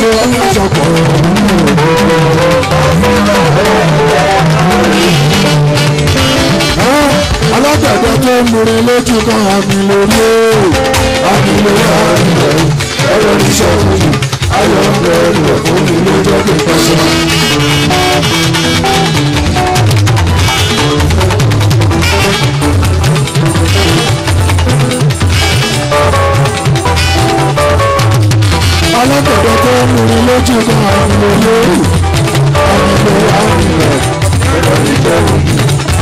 ṣe àjọpọ̀ alágbàdo tó ń múre lójú kan àmì lórí o àmì lórí àmì lórí ẹ̀rọ iṣẹ́ òní ayọ̀ ọ̀rẹ́ rẹ̀ fún mi lójọ́ kí n ọlọ́dọ̀dọ̀ tó ń rìn lójú kan àrùn olórí àrùn ló wà nílẹ̀ ẹ̀rọ ìjẹ́ òbí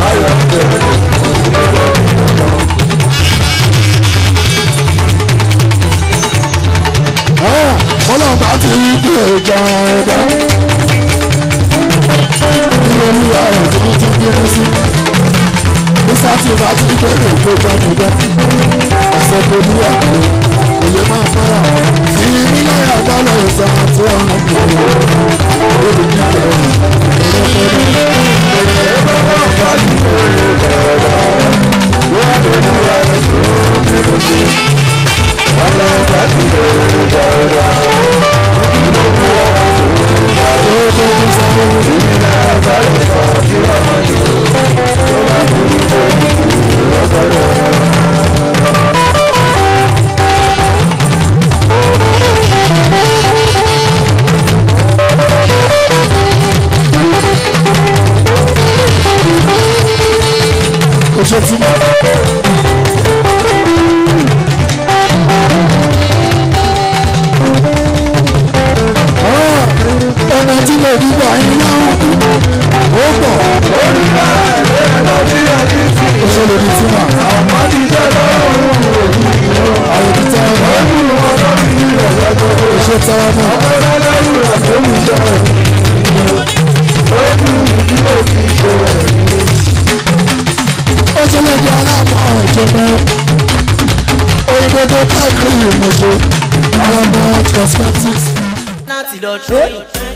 ayọ̀ tẹ̀lé ọ̀dọ́ ìjọba. ọlọ́ọ̀bá ti rí bí ẹ̀já ẹ̀dá ní olúwa rẹ̀ tó ti bínú sí nígbà tí ìbá ti bẹ̀rẹ̀ tó gbàgbọ́dá ọ̀sẹ̀ tó ní àgbẹ̀ òye máa fẹ́ràn ilé àgbàlẹ̀ ìsàtì ọ̀nà kòkòrò olùdíje Thank you. ṣe ti. ọ̀nà tí lè rí gbà yín náà ó pọ̀. onígbà ẹ̀rẹ́ lọ sí ẹni tí. ó ṣe lè rí túmọ̀. àmọ́ ti jẹ́ lọ́rùn òbí yìí. àyèkí tẹ́ ẹ mọ́. ẹ̀rù ọ̀dọ́ mi ní ọ̀rẹ́ tó kọ́. ṣe tẹ́ ẹ mọ́. ọmọ ẹlẹ́rù rẹ̀ ló ń jẹ ó kú ìdílé ti ṣe ẹ̀rù ó ti lè di aláàbọ̀ ìjọba òyìnbó káàkiri ìmọ̀jọ alábọ̀ cosmetics. láti lọ tún yìí.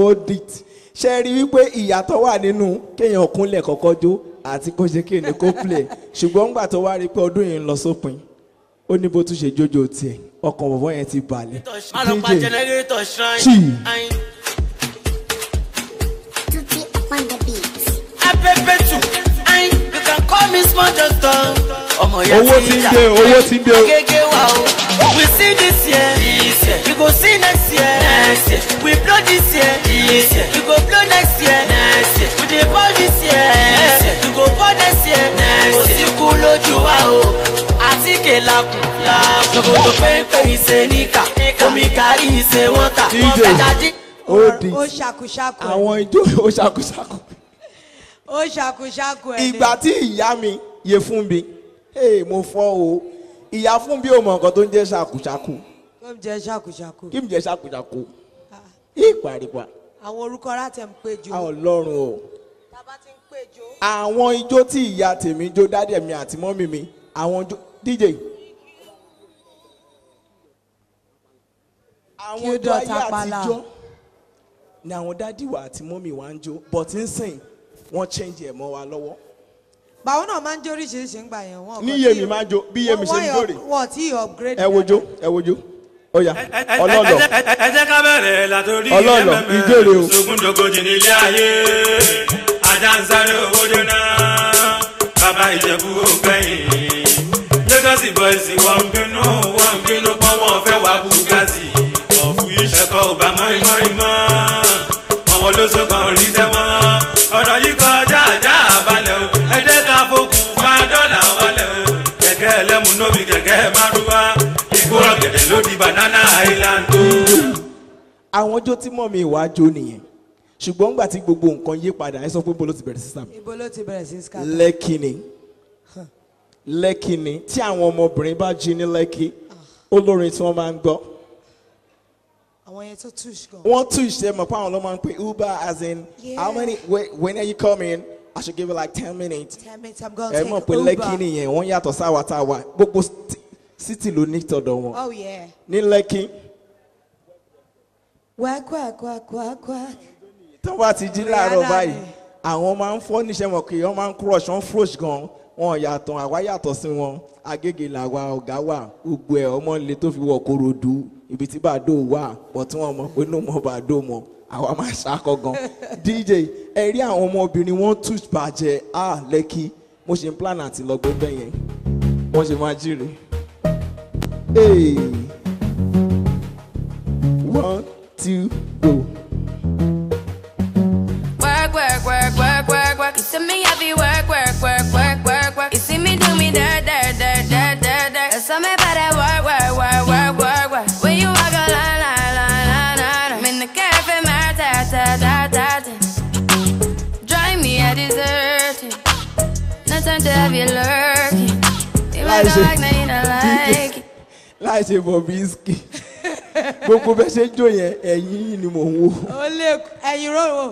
Audit ṣe rí wípé ìyàtọ̀ wà nínú kéèyàn kúnlẹ̀ kọ́kọ́ jó àti kó ṣe kéèyàn kó play ṣùgbọ́n nígbà tó wá rí pé ọdún yìí ń lọ sópin ó ní bó tún ṣe jójó tiẹ̀ ọkàn bọ̀bọ̀ yẹn ti balẹ̀ dj chi. owó ti ń dé owó ti ń dé. we see this year this year, you go see next year, next year. We blow this year, this year. You go blow next year, next year. We dey pour this year, next year. You go pour next year, next year. Kò sí kú lójú wa o, àtíkè lakùn lakùn. Ṣòkòtò pépé ìṣe níkà, omi kárí ìṣe wọ́n kà. Ìjọ ó di àwọn ìjọ ó ṣàkóṣàkó. Ó ṣàkóṣàkó ẹni. Ìgbà tí ìyá mi yẹ fún mi, mo fọ́ o, ìyá fún mi ò mọ̀ nǹkan tó ń jẹ́ ṣàkóṣàkó kí mjẹ ṣàkùṣàkù. kí mjẹ ṣàkùṣàkù. ìpàrípà. Ah. àwọn orúkọ ara tẹ̀ ń péjọ. ọlọ́run o. tábà ti ń péjọ. àwọn ijó tí ìyá tèmi jó dádì mi àti mọ́mì mi àwọn DJ. àwọn ijó ayé àtijọ́ ni àwọn dádì wa àti mọ́mì wa ń jó but ń sìn wọ́n change ẹ̀ mọ́ wa lọ́wọ́ báwo náà máa ń jó oríṣiríṣi ń gbà yẹn wọn. ní iye mi máa ń jó bí iye mi ṣe ń jó rè. wọ́n ti upgrade. ẹ wojú ẹ wojú ọ̀yà ọlọ́lọ̀ ọlọ́lọ̀ ìjọ́rẹ̀ o. sogundogojì nílé ayé ajá ń sáré owó jóná bàbá ìjẹ̀bú ògbẹ́yìn lagos boys wọ́n ń bínú wọ́n ń bínú pọ́n wọ́n fẹ́ wá búgásì ọ̀fù ìṣẹ̀kọ̀ ọ̀bà mọ́ìmọ́ìmọ́ àwọn ló sọ̀kan rí dá. di banana island o. àwọn ọjọ́ tí mọ̀ mi ìwà jó nìyẹn ṣùgbọ́n nígbà tí gbogbo nǹkan yí padà ẹ sọ pé bolo ti bẹ̀rẹ̀ sí sàmì. ìbolo ti bẹ̀rẹ̀ sí sàmì. lẹ́kì ni lẹ́kì ni tí àwọn ọmọbìnrin bá jí ní lẹ́kì olórin tí wọ́n máa ń gbọ́. àwọn yẹn tó tush gan. wọ́n tush ṣe mọ̀ pé àwọn ló ń pè uber as in yeah. how many when, when are you coming? I should give you like ten minutes. ten minutes I'm gonna take uber. ẹ mọ̀ pé lẹ́kì nìyẹn wọ́n yàtọ̀ sáwàtàwà gbogbo city ló ní tọ̀dọ̀ wọn oh, ní lẹ́kí. wákùákùákùákùá. tó bá ti jí láàárọ̀ báyìí àwọn máa ń fọ́ níṣẹ́ mọ̀ pé wọ́n máa ń crush wọ́n frosh gan wọn yàtọ̀ àwa yàtọ̀ sí wọn agége làwa ọ̀gá wà gbogbo ẹ̀ ọmọ ilé tó fi wọ̀ korodu ibi tí bàdó wà pọ̀ tí wọ́n mọ̀ pé ní mọ̀ bàdó mọ̀ àwa máa ṣàkọ gan dj ẹ rí àwọn ọmọbìnrin wọn tù bàjẹ́ à lẹ́kì mo ṣe ń plan àti lọ gbẹ́gbẹ́ yẹn wọ́n ṣe máa jíire. Hey, one, two, go. Work, work, work, work, work, work. You see me heavy work, work, work, work, work, work. You see me do me dirt, dirt, dirt, dirt, dirt, dirt. that work, work, work, work, work, work. you line, line, line, line, line. I'm in the cafe, Drive me, to You magnet. láì ṣe Bobrisky gbogbo bẹ́ẹ̀ ṣe ń jó yẹn ẹ̀yìn yìí ni mò ń wò. ó lè ẹ̀yìn ròrò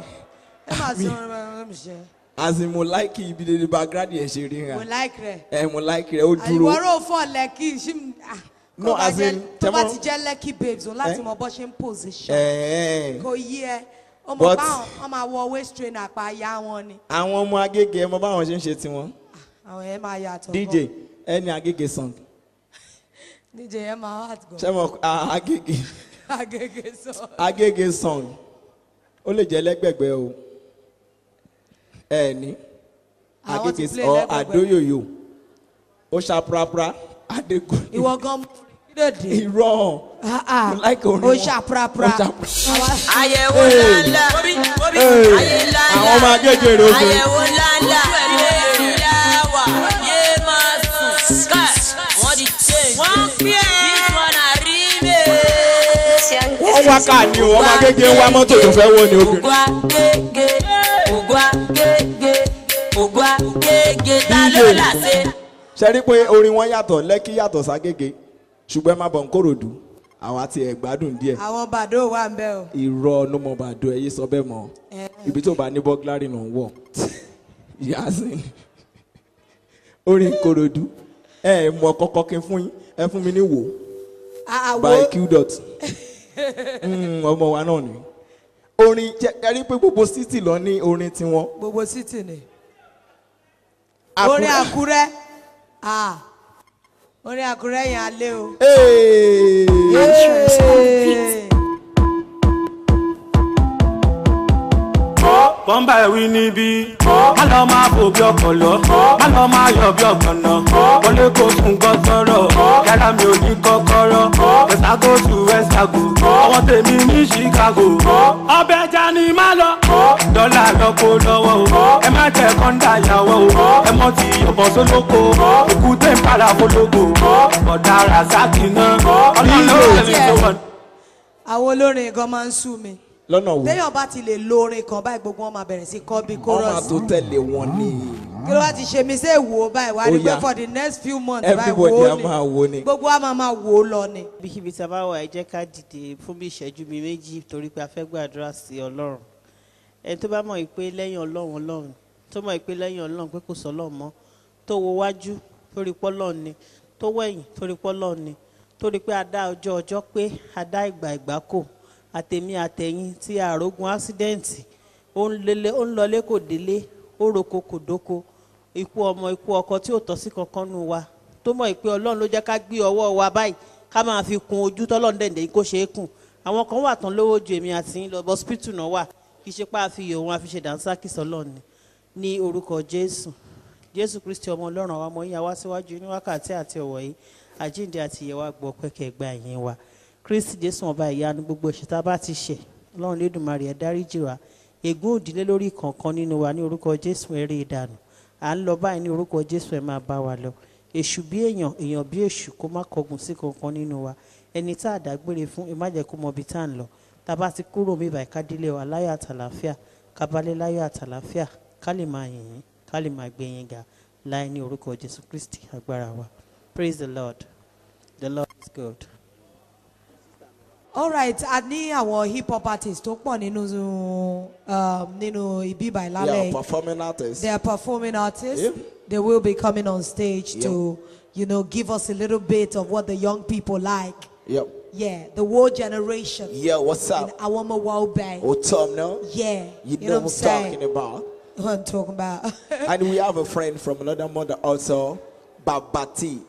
ẹ máa sọ ọ̀rọ̀ ọ̀rọ̀ mi ṣe. as in mo like ibi dede background yẹn ṣe rí hàn. mo like rẹ. ẹ mo like rẹ ó dúró. àyùwọ́ rò fọ́ lẹ́kì ṣí mi. Ah, no as in tẹ́mọ̀ tó bá ti jẹ́ lẹ́kì babes o láti eh? mọ bó ṣe ń position. Eh. kò yí ẹ ọmọ báwọn ọmọ àwọ waist trainer pa ya wọn ni. àwọn ọmọ agége ẹ mọ báwọn ṣe ń ṣe tiwọn. Ah, àwọn ẹ máa yàtọ̀. DJ DJ Emma, how heart go? Sẹ́mo Agége. Agége song. Agége song. Ó lè jẹ́ lẹ́gbẹ̀gbẹ́ o. Ẹ ní. Agége song Adóyòyò. Ó pra Adégun. Ìwọ gan mú kí ló dé? Irọ́. Láìka orin wọn. Ó ṣàprápra. Àyẹ̀wò lálá. Àwọn ọmọ Agége rògbò. Àyẹ̀wò lálá. tálákà ni o ọmọ gègé wa mọ́tò tó fẹ́ wọ ni obìnrin. ògbà gègé ògbà gègé ògbà gègé ta ló là ṣe. ṣe rí i pé orin wọn yàtọ̀ lẹ́kí yàtọ̀ ságége ṣùgbọ́n má bọ̀ nkòròdú àwọn àti ẹ̀gbádùn díẹ̀. àwọn bàdó wà ń bẹ̀ o. irọ́ ló mọ bàdó ẹ yé sọ bẹ́ẹ̀ mọ́ ibi tó bá ní bọ́gláàrì náà wọ̀ yasin orin korodu ẹ mọ kọkọ kí n fún yín ẹ fún mi ní wò by q dot. Mm, ọmọ wa náà ni orin jẹrí pé gbogbo city lọ ní orin tiwọn. gbogbo city ni orin Àkúrẹ́ orin Àkúrẹ́ yẹn alẹ́ o. ń bá ẹ̀wí níbí. má lọ máa bò bí ọkàn lọ má lọ máa yọ bí ọ̀gbọ̀nà wọlé kó sùn gbọ́ sọ̀rọ̀ yàrá mi ò ní kọ́kọ́rọ́ ẹ̀sàgò ẹ̀sàgò ọwọ́ tèmi ní Chicago. ọbẹ̀ jà ni má lọ dọ́là lọ́kọ́ lọ́wọ́ ẹ má jẹ́ kọ́ńdà yàwó ẹ mọ́ ti ọ̀bọ̀ sólókò òkúté ń para fọlọ́gò ọ̀dà ràzákì náà ọlọ́run ló rẹ̀ mi tó àwọn olórin gan máa ń sú mi lọ́nà wo. téèyàn bá ti lè lo orin kan báyìí gbogbo wọn máa bẹ̀rẹ̀ sí kọ́ bí chorus. wọ́n máa tó tẹ̀lé wọn ni. kí ló wá ti ṣe mí sí èwo báyìí wá rí pé for the next few months báyìí wò ó ni everybody a máa wò ni. gbogbo wa máa máa wò ó lọ ni. ibikíbi tá a bá wà ẹ jẹ́ ká dìde fún bí ìṣẹ́jú mi méjì torí pé a fẹ́ gbàdúrà sí ọlọ́run ẹni tó bá mọ̀ pé lẹ́yìn ọlọ́run ọlọ́run tó mọ̀ pé lẹ́yìn ọlọ́run pé kò sọ́lọ́run mọ́ tó wo wájú torí pé ọlọ́run ni tó wẹ̀yìn torí pé ọlọ́run ni torí pé a dá ọjọ́ ọjọ́ pé a dá ìgbà ìgbà kò àtèmi àtẹ̀yìn tí àrógùn ásídẹ́ǹtì ó ń lọlé kò délé ó roko kò dóko ikú ọmọ ikú ọkọ tí ò tọ́ sí kankan nù wa tó mọ̀ pé ọlọ́run ló jẹ́ ká gbé ọwọ́ wa báyìí ká máa fi kun ojú tọ́lọ́run dẹ̀ǹdẹ̀ yìí kó ṣeé kùn àwọn kan wà tán lówó ju èmi àti lọ bọ́sípítù náà wà kì í ṣe pé a fi yòówùn a fi ṣe dànsákì sọlọ́run ni ní orúkọ jésù jésù kristi ọmọ ọlọ́run àwọn ọmọ yín àwa síwájú ní wákàtí àti ọ̀wọ̀ yìí àjíǹde àti ìyẹ̀wò àgbọ̀ pẹ́kẹ́ gbà yín wa kristi jésù ọba ìyanu gbogbo ẹ̀ṣẹ̀ tá a bá ti ṣẹ̀ ọlọ́run lédùmarè ẹ̀ dáríjì wa ègún òdìlé lórí kọ̀ọ̀kan nínú wa ní orúkọ jésù ẹ̀rí ìdànù à ń lọ báyìí ní orúkọ jésù ẹ̀ máa bá wa lọ èṣù bí èèyàn èèyàn bí èṣù kó má kọgùn sí kankan nínú wa ẹni tá a dágbére fún ẹ má jẹ́ kó mọ ibi tá à ń lọ tá a bá ti kúrò mí bàí ká délé wa láyọ̀ àtàlàáfíà ká balẹ̀ láyọ̀ àtàlàáfíà ká lè máa yìn yín ká lè máa gbé yín ga láì ní orúkọ jésù kristi agbára wa praise the lord the lord is good. all right a ní àwọn hip hop artists tó pọ̀ nínú um, nínú ibi by lálẹ́ they are performing artists they are performing artists yeah. they will be coming on stage yeah. to you know give us a little bit of what the young people like. Yep. Yeah, the world generation. Yeah, what's up? I want my world bank. Oh, Tom, no? Yeah. You, you know, know, what I'm saying? talking about. What I'm talking about. and we have a friend from another mother also, Babati.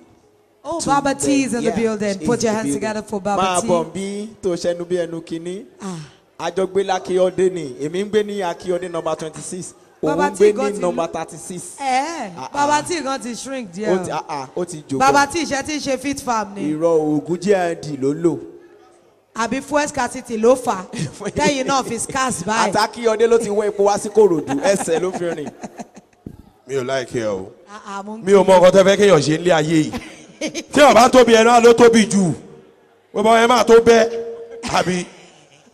Oh, to Baba T is in yeah, the building. Put your hands building. together for Baba T. Máa bọ̀ bí tó ṣẹnu bí ẹnu kínní. Ah. Àjọgbé Lákíọ́dé ni, èmi ń gbé ní number twenty six. Baba T got ti number thirty six. Eh, ah, Baba ah. T got to shrink díẹ̀. Ó ti ó ti jòkó. Baba T ṣe ti ṣe fit farm ni. Ìrọ̀ ògùn GND ló lò. Àbí fuel scarcity ló fà á. Tẹ́yìn náà fi scarce báyìí. Àtàkíọ́dé ló ti wọ epo wá sí Kòròdú, ẹsẹ̀ ló fi rìn. Mi ò láìkẹ́ o. Mi ò mọ ọkọ tẹ́ fẹ́ kéèyàn ṣe nílé ayé yìí tí ọba tóbi ẹ náà ló tóbi jù gbogbo ẹ máa tó bẹ àbí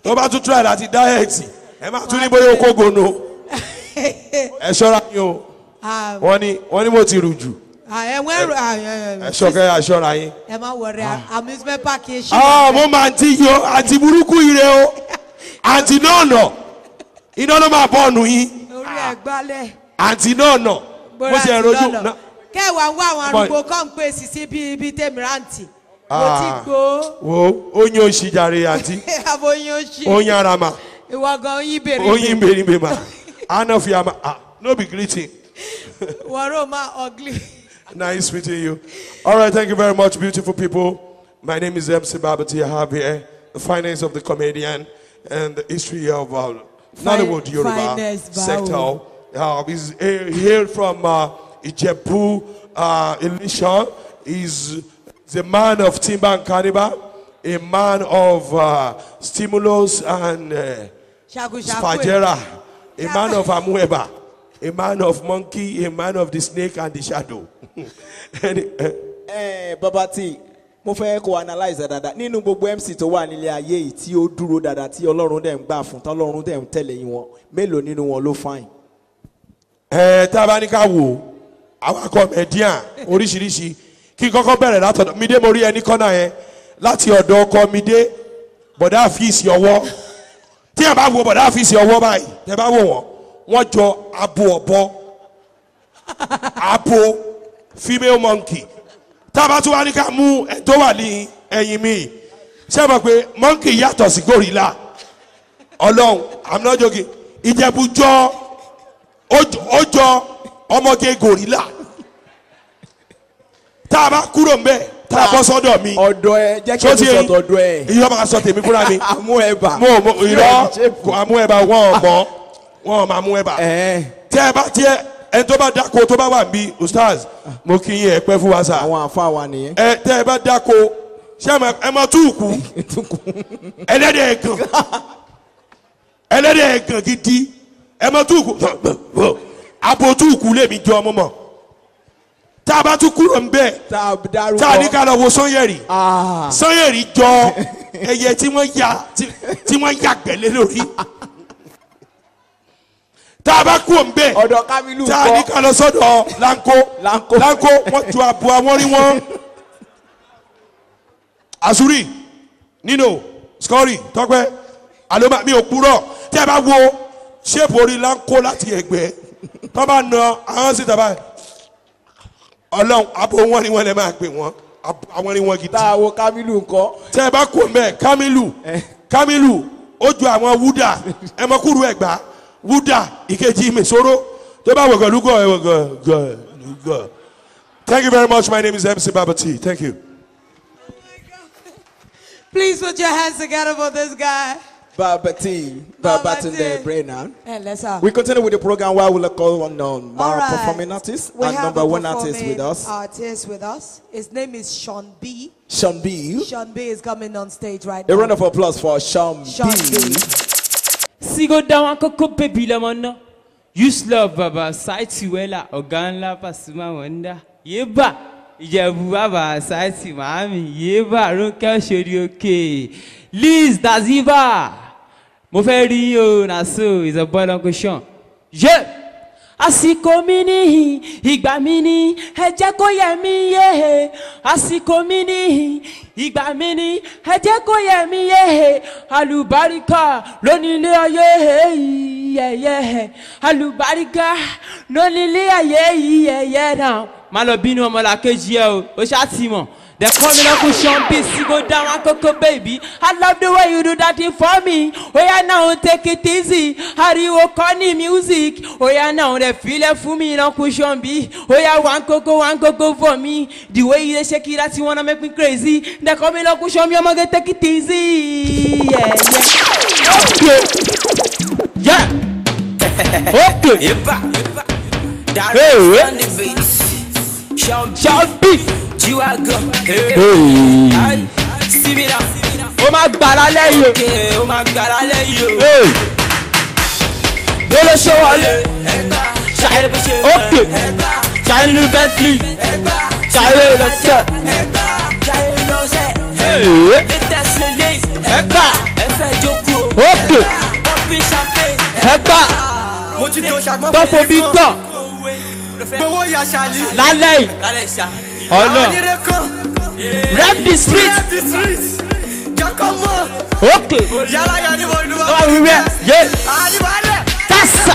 tó bá tún tíráì láti dáẹ̀tì ẹ máa tún ní bóyá okó gono ẹ ṣọ́ra yín o wọ́n ní wọ́n ní mo ti rù jù ah, ẹ ṣọkẹ́ aṣọ́ra ah, yín. ẹ má wọrẹ ah. amusement park yẹn ṣe. ọ mo máa ti yọ àti burúkú ire o àti náà nọ iná ló máa bọ̀ ọ̀nù yín àti náà nọ mo sì ẹ̀ rojú náà. kẹwàá wá àwọn arúgbó kan pé si bíi ibi tèmírántì mo ah. ti gbó. wo oyin oṣì jàre àti oyin oṣì oyin arama ìwọ gan oyin bèrè oyin bèrè bèrè ma ana fi ama ah no be greeting. wọ́rọ̀ ma ugly. nice meeting you all right thank you very much beautiful people my name is MC Babati Ahabi the finance of the comedian and the history of uh, Nollywood Yoruba sector. Uh, he's uh, here from. Uh, Ijebu uh, Elisha is the man of timber and cannibal, a man of uh, stimulus and uh, spagera, a man of amueba, a man of monkey, a man of the snake and the shadow. Eh? eh, Baba T, mo fẹ́ kó analyze dáadáa nínú gbogbo MC tó wà nílé ayé yìí tí ó dúró dáadáa tí Ọlọ́run dẹ̀ ń gbà fún tọ́lọ́run dẹ̀ ń tẹ̀lé wọn mélòó nínú wọn ló fáìn. ẹ eh, tá a bá ní ká wò ó awakọ̀ mẹ̀díà oríṣiríṣi kí n kọ́kọ́ bẹ̀rẹ̀ látọ̀dọ̀ mi dé mo rí ẹni kọ́nà yẹn láti ọ̀dọ̀ ọkọ mi dé bọ̀dá àfíìsì ọwọ́ tí a bá wo bọ̀dá àfíìsì ọwọ́ báyìí tẹ bá wò wọ́n wọ́n jọ abo ọ̀bọ abo female monkey tá a bá tún wá ní ká mú ẹ wà ní ẹ̀yìn mi ṣé ẹ mọ̀ pé monkey yàtọ̀ sí gorilla ọlọ́run I'm not joking ìjẹ̀bú jọ ó jọ ọmọge gorilla tá a bá kúrò ń bẹ tá a bọ sọ́dọ̀ mi ọ̀dọ̀ ẹ jẹ́ kí n sọtọ ọ̀dọ̀ ẹ irọ́ máa sọ tèmi fúnra mi amú ẹ̀bà mo mo irọ́ amú ẹ̀bà wọn ò mọ wọn ò máa mú ẹ̀bà tí ẹ bá tí ẹ ẹ tó bá dáko tó bá wà níbí ustaz mo kí yín ẹ pẹ́ fún wa sá àwọn àfa wa nìyẹn ẹ tẹ ẹ bá dáko ṣé ẹ mọ túùkù ẹlẹ́dẹ̀ ẹ̀gàn ẹlẹ́dẹ̀ ẹ̀gàn gidi ẹ mọ túùkù abojú ìkú lèmi jẹ ọmọ mọ tá a bá tún kúrò ń bẹ tá a ní ká lọ wo sanyẹri ah. sanyẹri jọ ẹyẹ tí wọ́n ya gbẹlẹ lórí tá a bá kú ń bẹ tá a ní ká lọ sọ́dọ̀ lanko lanko wọ́n ju abo àwọn rí wọn asuri nino skori tọpẹ aloma mi ò kúrò tí a bá wo ṣéèpù orí lanko láti ẹ̀gbẹ́ tọ́ba nà àwọn sì tọ́ba ọlọ́run abo wọn ni wọn lè máa pè wọn àwọn ni wọn gidi. tá a wo Kamilu ńkọ́. tẹ ẹ bá kó mẹ Kamilu eh. Kamilu ó ju àwọn wúdà ẹ mọ kúrú ẹgbàá wúdà ìkejì mèsòrò tó bá wọ̀gọ̀ lúgọ̀ wọ̀gọ̀ lúgọ̀. Thank you very much. My name is MC Babati. Thank you. Please put your hands together for this guy. Babatin, Babatin the we continue with the program where we'll call on um, our right. performing artist we and number one artist with us. Artist with us. His name is Sean B. Sean B. Sean B is coming on stage right a now. A round of applause for Sean, Sean B. Sigo down koko baby lamona. Use love baba saiti wela ogan la pasuma wanda. Yeba. Ìjẹ̀bú bàbá sáìtì màámi yéébà Rónkẹ́ Òṣèré òkè. Liz Daziva mo fẹ́ rí o naso is a boy long question. ye àsìkò mi níhìn ìgbà mi ní ẹ jẹ́ kó yẹ mí yéhe àsìkò mi níhìn ìgbà mi ní ẹ jẹ́ kó yẹ mí yéhe alùbáríkà lónílé ayé yẹyẹ alùbáríkà lónílé ayé yẹyẹ náà má lọ bínú ọmọlàkejì ẹ o ó ṣáà ti mọ̀. They're coming up with Sean PC, go down and coco baby. I love the way you do that thing for me. Oh yeah, now take it easy. How you Ariwo the music. Oh yeah, now they feel it for me, Uncle Sean B. Oh yeah, one coco, one coco for me. The way you shake it, that you wanna make me crazy. They're coming up with Sean B, I'm gonna take it easy. Yeah, yeah. Okay. Yeah. okay. Hey, what? shall be jíwágọ̀ símìnà. ó máa gbà lálẹ́ yìí o. ó máa gbà lálẹ́ yìí o. bóló ṣe wọlé ókè ṣàìlú bẹ́ńtìlì ṣàìlú lọ́sẹ̀. ẹ̀ka ókè ẹ̀ka tọ́fọ̀ bí gbọ́ gbowó ya ṣáàlì. lálẹ́ yìí ọ̀nà rep the street. ok ọ̀rùn rẹ̀ yé tásà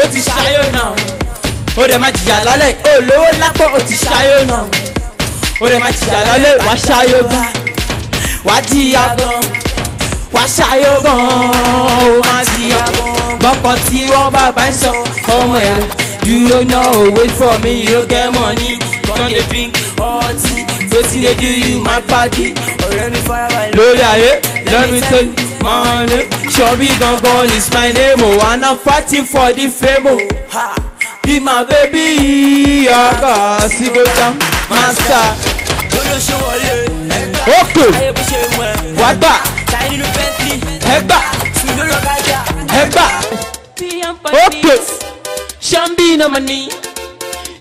ó ti ṣayọ̀ náà ó dẹ̀ má jìyà lálẹ́ olówó lápò ó ti ṣayọ̀ náà ó dẹ̀ má jìyà lálẹ́ wàá ṣayọ̀ gan wàá jìyà gan wá ṣayó gan-an ó máa ti yàgò gbọ́pọ̀ tí wọ́n bá bá ń sọ ọmọ ẹ̀rù dúró náà know? wait for me you no get money come dey drink ọtí wetin dey do you my padi ọ̀rẹ́ mi farabalẹ̀. lórí ayé lẹ́mi tó mọ́ni ṣọ́bí gangan is my name Oh, and i'm fighting for the fame o. Oh. be my baby ọkọ síbòtán master. olóṣèwọlé ẹgbà ayé bó ṣe mọ ẹ. wàá gbà. táyé nínú bẹ́ńtì. ẹgbà. sùn lórí ọ̀kadà. ẹgbà. ókè. Corruption be no money.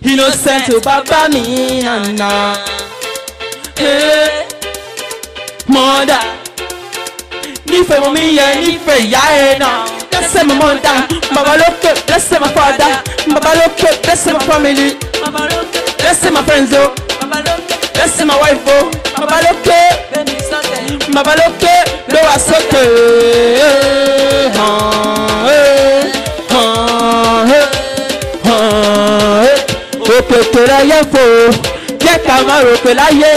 Innocent to Baba me Anna. Hey, eh, mother. Nífẹ̀ẹ́ mọ mi yẹn nífẹ̀ẹ́ ìyá ẹ̀ náà. Bless my mother, Baba look lókè, bless my father, Baba look lókè, bless my family, Baba look lókè, bless my friends oh. Baba look lókè, bless my wife oh. Baba look lókè, Baba look lókè, ló wà sókè. Eh, eh, òkè tèrè yẹ fò jẹ́ ká má ròkè láyé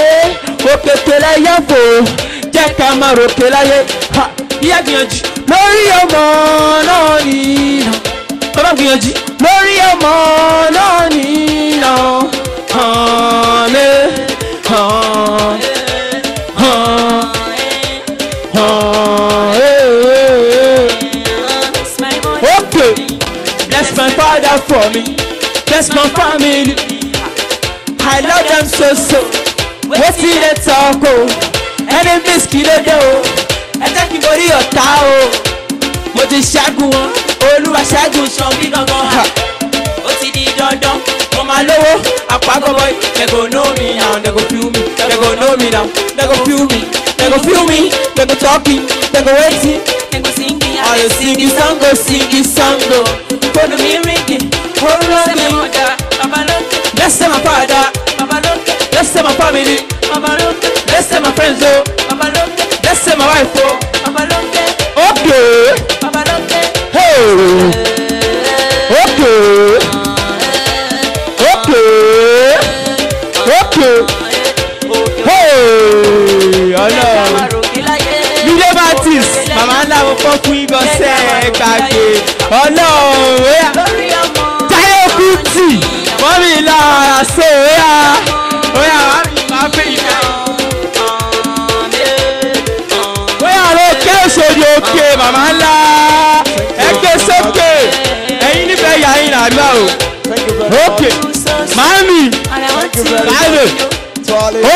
òkè tèrè yẹ fò jẹ́ ká má ròkè láyé ha yíyá gbìyànjú lórí ọmọ náà nìyí náà bàbá gbìyànjú lórí ọmọ náà nìyí náà hàn lé hàn hàn hàn. Okay, bless my father for me bless my family. I love them so so. What's Wetin dey talk oh. And kì ló dé o. Ẹ jẹ́ kí n borí ọ̀tá o. Mo ti ṣẹ́gun wọn, olúwa ṣẹ́gun ṣan mí gangan ha. Ó ti di dandan, mo máa lówó àpagọ́bọ̀ yìí. They go know me now, they go feel me, they go know me now, they go feel me, they go feel me, they go talk they go wait They go sing me, I go sing the song, go sing the song, go. Kódù mi ringing. Say my mother, Baba Loke. my father, Baba Loke. my family, Baba Loke. my friends, oh, Baba Loke. my wife, oh, Baba Loke. Okay. Baba Loke. Hey. Okay. Okay. Okay. Hey. Ọlọ́run. Bílẹ̀ Baptist, màmá ńlá mo fọ́ fún ibọ̀ sẹ́ẹ̀ gbàgbé. Ọlọ́run mi lára ṣe é yá. Oya wá mi máa fi ìfẹ́. Oya ló ké sódì òkè màmá ńlá. Ẹ gbé sókè. Ẹyin nífẹ̀ẹ́ yà yín nàgbà o. Òkè. Màámi. Láìlè.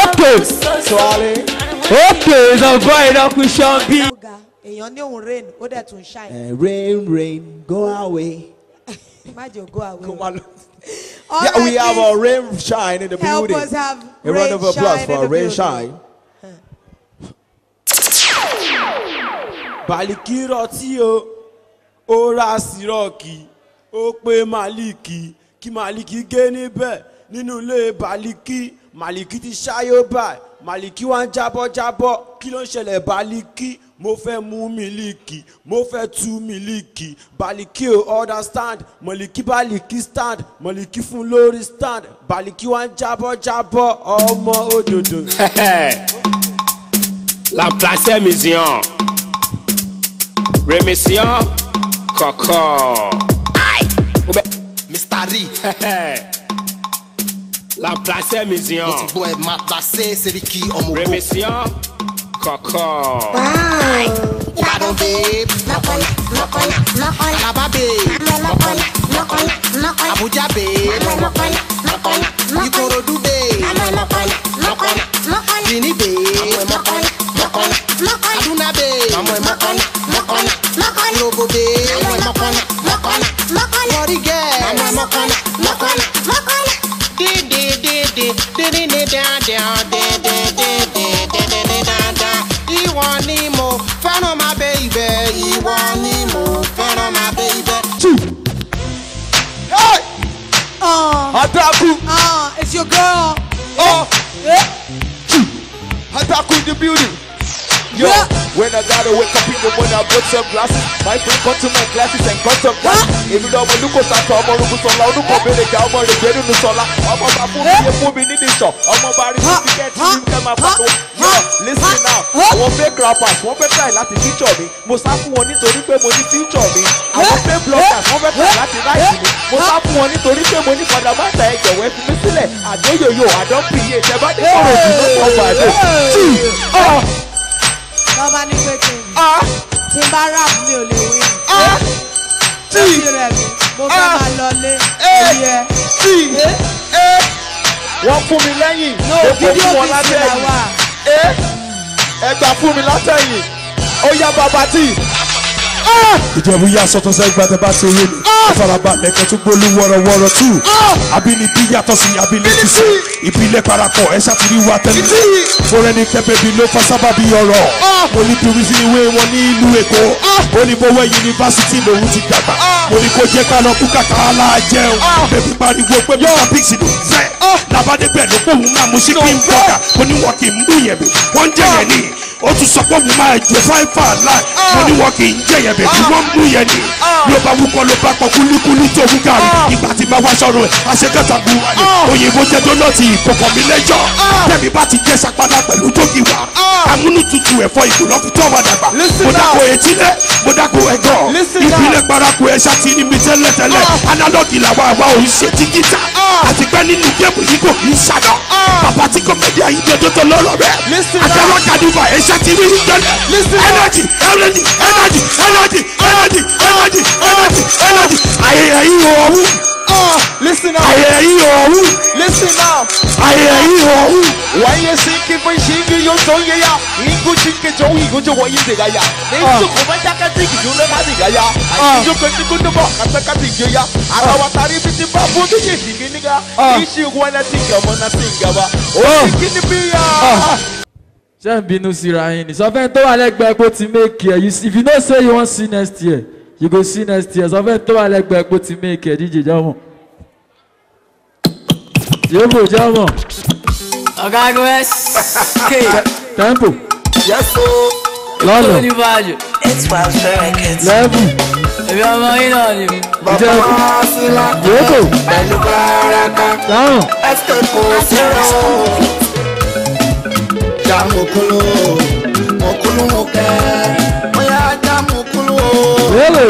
Òkè. Òkè ìzọ̀gbọ́n ìdọ́kùn ṣan bí. Èèyàn ní òun rain, ó dẹ̀ tún ṣáì. Eh, rain rain go away. Má jẹ́ go away. Kó má lọ yeah, we have our rain shine in the help building. Us have a round of applause for our rain shine. Baliki rọtí o, ó ra sírọ́ọ̀kì, ó pé maliki kí Màlìkì gé níbẹ̀ nínú ilé Bàlìkì, Màlìkì ti ṣáyé báyìí, maliki wá ń jábọ́ jábọ́, kí ló ń ṣẹlẹ̀ Bàlìkì? mo fẹ́ mú mílíkì mo fẹ́ tú mílíkì baliki o stand mọ̀lìkì baliki stand mọ̀lìkì fún lórí stand baliki wa ń jábọ́ jábọ́ ọmọ òdòdó. la place mission remission kọ̀kọ́. Mr. la place mission. mo ti gbọ́ ẹ̀ máa place seriki ọmọ ogun. remission. coco. Bado babe, mokona, mokona, mokona. mokona, mokona, mokona. Abuja babe, mokona, mokona, mokona. Ikorodu babe, mokona, mokona, mokona. mokona, mokona, mokona. babe, mokona, mokona, mokona. babe, mokona, mokona, mokona. girl, mokona, mokona, mokona. Oh. Ataku. Oh, it's your girl. Oh. Yeah. Ataku in the building. Yo, when I gotta wake up in the morning, I put some glasses. My friend cut to my glasses and cut some glasses. Èmi náà mo lúkọ̀ sàtọ̀ ọmọ orúkún sọ̀la olùkọ́ béèrè jà the rẹ̀ I'm nù sọ̀la. Ọmọ bá fún mi yẹ fún mi the ìsọ̀. I'm bá rí mi tíkẹ́ẹ̀tì mi kẹ́ máa fà tó. the listen now, àwọn fake rappers wọ́n fẹ́ try láti feature mi. Mo sá fún wọn nítorí pé mo ní feature mi. Àwọn fake bloggers wọ́n fẹ́ try láti write mi. Mo sá fún wọn nítorí pé mo ní padà the ta ẹ̀jẹ̀ wẹ́ fi mí sílẹ̀. Àdóyòyò àdọ́pìyé tẹ bá dé kọ̀rọ̀ òdùnnú kan pàdé lọ́ba ní pété tí ah. bá rap mi ò lè wé lórí rẹ̀ mi mo fẹ́ ah. máa lọ lé èyí eh. ẹ. Eh. Eh. wọ́n fún mi lẹ́yìn èpo fún wọn látẹ̀yìn ẹgbà fún mi látẹ̀yìn ó yá bàbá tíì ìjẹ̀bú yà sọ́tún sẹ́gbà tẹ́ bá ṣe rèmi ìfarabalẹ̀ kẹ́ tún gbólú wọ́rọ̀wọ́rọ̀ tù àbínibí yàtọ̀ sí àbílẹ̀tì sí ìbílẹ̀ parapọ̀ ẹ ṣàtìrí wa tẹ́lẹ̀ fúnra ẹni ló fa sábàbí ọ̀rọ̀ mo ní torí sí ìwé wọn ní ìlú èkó ó ní bówẹ́ yunifásitì lòun ti dàgbà mo ní kó jẹ́ ká lọ kú kàkà aláàjẹun bẹ́bí pariwo pé mr biggs ló fẹ́ labade pẹ̀lú pé òun máa mú sí kí n bọ́ọ̀kà ó ní wọn kì í mú yẹ̀mí wọ́n ń jẹ̀yẹ̀ ni ó tún sọ pé òun máa jẹ fáìfà láì mo ní wọn kì í jẹ̀yẹ̀ bẹ̀bẹ̀ tí ah. wọ́n mú yẹn ni ah. ló bá wúkọ́ ló bá pọ̀ kúlíkúlí tó wú gàrí ah. ìgbà tí máa wá sọ̀rọ̀ ẹ̀ àṣekẹ́ta bu wáyé òyìnbó jẹ́ dọ́nọ́ọ̀tì ìkọ̀kọ̀ mi lẹ́jọ́ tẹ̀mí bá ti jẹ́ sapala pẹ̀lú tókì wá amúnútutù ẹ̀fọ́ ìkùlọ́kù tó wà dàgbà mo dàpọ̀ etílẹ̀ mo dàpọ̀ ẹ̀gọ́ ìpínlẹ̀ paraku ẹ̀ ṣáti ní mi tẹ́lẹ̀ tẹ́lẹ̀ analogi làwọn àwa ò ń ṣe tíkítà àti pẹ́ nínú géèmù yìí kò kì í ṣàná bàbá tí kò mẹ́bí ayé dodo tó lọ́rọ̀ rẹ̀ àtẹwọ́ kadiva ẹ̀ ṣáti rí ìjọlẹ̀ energy energy energy energy energy, energy, energy, energy, energy. I hear you listen up. I hear you Listen up. I hear you Why you seeking for shaking your tongue? Yeah, you go chicken tongue. You go to what you they took over that. I think you never did. Yeah, I think go to work. I think I think you. Yeah, I I did. It's about what you did. You nigga, you should want to think. I want to think about. Oh, you can ṣé ń bínú So yín ni sọfẹ́ tó wà lẹ́gbẹ̀ẹ́ pé ó ti make it, if you know say you wan see next year you go see next year So sọfẹ́ tó wà lẹ́gbẹ̀ẹ́ pé ó ti make ẹ̀ díje jọmọ. yóò jọmọ. ọ̀gágun sk. tempo. yẹ́sọ̀. lọ́nà. lẹ́bù èmi ọmọ yín náà ni. bàbá wa sí lápò pẹ̀lú baraka. dáhùn. ẹsẹ̀ kò sí ọ̀hún ajá mokulu mokulu mokẹ ọyà ajá mokulu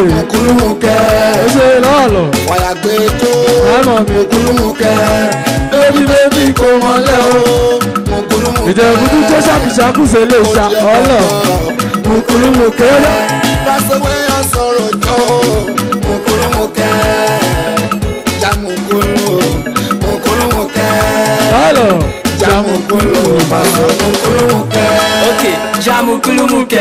mokulu mokẹ ọyà gbé kó mokulu mokẹ bébí bébí kò mọlẹ o mokulu mokẹ ìjẹ̀bùdú tó ṣàkùṣàkù ṣe lè ṣà ọlọ mokulu mokẹ. lásìwé ọ̀sọ̀rọ̀ jọ mokulu mokẹ ajá mokulu mokulu mokẹ jamukulu maso mukuluke. ok jamukulumuke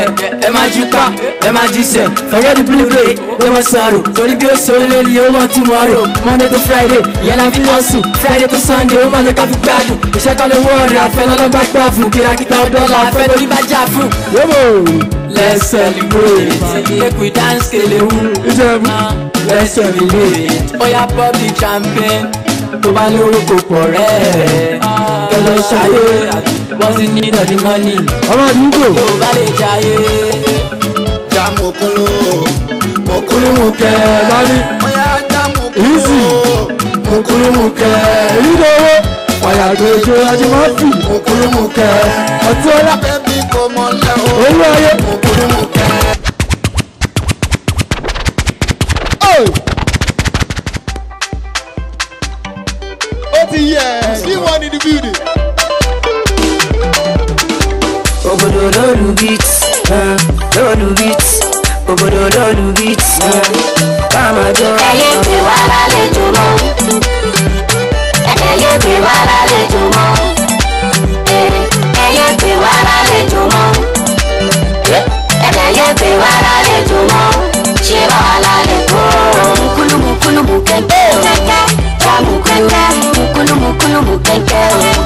ẹ máa jí pa ẹ máa jí sẹ forget the blue bay wey wọn sọ̀rọ̀ torí bí ó sọ̀rọ̀ lẹ́nu yóò mọ tomorrow monday to friday yẹn la fi lọ sùn friday to sunday ó máa lọ káfí gbádùn iṣẹ́ kan lè wọ́n rẹ̀ afẹ́ lọ́lọ́gbà gbà fún kìràkìtà ọ̀dọ́là afẹ́ lórí bá jà fún. Let's celebrate, make we dance kelewu. Let's celebrate, oya public champagne, tó bá lórúkọ pọ̀ rẹ̀ lọ lọ ṣayé bọ́sì ní ìdọ̀dí mọ́nì. ọmọ àdúgbò. kò bá lè jayé. já mo kúrò mo kúrò mo kẹ lọ́rí. ọ̀yà já mo kúrò mo kúrò mo kẹ ìdòwò. ọ̀yà àgbèjò ajímọ́sì. mo kúrò mo kẹ ọtí ọlá. bẹ́ẹ̀ni kò mọ̀ lẹ́wọ̀. owó ayé. mo kúrò mo kẹ. yeah. D1 in the building. Obodo lolu beats, uh, lolu beats, obodo lolu beats, uh, kama jo. Ẹyẹ ti wá lálejò mọ́, ẹyẹ ti wá lálejò mọ́, ẹyẹ ti wá lálejò mọ́, ẹyẹ ti wá lálejò mọ́, ṣé wàhálà lè kó? Kúlùmù kúlùmù kẹ̀kẹ́ mukanda mukulu mukulu mukende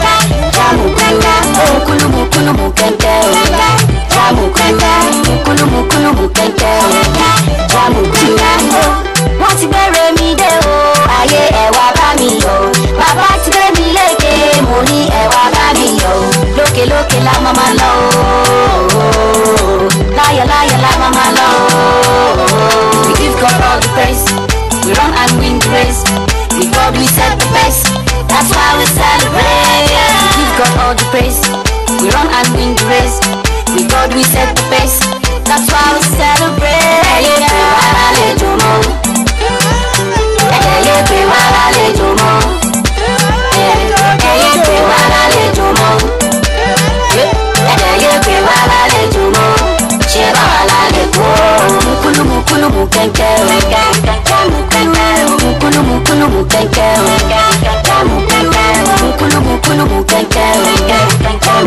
ja mukulu mukulu mukende ja mukulu mukulu mukende ja mukanda wọ́n ti gbére mi dé o ayé ẹ wá bá mi o bàbá la máa máa lọ o la máa máa we give God all the praise we run and win the race. We got we set the pace, that's why we celebrate. Yeah. Give God all the praise, we run and win the race. We got we set the pace, that's why we celebrate. Ẹ̀yẹ́ pé wàrà lè jò mọ́. Ẹ̀yẹ́ pé wàrà lè jò mọ́. Ẹ̀yẹ́ Mukulu mukulu mukẹ́kẹ́. Mukẹ́kẹ́ mukẹ́kẹ́ mukulu mukulu mukẹkẹ o. mukulu mukulu mukẹkẹ o.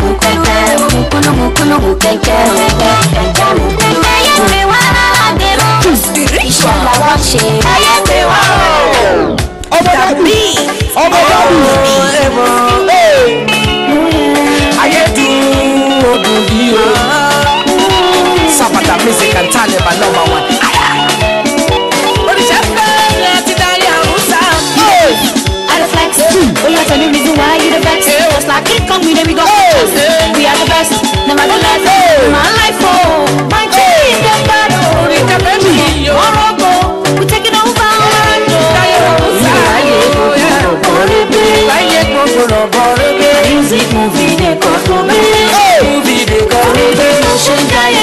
mukulu mukulu mukẹkẹ o. ayé mi wá àgbèrò. iṣẹ́ làwọn ṣe. ayé mi wá o. ọmọ dàbí ọmọ dàbí. ayé dùn ó dùn bí o. Sabata music and talent my number one. Movie they call me, movie they call me,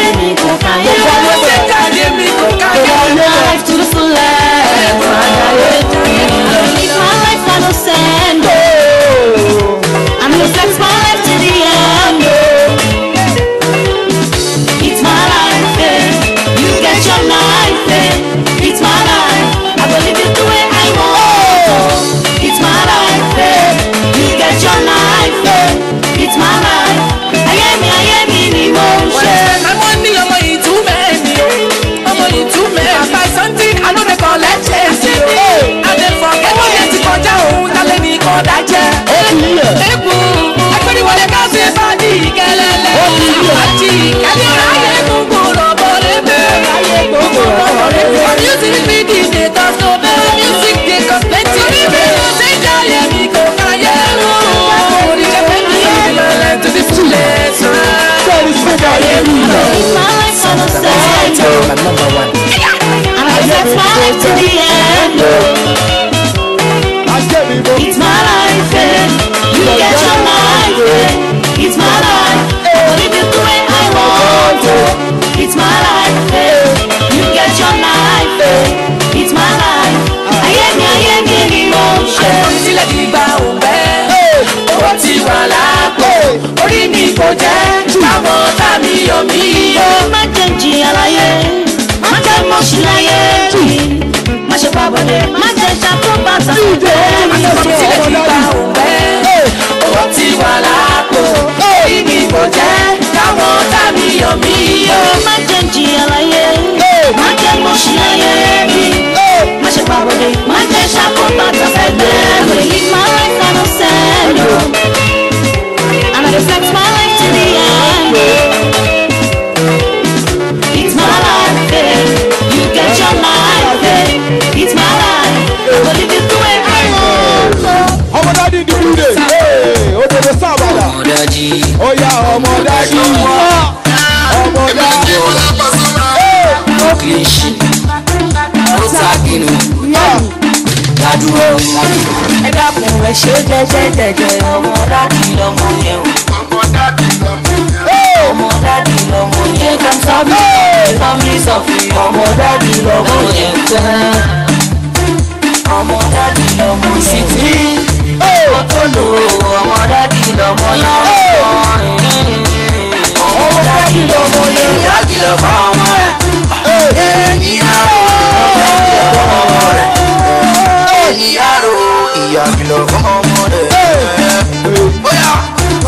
It's my life, I don't stand no. I'm number one. I the end. It's my life, you get your life, it's my life. But if you do it, I want It's my life, you get your life, it's my life. I am, I am, I am, I am, I am, I am, owó ti wà lápò orí mi kò jẹ́ káwọn ọ̀tá mi yọ̀ mí. ó má jẹ́ jìyà láyé má jẹ́ mọ̀ṣú láyé má ṣe bá wọlé má jẹ́ ṣàkóbá sàkóbá má jẹ́ sọ sílẹ̀ kí bá òun bẹ́ ti wà lápò orí mi kò jẹ́ káwọn ọ̀tá mi yọ̀ má jẹ́ jìyà láyé má jẹ́ mọ̀ṣú láyé pàbọ̀dé. má jẹ́ ṣàkó má tó fẹ́ gbẹ́ ẹ̀rọ yìí máa ń kànú sẹ́lò. and I reflect my life to the end. it's my life babe you get your life babe it's my life I go live it the way I want. ọmọ dadi di oh, ododo sábàdà oya ọmọ oh, ọmọ dadi. Kìí ṣe ó ta kinu. dádúró ẹ dákun ẹ ṣe jẹ́jẹ́ jẹ́jẹ́ ọmọ dádì lọmọ yẹn o. ọmọ dádì lọmọ yẹn. ọmọ dádì lọmọ yẹn kan sábì. family sọfì ọmọ dádì lọmọ yẹn tán. ọmọ dádì lọmọ yẹn tí. ọtọ lò ọmọ dádì lọmọ yẹn ọmọ dádì lọmọ yẹn. ìyá kìlọ̀ fún ọmọ rẹ̀. ènìyàn. Oh yeah, ẹ̀yìn àrò ìyá kìlọ̀ fọmọ rẹ̀ bóyá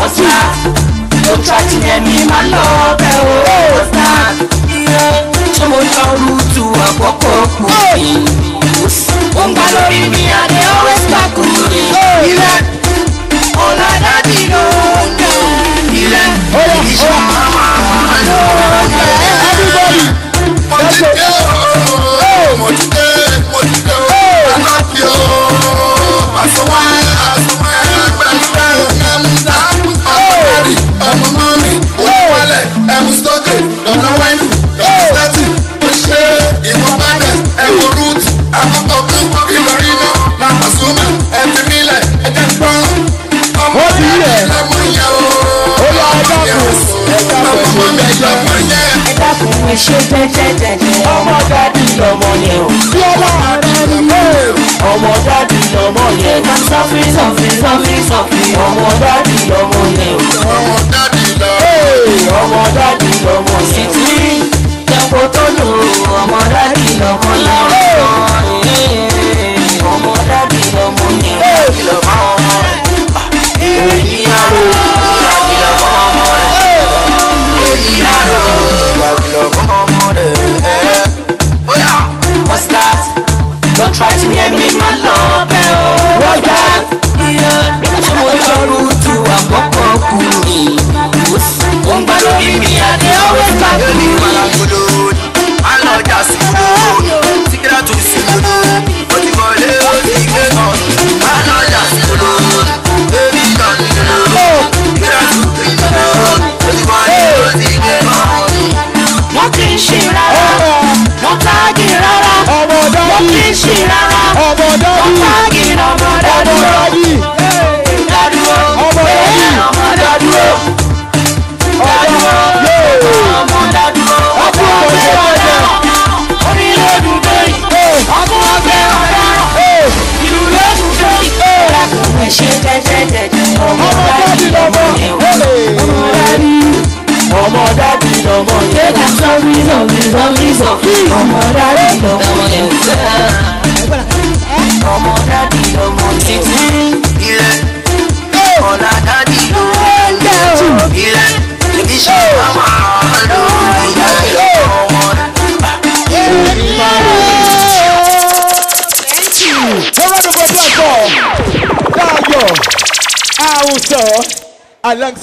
ọ̀sá ló ṣáàtì ẹ̀mí máa ń lọ ọbẹ̀ o ọ̀sá ṣé mo yọ rúùtù àkọ́kọ́ kù mí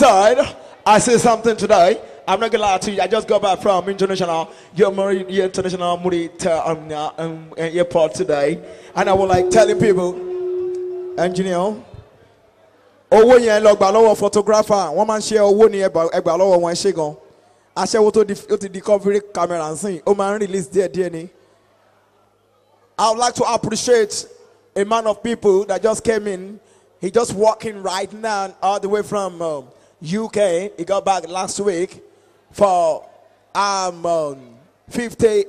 alongside, I say something today. I'm not gonna lie to you. I just got back from international, your married international Murita um, um, airport today, and I was like telling people, engineer. Oh, when you gbà a photographer wọ́n máa ń ṣe owó ní one lọ́wọ́ Go. I share what tó ti di camera ń sìn Oh, máa ń release dear díẹ̀ I would like to appreciate a man of people that just came in. He just walking right now all the way from. Um, UK. He got back last week for um, um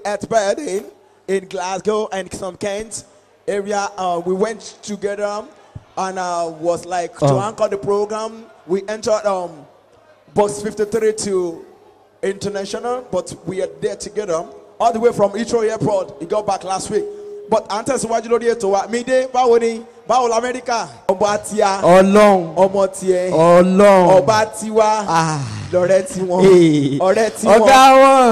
at birthday in Glasgow and some Kent area. Uh, we went together um, and uh, was like to oh. anchor the program. We entered um, box 53 to international, but we are there together all the way from Heathrow Airport. He got back last week. But antes wájú lórí ètò wa, mi dé báwo ni báwo la amẹ́ríkà ọba tiwa ọlọ́run ọmọ tiẹ̀ ọlọ́run ọba tiwa ah. lọ́rẹ́ tiwọn ọ̀rẹ́ tiwọn ọ̀gá wọn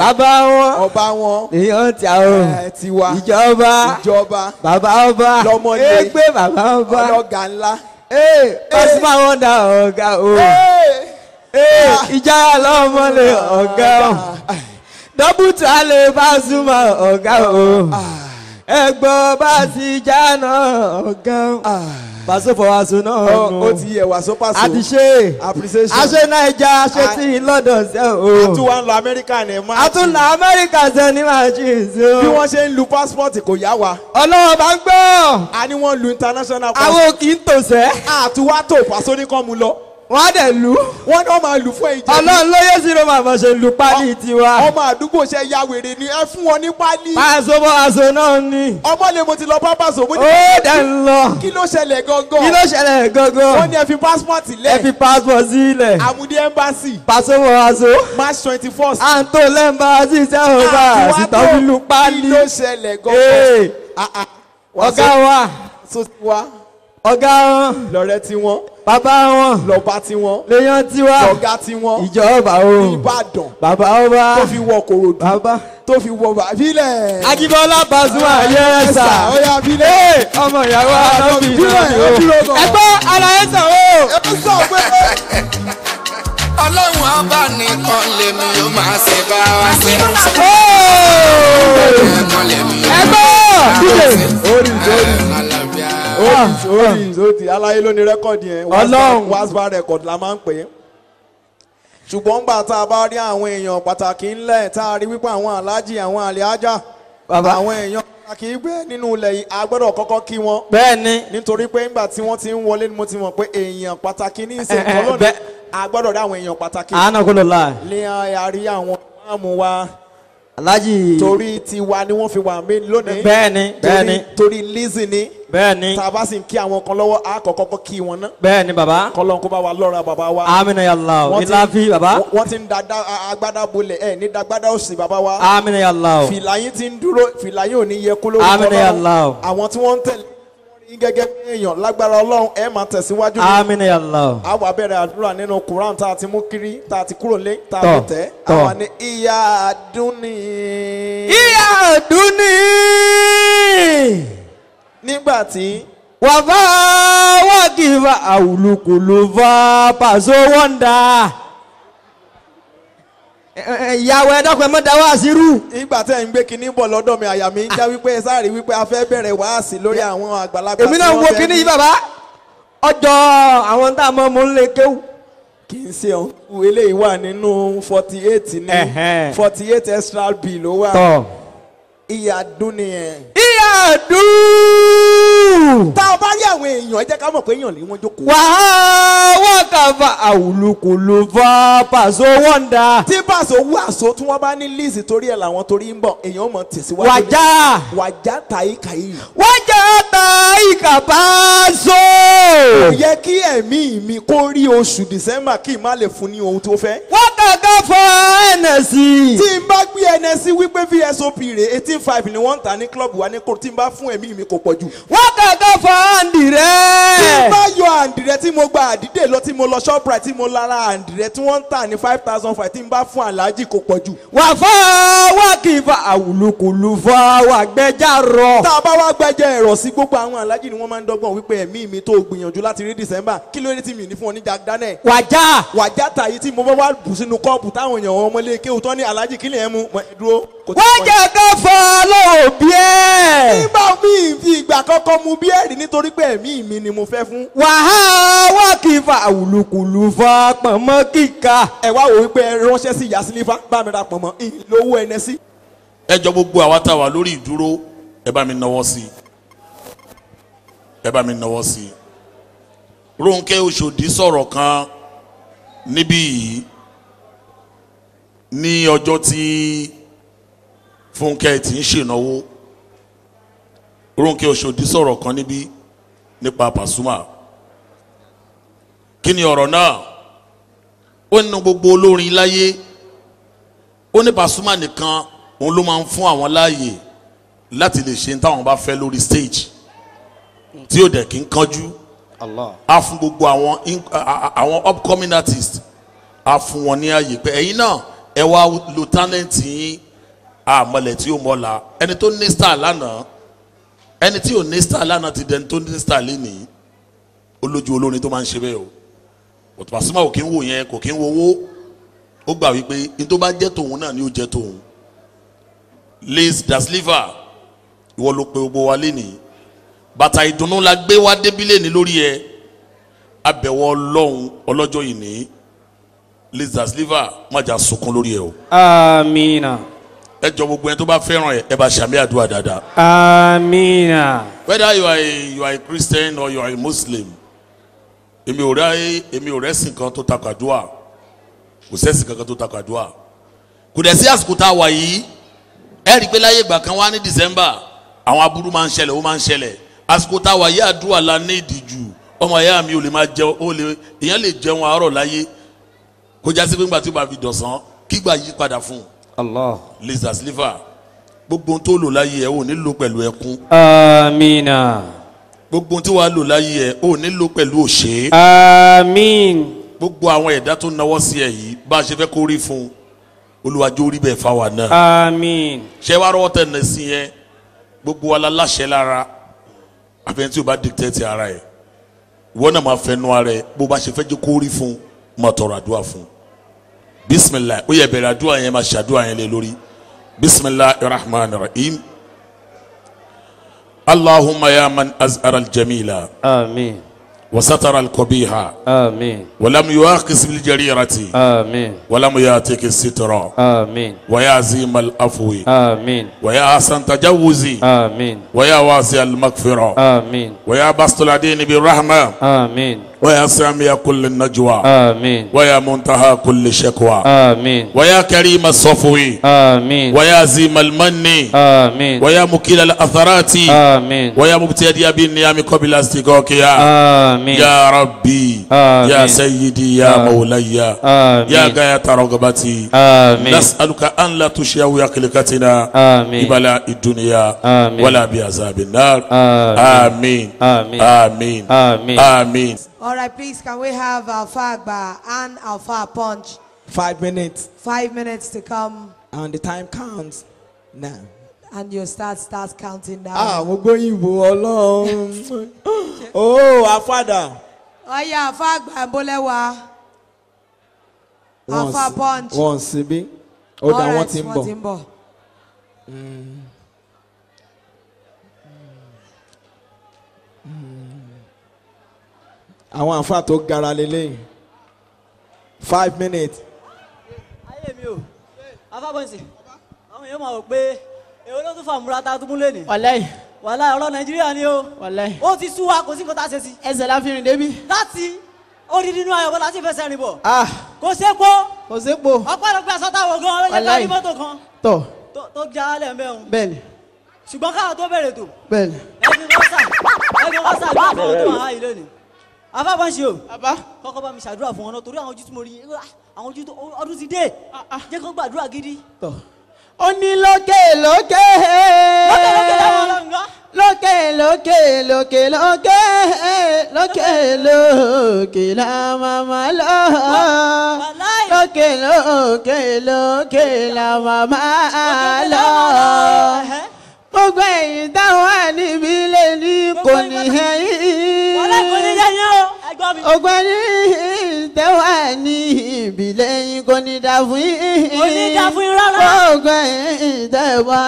bàbá wọn ọba wọn èèyàn tí a ò tiwa ìjọba ìjọba bàbá ọba lọ́mọdé ẹgbẹ́ bàbá ọba ọlọ́gà ńlá pàṣípà wọn dá ọ̀gá o ah. ìjà lọ́mọdé ọ̀gá o dọ́bùtà lè bá ọ̀gá o. Ah ẹgbọ́n bá ti jáná gan. Ah. pàṣẹ fọwọ́ aṣọ náà. ó ti yẹ wàṣọ pàṣọ. Appreciation aṣọ naija aṣọ ti london ṣe o. a tún wá ń lọ amẹ́ríkà ní máa. a tún lọ amẹ́ríkà ṣe ní máa jí ṣe o. bí wọ́n ṣe ń lu passport kò yá wa. ọlọ́wọ́ bá ń gbọ́. a ní wọ́n lu international passport. àwọn kì í tòṣẹ́. a tún wá tò pàṣọ ní lọ wọ́n á dẹ̀ lù. wọ́n náà máa lù fún ìjẹ́. ọlọ́run ló yẹ sí ló máa mọ̀ ṣe lu pálí tiwa. ọmọ àdúgbò ṣe ya wèrè ni ẹ fún wọn ní pálí. pàṣọ bọ́ aṣọ náà ni. ọmọ lè mo ti lọ bá pàṣọ. ó dẹ̀ ń lọ. kí ló ṣẹlẹ̀ gangan. kí ló ṣẹlẹ̀ gangan. wọ́n ní ẹ fi passport lẹ̀. ẹ fi passport sí ilẹ̀. àmúdí embassy. pàṣọ bọ́ aṣọ. march twenty first. à ń tó lẹ́mbàásì sẹ́wọ̀n bá àṣìtọ́ fi lu pálí. kí ló ṣẹlẹ̀ gangan. Ah, ah. ọ̀gá wa ọ̀gá wọn. lọ́rẹ́ tí wọ́n. bàbá wọn. lọ́ba tí wọ́n. lèèyàn tí wá. lọ́gá tí wọ́n. ìjọba o. ìbàdàn. bàbá ọba. tó fi wọ korodu. bàbá. tó fi wọ bàbílẹ̀. akíbọ́lá Pasuma yẹ ẹ̀sà. ọ̀yà bílẹ̀. ọmọ ìyàwó àná bíi náà o. ẹgbẹ́ ara ẹ̀sà o. ẹ̀sà o pé. ọlọ́run ọba nìkan lèmi ó máa ṣe bá wa ṣe. ẹgbẹ́ dídè. orí ìjọ́rí oldies ah, oldies oldies aláyé ló ní yẹn wasba record la máa ń pè é ṣùgbọ́n gbà tá a bá rí àwọn èèyàn pàtàkì ńlẹ̀ tá a rí wípé àwọn aláàjì àwọn àlẹ́ájà àwọn èèyàn pàtàkì gbé nínú ilẹ̀ yìí a kọ́kọ́ kí wọn. bẹ́ẹ̀ni. nítorí pé ńgbà tí wọ́n ti ń wọlé ni mo ti mọ̀ pé èèyàn pàtàkì ní ìsìn kọ́lọ́nì eh, eh, eh, a rí àwọn èèyàn pàtàkì. àánà kò lọ láà. lè àárí àwọn ìmáàmù wa alájì. torí tiwa ni wọ́n fi wà mí lónìí. bẹ́ẹ̀ni bẹ́ẹ̀ni. torí lizzy ni. bẹ́ẹ̀ni. tá a bá sì ń kí àwọn kan lọ́wọ́ a kọ́kọ́ kí wọn ná. bẹ́ẹ̀ni baba. kọ́lọ́n kó bá wa lọ́ra baba wa. amina yàlla o ilafi baba. wọ́n ti ń da agbada bolẹ̀ ẹ̀ ní dagbada òsì baba wa. amina yàlla o. fìlà yín ti ń dúró fìlà yín ò ní yẹ kólórúkọ lọ́wọ́. amina yàlla o. àwọn tí wọ́n ń tẹ̀lé yín gẹ́gẹ́ bí èèyàn lágbára ọlọ́run ẹ máa tẹ̀síwájú. àmín ya Allah. a wá bẹ̀rẹ̀ àdúrà nínú Quran tá a ti mú kiri tá a ti kúrò lé tá a ti tẹ̀. àwọn ni ìyà àdúnni. ìyà àdúnni. nígbà tí. wàá wá wá kí n fa àwùlùkùlù fa pàṣẹ wọ́n dáa ìyàwó ẹ dákun ẹ mọ da wáàsí rú. ìgbà tẹ́ ń gbé kinní bọ̀ lọ́dọ̀ mi àyà mi ń já wípé sáàrí wípé a fẹ́ bẹ̀rẹ̀ wáàsí lórí àwọn àgbàlagbà. èmi náà ń wo kinní yìí bàbá ọjọ́ àwọn tá a mọ̀ mò ń lè kéwù. kì í ṣe òun eléyìí wà nínú forty eight ní forty eight extra bill ló wà ìyàdún nìyẹn máa dùn. tá a bá rí àwọn èèyàn ẹ jẹ́ ká mọ̀ pé èèyàn lè wọ́n jókòó. wà á wọ́n kà fa àwùlùkùlù fa pàṣọ wọ́ndà. tí pàṣọ wú àṣọ tí wọ́n bá ní líìsì torí ẹ̀ làwọn torí ń bọ̀ èèyàn mọ̀ tẹ̀síwájú. wàjà wàjà tàyí kàyí. wàjà tàyí kàbá sọ. kò yẹ kí ẹ̀mí mi kó rí oṣù December kí n má lè fún ní ohun tó fẹ́. wọ́n kàkà fọ ẹnẹsì. tí n bá gbé ẹnẹsì wípé vsop rè eighteen five ni wọ́n ń ta ní club wa ní tí n bá fún ẹ̀mí mi kò pọ̀ jù. wọ́n kàkọ́ fọ àǹdì rẹ̀. tí n bá yọ àǹdì rẹ̀ tí mo gba àdídè lọ tí mo lọ shoprite tí mo lára àǹdì rẹ̀ tí wọ́n ń tà ní five thousand five tí n bá fún aláàjì kò pọ̀ jù. wà fọ́ wà kì í fa àwùlùkùlù fọ́ wà gbẹ́jà rọ. tá a bá wá gbẹ́jà ẹ̀rọ sí gbogbo àwọn aláàjì ni wọ́n máa ń dọ́gbọ́n wípé ẹ̀mí mi tó gbìyànjú láti rí December kí ló dé tí mi ní fún ọ ní jagdanẹ. wàjà. wàjà tàyí tí mo bá wá bù sínú kọ́ọ̀pù táwọn èèyàn ọmọlé kéwù tán nígbà míì fi ìgbà kankan mu bíẹ́rì nítorí pé ẹ̀mí mi ni mo fẹ́ fún. wàhálà wà kí fa àwùlùkùlù fa pọ̀nmọ́ kíkà. ẹ wá wò wípé ẹ ránṣẹ́ sí yasilifa bá mi ra pọ̀nmọ́ ìlówó ẹnẹsí. ẹ jọ gbogbo àwa tá a wà lórí ìdúró ẹ bá mi náwó sí i ẹ bá mi náwó sí i. Rónkẹ́ Oṣòdì sọ̀rọ̀ kan níbí yìí ní ọjọ́ tí Fúnkẹ́ ti ń ṣènáwó. Rónkẹ́ Òṣòdì sọ̀rọ̀ kan níbí nípa Pasuma kí ni ọ̀rọ̀ náà ó nínú gbogbo olórin láyé ó ní Pasuma nìkan òun ló máa ń fún àwọn láàyè láti lè ṣe táwọn bá fẹ́ lórí stage tí ó dẹ̀ kí ń kánjú á fún gbogbo àwọn àwọn upcoming artist á fún wọn ní ààyè pé ẹ̀yin náà ẹ wá lo talent yín àmọ́lẹ̀ tí ó mọ́la ẹni tó ní star lánàá ẹni tí ò ní star lánàá ti dẹni tó ní star lénìí olójú olórin tó máa ń ṣe bẹ́ẹ̀ o òtùpàsímà ò kí ń wò yẹn kò kí ń wowó ó gbà wípé ní tó bá jẹ́ tòun náà ni ó jẹ́ tòun liz dasliva ìwọ ló pe gbogbo wa lénìí bàtà ìdùnnú la gbé wá débí lénìí lórí ẹ abẹ̀wọ̀ ọlọ́run ọlọ́jọ́ yìí ní liz dasliva má jà sunkún lórí ẹ o. amiina. Ah, ẹ jọ gbogbo ẹni tó bá fẹ́ràn ẹ bá ṣàmì àdúrà dáadáa. amiina. whether you are a you are a christian or you are a muslim èmi ò rẹ èmi ò rẹ sìn kan tó takò àdúrà kò sẹ́sìn kankan tó takò àdúrà kò dẹ̀ sí àsìkò tá a wà yìí ẹ rí i pé láyé ìgbà kan wá ní december àwọn aburú máa ń ṣẹlẹ̀ ó máa ń ṣẹlẹ̀ àsìkò tá a wà yìí àdúrà la ní ìdíjú ọmọ ìyá mi ò lè máa jẹun ó lè èèyàn lè jẹun àárọ̀ láyé kó jásí pé ńgbà tí ó bá fi dọ̀sán kígbà yí padà fún un Allah. lisa sliver gbogbo tó lò láyé ẹ ò ní lò pẹ̀lú ẹkún. amiina. gbogbo tí wàá lò láyé ẹ ò ní lò pẹ̀lú òṣè. amiin. gbogbo àwọn ẹ̀dá tó náwó sí ẹ yìí bá a ṣe fẹ́ kó rí fún un olùwàjò rí bẹ́ẹ̀ fáwa náà. amiin. ṣé wàá rọwọ́ tẹ̀ ní sí yẹn gbogbo wa láṣẹ lára àfẹn o bá dìtẹ́ ti ara ẹ̀ wọ́n náà máa fẹ́ nu ara ẹ̀ bó bá ṣe fẹ́ jẹ́ kó rí fún un máa àdúrà fún un. بسم الله ويا بلا يا ما شاء دعاء لوري بسم الله الرحمن الرحيم اللهم يا من ازهر الجميلة امين وستر القبيحة امين ولم يواقس بالجريرة امين ولم ياتك الستر امين ويا عظيم الافو امين ويا احسن تجوز امين ويا واسع المغفرة امين ويا بسط الدين بالرحمة امين ويا سامي كل النجوى آمين ويا منتهى كل شكوى آمين ويا كريم الصفو آمين ويا زيم المن آمين ويا مكيل الأثرات آمين ويا مبتدي النيام قبل استقاقها آمين يا ربي آمين يا سيدي يا آمين مولاي آمين يا غاية رغبتي آمين نسألك أن لا تشيو يقلقتنا آمين بلاء الدنيا آمين ولا بعذاب النار آمين آمين آمين آمين, آمين. آمين. آمين. All right, please, can we have Alpha Agba and Alpha Punch? Five minutes. Five minutes to come. And the time counts now. And your start starts counting down. Ah, we're going for long. Oh, our father. Oh yeah, Alpha Agba and Bolewa. Alpha Punch. One CB. Oh, that one Timbo. One Timbo. Mm. àwọn àǹfààní tó gara lélẹ́yìn five minutes. ayé mi o afábọ̀nsì àwọn èèyàn máa wò pé èwo ló tún fa àmúra tá a tún mú lẹ́nu. wàláyé. wàláyé ọ̀rọ̀ nàìjíríà ni o. wàláyé. ó ti sú wa kò sí nǹkan tá a ṣe sí. ẹsẹ̀ la fi rìn débi. láti orí nínú ayọ̀ bọ́lá fẹsẹ̀ rìn bọ̀. Ah. kò sépo. kò sépo. ọpẹ́ ló gbé aṣọ táwọn gan-an ó yẹ ká mọ́tò kan. tọ. tó já lẹ̀ ń bẹ̀ bẹ́ẹ̀ni. ṣùgbọ́n káwọn tó bẹ̀rẹ̀ tó. bẹ́ẹ̀ni. ẹni wọ́n sà ẹni wọ́n sà afa bá ń ṣe o. baba kọ́kọ́ bá mi ṣàdúrà fún wọn náà torí àwọn ojú tí mo rí yẹn ah, àwọn ojú tó ọdún ti dé ah, ah. jẹ́ kó gbàdúrà gidi. ó ní lókè lókè. lókè lókè láwọn ọlọ́ngá. lókè lókè lókè lókè lókè lókè la màmá lọ. lókè lókè lókè la màmá lọ gbogbo ẹ̀yin táwọn wà níbí lè ní kò ní ẹ̀yìn. wọ́lẹ̀ kò ní yẹn yẹn o ẹ̀gbọ́n mi. ògbọ́n ní ìtẹ́wà ní ìbílẹ̀ yín kò ní dà fún yín. kò ní dà fún yín rárá. gbogbo ẹ̀yin ìtẹ́wà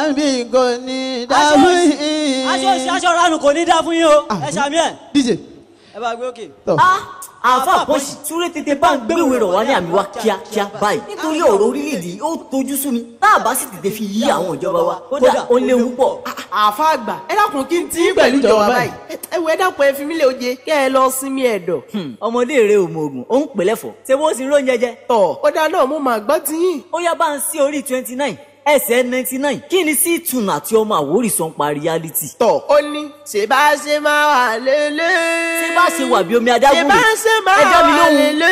kò ní dà fún yín. aṣọ aṣọ ranù kò ní dà fún yín o ah, ẹ ṣàmì ẹ. díje. ẹ bá gbé òkè. tọ́ a. Ah! àáfàá kan sì túré tètè bá ń gbéwèé rọ̀ wá ní àmì wa kíákíá báyìí nítorí ọ̀rọ̀ orílẹ̀-èdè yìí ó tojú sú ni tá a bá sì tètè fi yí àwọn ìjọba wa kódà ó léwu pọ̀. Ah, ah, ah. àáfàá àgbà ẹ dákun kí n ti pẹ̀lú ìjọba báyìí ẹ ẹ dákun ẹ fi mí lè oje kẹ ẹ lọ sinmi ẹ̀dọ̀. Hmm. ọmọdé rẹ ò mọ oògùn ó ń pè lẹ́fọ̀ọ́ ṣé bó ti róúnjẹ jẹ. ọ̀ ó dáná mo máa gbọ́ tiyín. ó yá bá ń sí orí twenty nine ẹsẹ̀ ninety nine kí ni sí ìtùnú àti ọmọ àwórì pa reality. tọ ó ní ṣe bá ṣe máa wà lélẹ̀. ṣe bá ṣe wà bí omi adágún rè ẹjọ́ mi lóhùn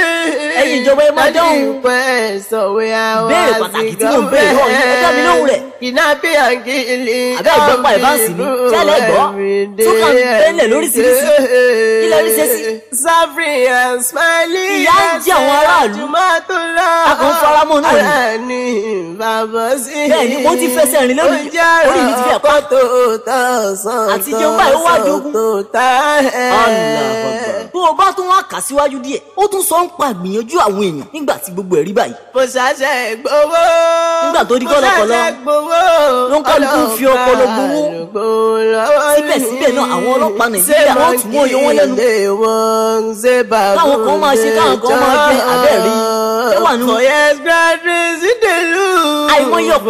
ẹ̀yin ìjọba ẹ máa dáhùn. bẹ́ẹ̀ pàtàkì tí mò ń bẹ̀rẹ̀ lọ́wọ́ ẹjọ́ mi lóhùn rẹ̀. kìnnà bí àǹkìlì àbẹ́ ìgbọ́n pa ìbáǹsì mi jálẹ̀ gbọ́ tó kàn bẹ́ẹ̀lẹ̀ lóríṣiríṣi kí lè rí ṣe sí. and Smiley ìyá ń jẹ àwọn aráàlú akọ̀ ń faramọ́ náà ni. bàbá sí bẹ́ẹ̀ ni mo ti fẹsẹ̀ rìn lórí orí mi ti fẹ́ pa àtijọ́ báyìí ó wá jogún tó o bá tún wá kà síwájú díẹ̀ ó tún sọ ń pa gbìyànjú àwọn èèyàn nígbà tí gbogbo ẹ̀ rí báyìí. mo ṣàṣẹ gbowó nígbà tó di kọlọkọlọ ló ń kálukú fi ọpọlọ gbowó síbẹ̀síbẹ̀ náà àwọn ọlọ́pàá nàìjíríà wọ́n tún mọ́ yọwọ́ lẹ́nu káwọn kan máa ṣe káwọn kan máa gbé abẹ́rẹ́ ẹ wà nínú. àìmọye ọ̀pọ̀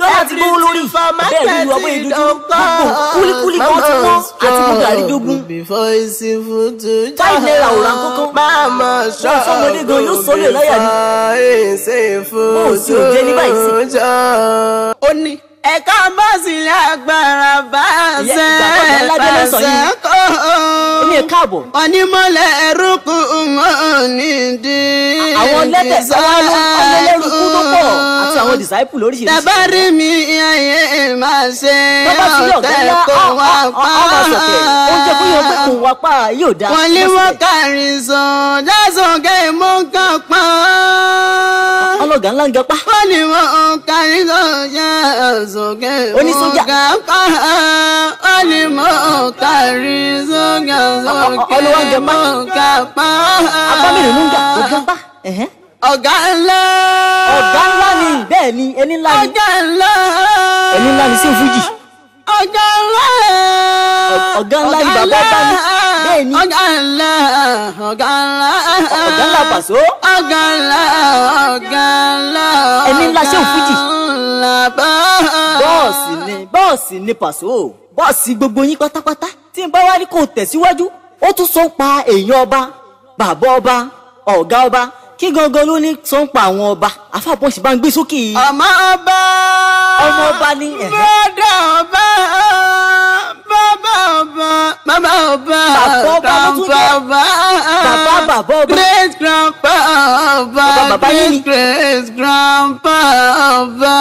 ẹ ti gbówó lórí bẹ́ẹ̀ ló lu ọgbẹ́ ìdúdú gbogbo kúlíkúlí kan ti wọ́n àti gbogbo àrídógún. báyìí náírà ò ra kókó wọ́n sọmọdé gan yóò sọ́lẹ̀ láyà ni. mo ò sì ò ní báyìí sí. ó ní ẹ̀ka bọ́sìlẹ̀ agbára bá ṣe bá ṣe kó o onímọ̀lẹ̀ ẹ̀rúkú onídìí àwọn lẹ́tẹ̀ ọlọ́lẹ́rúkú ló pọ̀ àti àwọn disciple lóríṣiríṣi. tẹ́bárí mi ayé máa ṣe ọ̀tẹ̀ kò wá pa á. ó jẹ́ fún yóò pé kò wá pa á yóò dá. wọ́n lé wọ́n kárí sọ lásán kẹ́ mọ́ kápá ọ̀gá ńlá ń pa? ó ní mo kárí sójà sókè mo gapá ó ní mo kárí sójà sókè mo gapá. apá mélòó ló ń gà ó pa? ọ̀gá ńlá. ọ̀gá ńlá ni bẹ́ẹ̀ ni ẹni ńlá ni. ọ̀gá ńlá. ẹni ńlá ni sí fújì ọ̀gá ńlá ọ̀gá ńlá ìbàbọ̀ bá mi bẹ́ẹ̀ ni ọ̀gá ńlá ọ̀gá ńlá ọ̀gá ńlá pàṣọ. ọ̀gá ńlá ọ̀gá ńlá ẹni ńlá ṣé òfújì. bọ́ọ̀sì ni bọ́ọ̀sì ni pàṣọ bọ́ọ̀sì gbogbo yín pátápátá tí n bá wá ní kò tẹ̀síwájú ó tún sọ pa èèyàn ọba bàbá ọba ọ̀gá ọba kí gangan ló ní tó ń pa àwọn ọba àfàbọ̀n sì bá ń gbé sókè yìí. ọmọ ọba ọmọ ọba ní. bọ́dà ọba bàbá ọba bàbá ọba bàbá ọba bàbá bàbá ọba great grandpa ọba great great grandpa ọba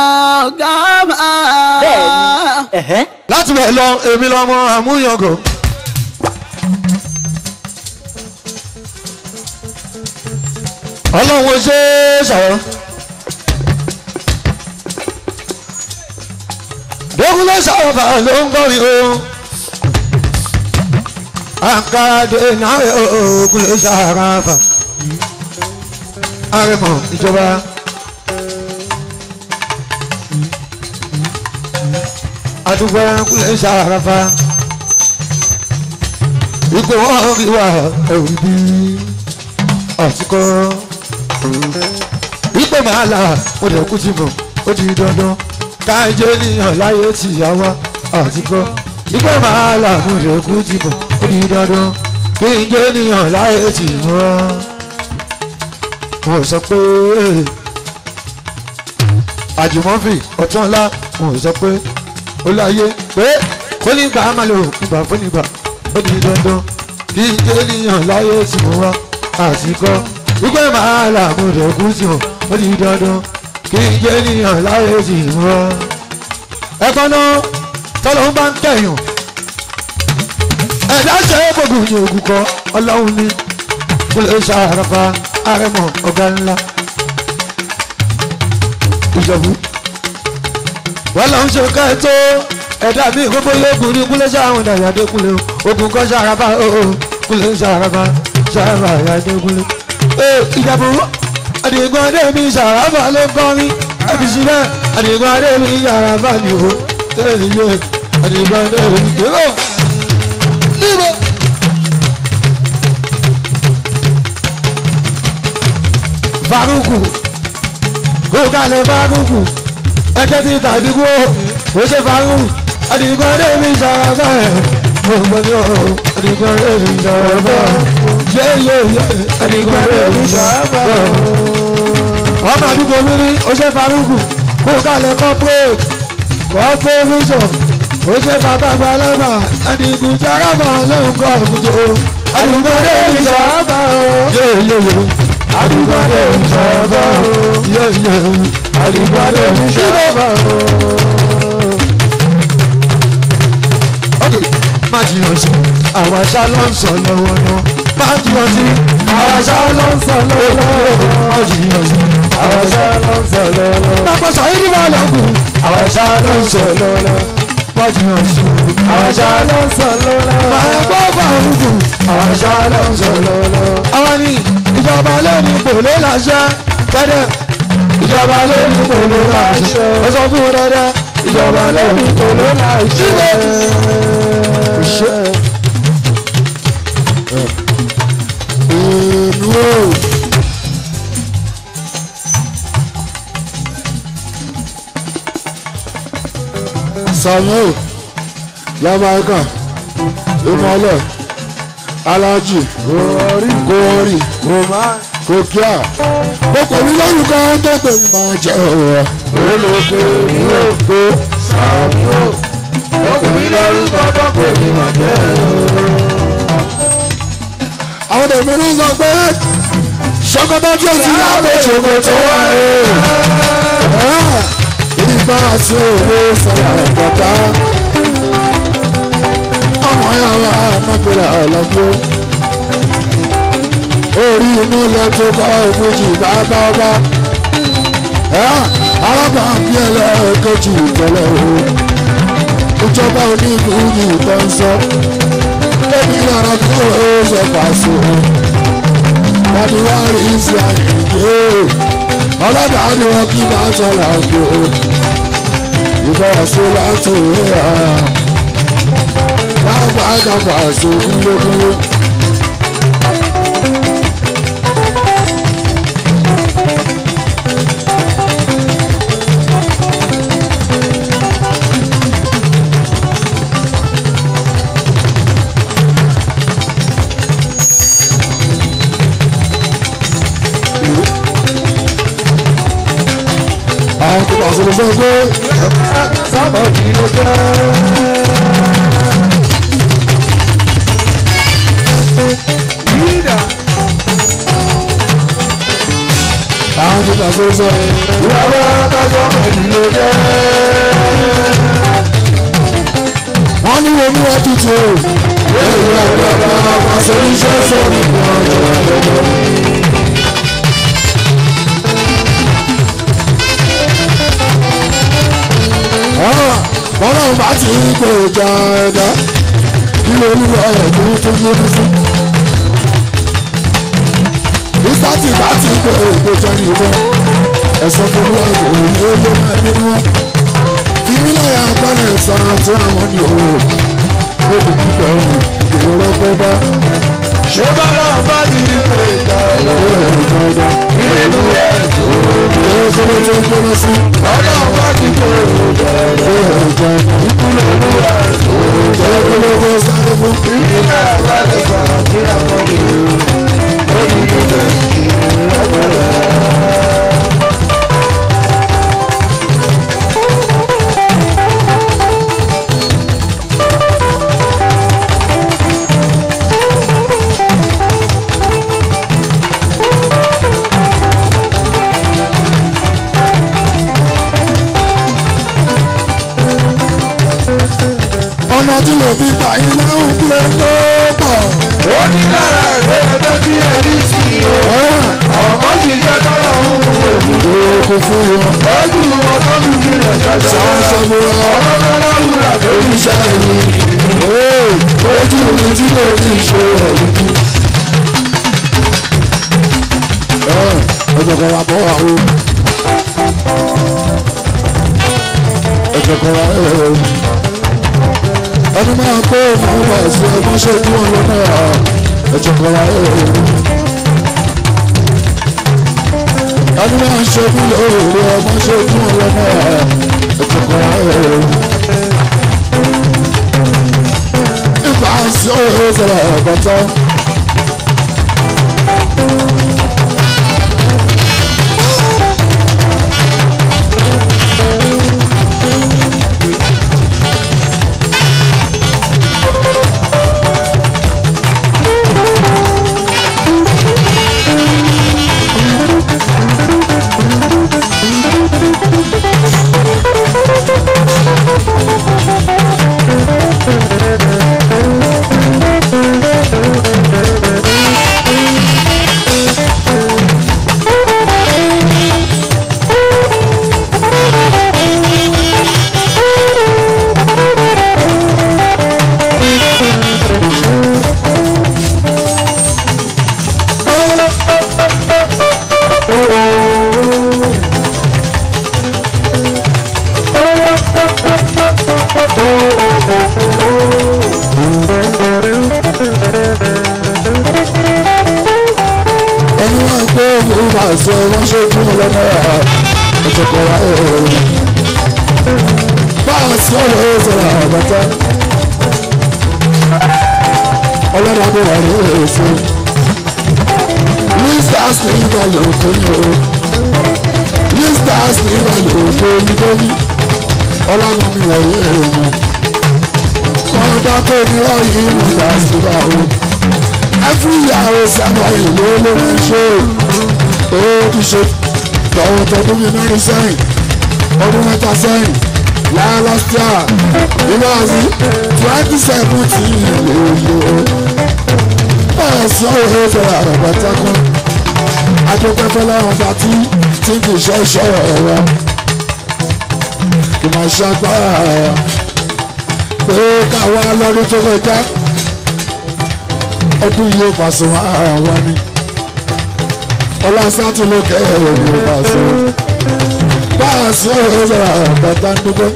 ọ̀gá ọba. bẹ́ẹ̀ni. láti bẹ̀ lọ èmi lọ́mọ àmúyangàn. ọlọ́run ó ṣe é ṣàwọ́. dókun ló ṣàwọ́ bá ló ń gbọ́ mi o. àǹkárá dé náà oògùn ló ṣàrà fà. àrẹ̀mọ̀ ìjọba. àdúgbò ẹranko lè ṣàrà fà. ìgbò wọn rí wa ẹ̀rù bí ọ̀sìnkọ́ ìpè máa là mo dẹ̀ kú ti mọ̀ ó di dandan káyé ní ọ̀láyé ti yá wá àti kọ́ ìpè máa là mo dẹ̀ kú ti mọ̀ ó di dandan kí n jẹ́ ní ọ̀láyé ti yá wá. mo sọ pé àjùmọ́fì ọ̀túnla mo sọ pé ó pé kó nígbà á nígbà fún nígbà ó dandan kí n jẹ́ ti mọ̀ wá àti kọ́ wípé màá là mo dẹ̀ kú sí o ó di dandan kí n jẹ́ níyàn láyé sì mọ́. ẹ̀kọ́ náà tọ́lọ́ ń bá ń kẹ̀yàn ẹ̀dá ṣe é gbogbo ìyẹn ògùn kọ́ ọlọ́run ní kó lè ṣàràfà àrẹ̀mọ ọ̀gá ńlá. ìjọ̀bú wọ́n lọ ń ṣe ká ẹ̀dá mi gbogbo yóògùn ní kúlẹ̀ ṣáwọn ìdàyàdé kúlẹ̀ ogun kọ́ ṣàràfà ó kúlẹ̀ ṣàràfà ṣàràfà ìyàdé kúlẹ̀ ìjẹ̀bú àdìgún adémi ṣàràfà ló kọ́ mi àbísílẹ̀ àdìgún adémi ṣàràfà ni o tẹ́lẹ̀ yẹ àdìgún adémi kérò. faruku kó kalẹ̀ faruku ẹ̀kẹ́ ti tàbí kú ó ṣe faruku àdìgún adémi ṣàràfà ẹ̀ gbogbo adigunle mi sọ̀rọ̀ yéyé adigunle mi sọ̀rọ̀. ọmọ àdúgbò mi ní oṣù farugu kó kalẹ̀ corporate corporation oṣù bàbá gbalẹ́bà adigun jaraba lóun kọ́ àkùjọ adigunle mi sọ̀rọ̀ yéyé adigunle mi sọ̀rọ̀ yéyé adigunle mi sọ̀rọ̀. má ti hàn sí àwa ṣá ló ń sọ lọ́wọ́ náà má ti hàn sí àwa ṣá ló ń sọ lọ́wọ́ náà má ti hàn sí ló ń sọ lọ́wọ́ náà. pápá sàyí ni wàá lọ́gùn àwa ṣá ló ń sọ lọ́wọ́ náà má ti hàn sí ló ń sọ lọ́wọ́ náà. màá gbọ́ bá ń gùn ló ń sọ lọ́wọ́ náà. àwa ni ìjọba lónìí kò lè láṣẹ tẹ́lẹ̀ ìjọba lónìí kò lè láṣẹ ẹ sọ fún wọn dáadáa ìjọba lẹ́nu tó ló máa ṣe é. inú o. samuel lamaka imọlẹ alaji gori gori. Roman kò kí à. mo kò rí lórúkọ tó pè mí máa jẹ ọ̀rọ̀. olùkọ́ mi ò gbó sàmì ò. mo kò rí lórúkọ tó pè mí máa jẹ ọ̀rọ̀. àwọn èmi ló sọ pé ṣọkọtọ tí o ti yá lè ṣògo tó wà ní. ìgbà àti òwe sọ̀rọ̀ ẹ̀kọ́ta. ọmọ yàrá mọ́kúra ọ̀lọ́gbọ́n orí inú lọ tó bá òfújì bàbá ọba alábàápí ẹlẹ́ẹ̀kejì ìtọ́lẹ̀ o ìjọba onífújì ìtọ́ ń sọ lẹ́bí lára kó o sọ pàṣẹ wọ́n wá rí sí àyíké ọlọ́dàá ni wọ́n kí bá sọ̀rọ̀ àjò ìfọwọ́sọ láti rí ra wọ́n bá dàgbà sí kúlókúló. àwọn tó bá sọ̀rọ̀ sọ pé sábà kì í lọ jẹ́. àwọn tó bá sọ̀rọ̀ sọ ìyàwó akájọ́ kì í lọ jẹ́. wọ́n ní omi ẹ̀ tuntun. èyí ni àgbàdo àwọn aṣọ iṣẹ́ bọ́lá bá ti ń kó ìjà ẹ̀dá kí ló ń lọ ẹ̀dùn tó gbóni sí. nígbà tí bá ti ń kó ìgbésẹ̀ nìbọn ẹ̀sọ́ tó lọ ìròyìn ló ló máa ní wọn. ìmílẹ̀ agbára ẹ̀sán àti àwọn ènìyàn ó kíkọ́ ọ̀hún ìrọ̀lọ́gbẹ́ ṣé bọ́lá bá ti ní kò ìta ọlọ́run nínú ẹ̀ ló sọ́dọ̀ tó ń gbọ́dọ̀ sí. bọ́lá bá ti kò ìta ọlọ́run nínú ẹ̀ ló sọ́dọ̀ tó ń sáré fún. nínú ẹ̀ bá ti sọ̀rọ̀ kí àwọn ènìyàn ó ní ìgbẹ́ ìgbẹ́ ìgbẹ́ mi fún wọn. ojú wọn kọ́ mi kí lè ṣẹ̀ṣẹ̀. sáńsọ mi lọ. ọlọ́lá wúrà tó ń ṣe mí. ojú mi tí mo ti ṣe ẹ̀yìn. ọjọ́ kan wà bọ́ àwọn. ọjọ́ kan wà ẹ̀rọ. ẹni máa kó ìmọ̀ wá sí ẹgbẹ́ ṣe kí wọ́n lọ náà. ọjọ́ kan wà ẹ̀rọ. ẹni náà ń ṣojú lóore ọmọ ṣojú ọlọ́mọ ìkọ̀kọ̀ ẹ̀rọ. nípa sí ọ̀rọ̀ ìṣẹ̀lẹ̀ ẹ̀kọ́tọ́. àràbà tákùn adúpẹ́ fọlọ́run bá tí tí kì í ṣe iṣẹ́ ọ̀rọ̀ kì máa ṣe agbára pé káwa lọ́dún tó kọjá ọdún yìí ó pàṣẹ wọn ara wọn ni ọlá sátúlù kẹrẹ ló pàṣẹ báà sí ọ̀rọ̀ ìṣẹ̀lẹ̀ àràbà tá ń dúpẹ́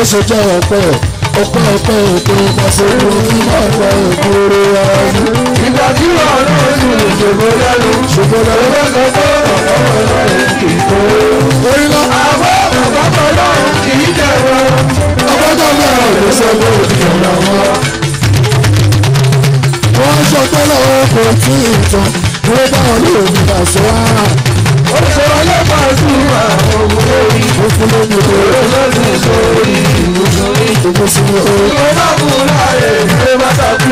ó ṣe jẹ́ ọ̀pẹ́ rẹ̀ ọpẹ́ ọpẹ́ ètò ìfàsókò tí máa gba ìgboro ara sí. ìgbà tí wàá náà sì lè ṣògo lẹ́nu ṣùgbọ́n lọ́wọ́ sọ pé ọ̀pọ̀ ọ̀rọ̀ rẹ̀ kì í tó. orí lọ àwọn ọ̀pọ̀ náà kì í tẹ̀wọ́. ọpẹ́ tó bẹ̀rẹ̀ ló sọ pé ó ti tẹ̀wọ́ wọn. wọ́n sọ pé lọ́wọ́ kò tí ì tán ló bá wọn lóògùn àṣọ àrà ó ṣe ọlẹ́ Pasuma òun lórí. ó fún lórí o. olóṣèlú sórí ìlú sórí. ìlú sórí o. ìwé bá kú láàyè ìwé bá takú.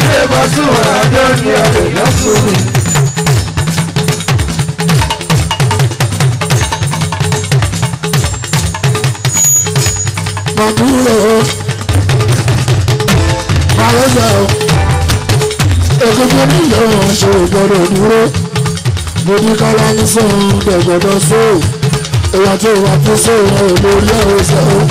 ilé Pasuma àjọ ni àlè lọ́sùn mi. Màdúró Màlọ́jà Ògùnkùn nílò ṣògbọ́dọ̀ dúró mo ní kọ́lá ní sóun dẹ̀gbọ́dọ̀ sóun èèyàn tí òun àti sóun ò lórí ẹ̀rọ sóun.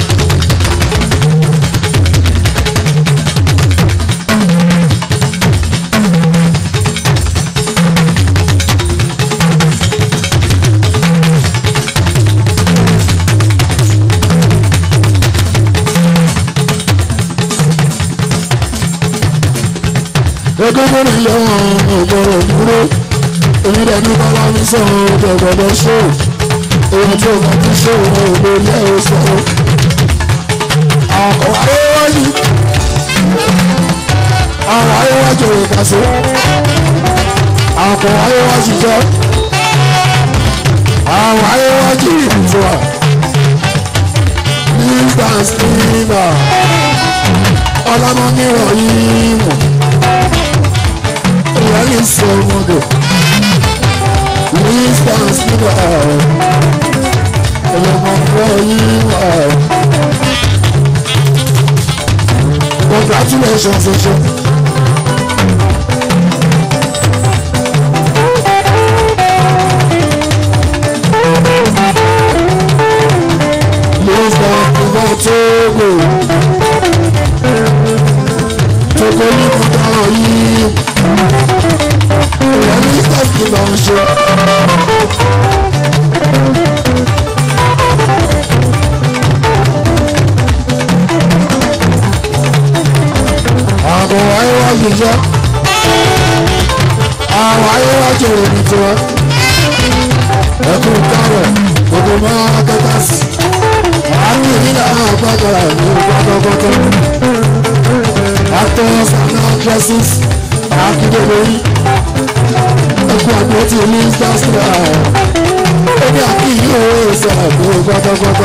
Egungun ni lọ́wọ́ ọ̀gbọ̀rọ̀ dúró èmi lè ní bọ́lá mi sọ̀rọ̀ ọ̀dọ̀gbọ̀dọ̀ ṣó èmi tó bá ti ṣó ìwé ìwé ilé ìwòsàn àwọn aréwájú àwọn aréwájú ìkàsó àwọn aréwájú jọ àwọn aréwájú ìdùnnà nígbà sílẹ̀ ọlọ́mọ mi wọ̀nyí mọ̀ ìyá yìí sọ ọmọdé wisdom sí wà ó ọlọ́mọkọ yìí wà ó congratulations oṣù. Thank you. just try. Èmi àti yìí ò sọ̀rọ̀ kó gbọ́dọ̀gbọ́dọ̀.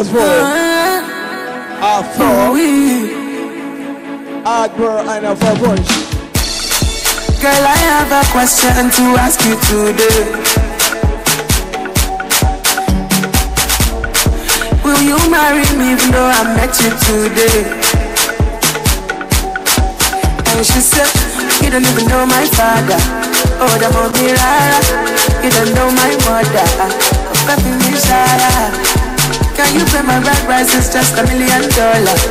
applause for Afro Akbar and Afro Punch Girl, I have a question to ask you today Will you marry me even though I met you today? And she said, you don't even know my father Oh, the mommy, rara You don't know my mother Baby, rara can you pay my rent price? It's just a million dollars.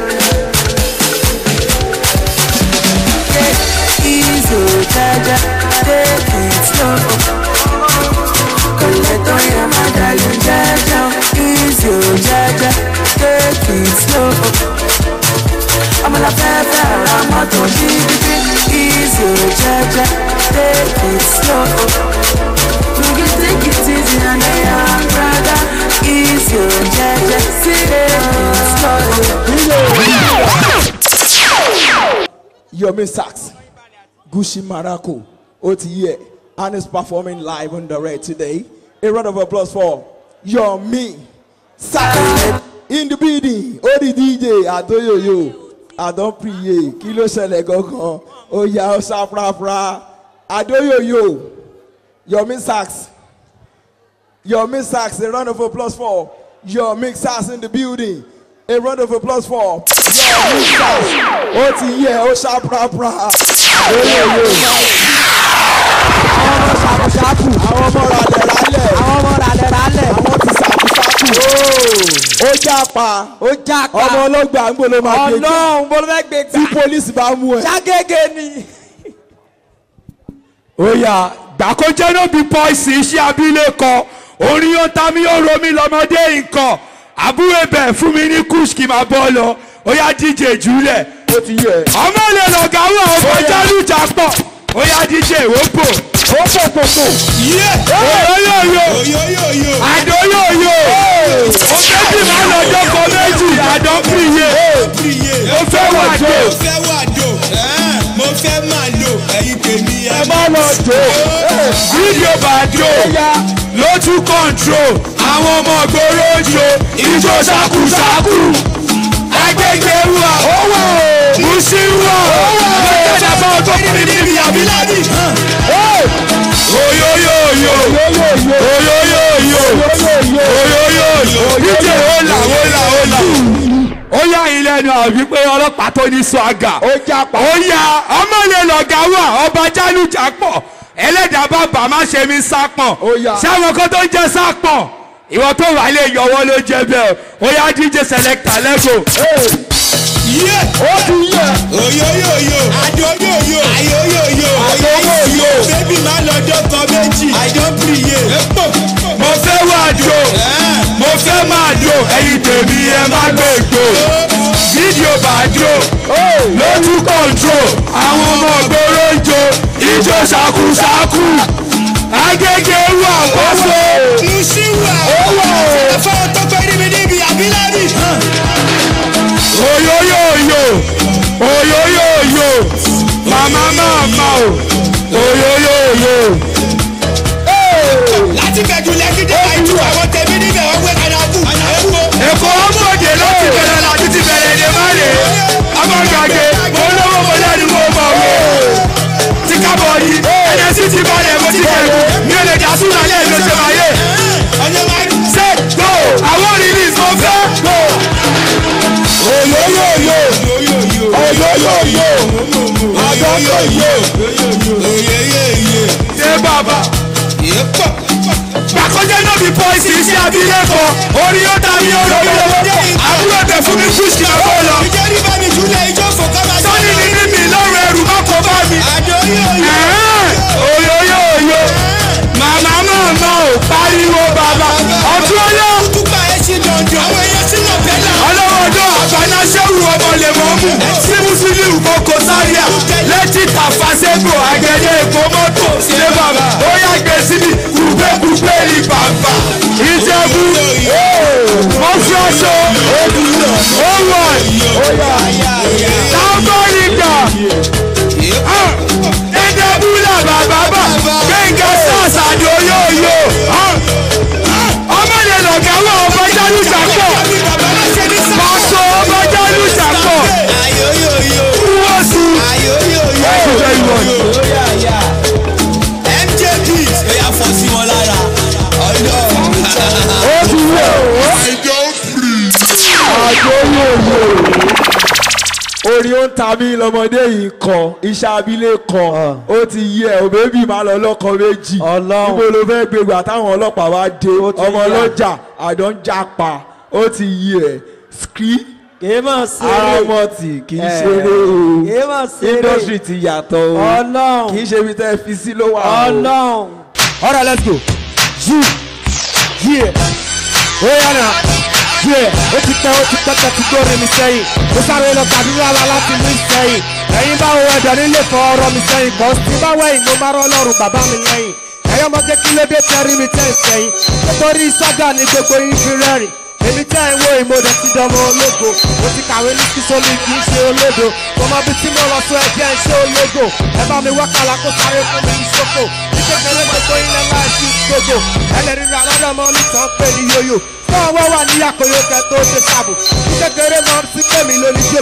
Take easy, Jaja. Take it slow. Collect on hear my darling, Jaja. Easy, Jaja. Take it slow. I'm a la fefe, I'm a to Easy, Jaja. Take it slow. You can take it easy and I am easy, yeah, Yomi Sax, Gushi Maraku, OTE, and is performing live on the red today. A round of applause for Yomi Sax in the building. Odi DJ, Adoyoyo, Adonpriye, Kilo Sele Gogon, Oya Osafrafra, Adoyoyo, Yomi Sax. Your Yomi Sachs, a round of applause for mix Sachs in the building. A round of applause for Yomi Sachs. Ó ti Oh ó ṣá prapra. Àwọn ọmọ yeah. Àwọn ọmọ ralẹ̀ ralẹ̀. Àwọn ọmọ ralẹ̀ ralẹ̀. Àwọn ti ṣàkùṣàkù. Oh. Ó jápa. Ó jápa. Ọmọ ọlọ́gbà ń gbọ́dọ̀ máa gbé. Ọlọ́run bó ló fẹ́ gbé gbà. Tí pólísì bá mú ẹ. Ságége ni. Ó yá, gbàkójẹ́ ló bí pọ́ìsì iṣẹ́ abílẹ̀ kan orin yóò ta mí yóò ro mí lọ́mọdé nǹkan àbúrò ẹ̀bẹ̀ fún mi ní kùsù kì máa bọ́ lọ ó yá díje jùlẹ̀ ọmọ ilé lọ̀gá wà ọmọ jálùjà pọ̀ ó yá díje ìwópò ó pò pò pò yé òyòyòyò àdóyòyò ó fẹ́ kí máa lọ́jọ́ kan méjì àdán fìyè ó fẹ́ wàdó mo fẹ́ máa ẹ̀yin tèmi ẹ̀ má lọ jó fídíò bàjọ́ lójú kọ̀ǹtró àwọn ọmọ gbòòrò jò ìjó ṣàkúṣàkú agbègbè wà bùsí wà lọ́jọ́dá bá ọjọ́ kúrin níbi àbíládì. oyoyoyo oyoyoyo oyoyoyo díje ó là ó là ó là ó yá ilé ẹnu àbí pé ọlọ́pàá tó ní sọ àgà ó já pa ó yá ọmọ ilé lọ́gà wà ọba jánu jà pọ̀ ẹlẹ́dàá bàbá má ṣe mi sá pọ̀n ṣáwọn kan tó ń jẹ sá pọ̀n ìwọ tó wà lè yọwọ́ ló jẹ bẹ́ẹ̀ ó yá díje sẹlẹ̀kítà lẹ́kọ̀ọ́. yé ó ti yẹ. oyoyoyo adoyoyo ayoyoyo ayoyoyo bébí má lọ́jọ́ kan méjì àjọ pìrìyè mo fẹ́ wá jò mo fẹ́ máa jò ẹ̀yin tèmi ẹ má gbé gbò fídíò bàjò lójú kọ̀ǹtrò àwọn ọmọ ògbóró ń jò ìjò ṣàkúṣàkú agége wà kóso. musiwa owó ẹ̀fọ́ tó fẹ́ Oh mi níbi àbílẹ́rì. oh oyoyoyo màmá máa ma oh oyoyoyo. láti fẹ́ oh. ti balẹ̀ mo ti bẹ̀rù mi ò lè dá súnà ní ẹ̀mí oṣù ayé. ṣe gbò àwọn òrìrì ìsọ fẹ́ gbò. òyòyòyò òyòyòyò àdókòyò òyèyèyè. ṣé bàbá gbàkọ́jẹ́ náà bí pọ́ìsì iṣẹ́ abilékọ orí ó ta mí ọ̀rọ̀ mi lọ́wọ́ àbúrò tẹ̀ fún mi kùsì àbọ̀ lọ. sọ́ni nínú mi lọ́rọ̀ ẹrù má kó bá mi. àdóyòyò. pariwo bàbá ọtún ọyọ. ọlọ́wọ́ ọjọ́ àbáná ṣẹ́wù ọmọ lè mọ́ mú símú sílíù kókó sáríà lẹ́tí tàfàṣẹ́gbò àgẹ́dẹ́ èkó mọ́tò sílé bàbá ó yá gbé síbi kùgbé kùgbé rí bàbá ìjẹ́bú mọ́ṣọ́ṣọ́ ó wà tábọ́ọ̀lì gbà. orin ó ń ta mí lọmọdé yìí kọ iṣẹ́ abílẹ̀ kọ ah. ó ti yẹ òbẹ́bí máa lọ lọ́kọ méjì ibo ló fẹ́ gbégbà táwọn ọlọ́pàá wá dé ọmọ ọlọ́jà àdán jápa ó ti yẹ skri àmọ́ tí kì í eh. ṣeré o industry ti yàtọ̀ o kì í ṣe ibi tẹ́ ẹ fi sí ló wà o. all right let's go zoom yeah oya na díẹ̀ ó ti tẹ́ ó ti tẹ́tẹ́ ti tó rin mi sẹ́yìn ó sáré lọ tàbí rárá láti mú ìsẹ́yìn ẹ̀yin báwo ẹ̀dọ̀ nílé fọ ọ̀rọ̀ mi sẹ́yìn kọ́ sí bá wẹ̀yìn mo máa rán bàbá mi lẹ́yìn ẹ̀yọ́ mọ jẹ́ kí lóde tẹ́rí mi tẹ́ ìsẹ́yìn nítorí sọ́jà ni gbogbo yín fi rẹ́rìn èmi tẹ́ ẹ̀ wo ìmọ̀dé ti dánmọ́ ológo mo ti kàwé ní sísọ́lì kì í ṣe olódo tọmọ bíi tí mo lọ sọ ẹgbẹ́ ẹ̀ ṣe ológo ẹ bá mi wákàlà kó sáré fún mi ní ṣòfò ní kékeré gbogbo ilẹ̀ láì sí gbogbo ẹlẹ́rìí rà lọ́dọ̀ mọ́ ní tán pé ní yóyò wọ́n wọ́n wà ní àkóyò kẹ́ tó ṣe sábò kékeré mọ́ sí pèmí lórí ṣé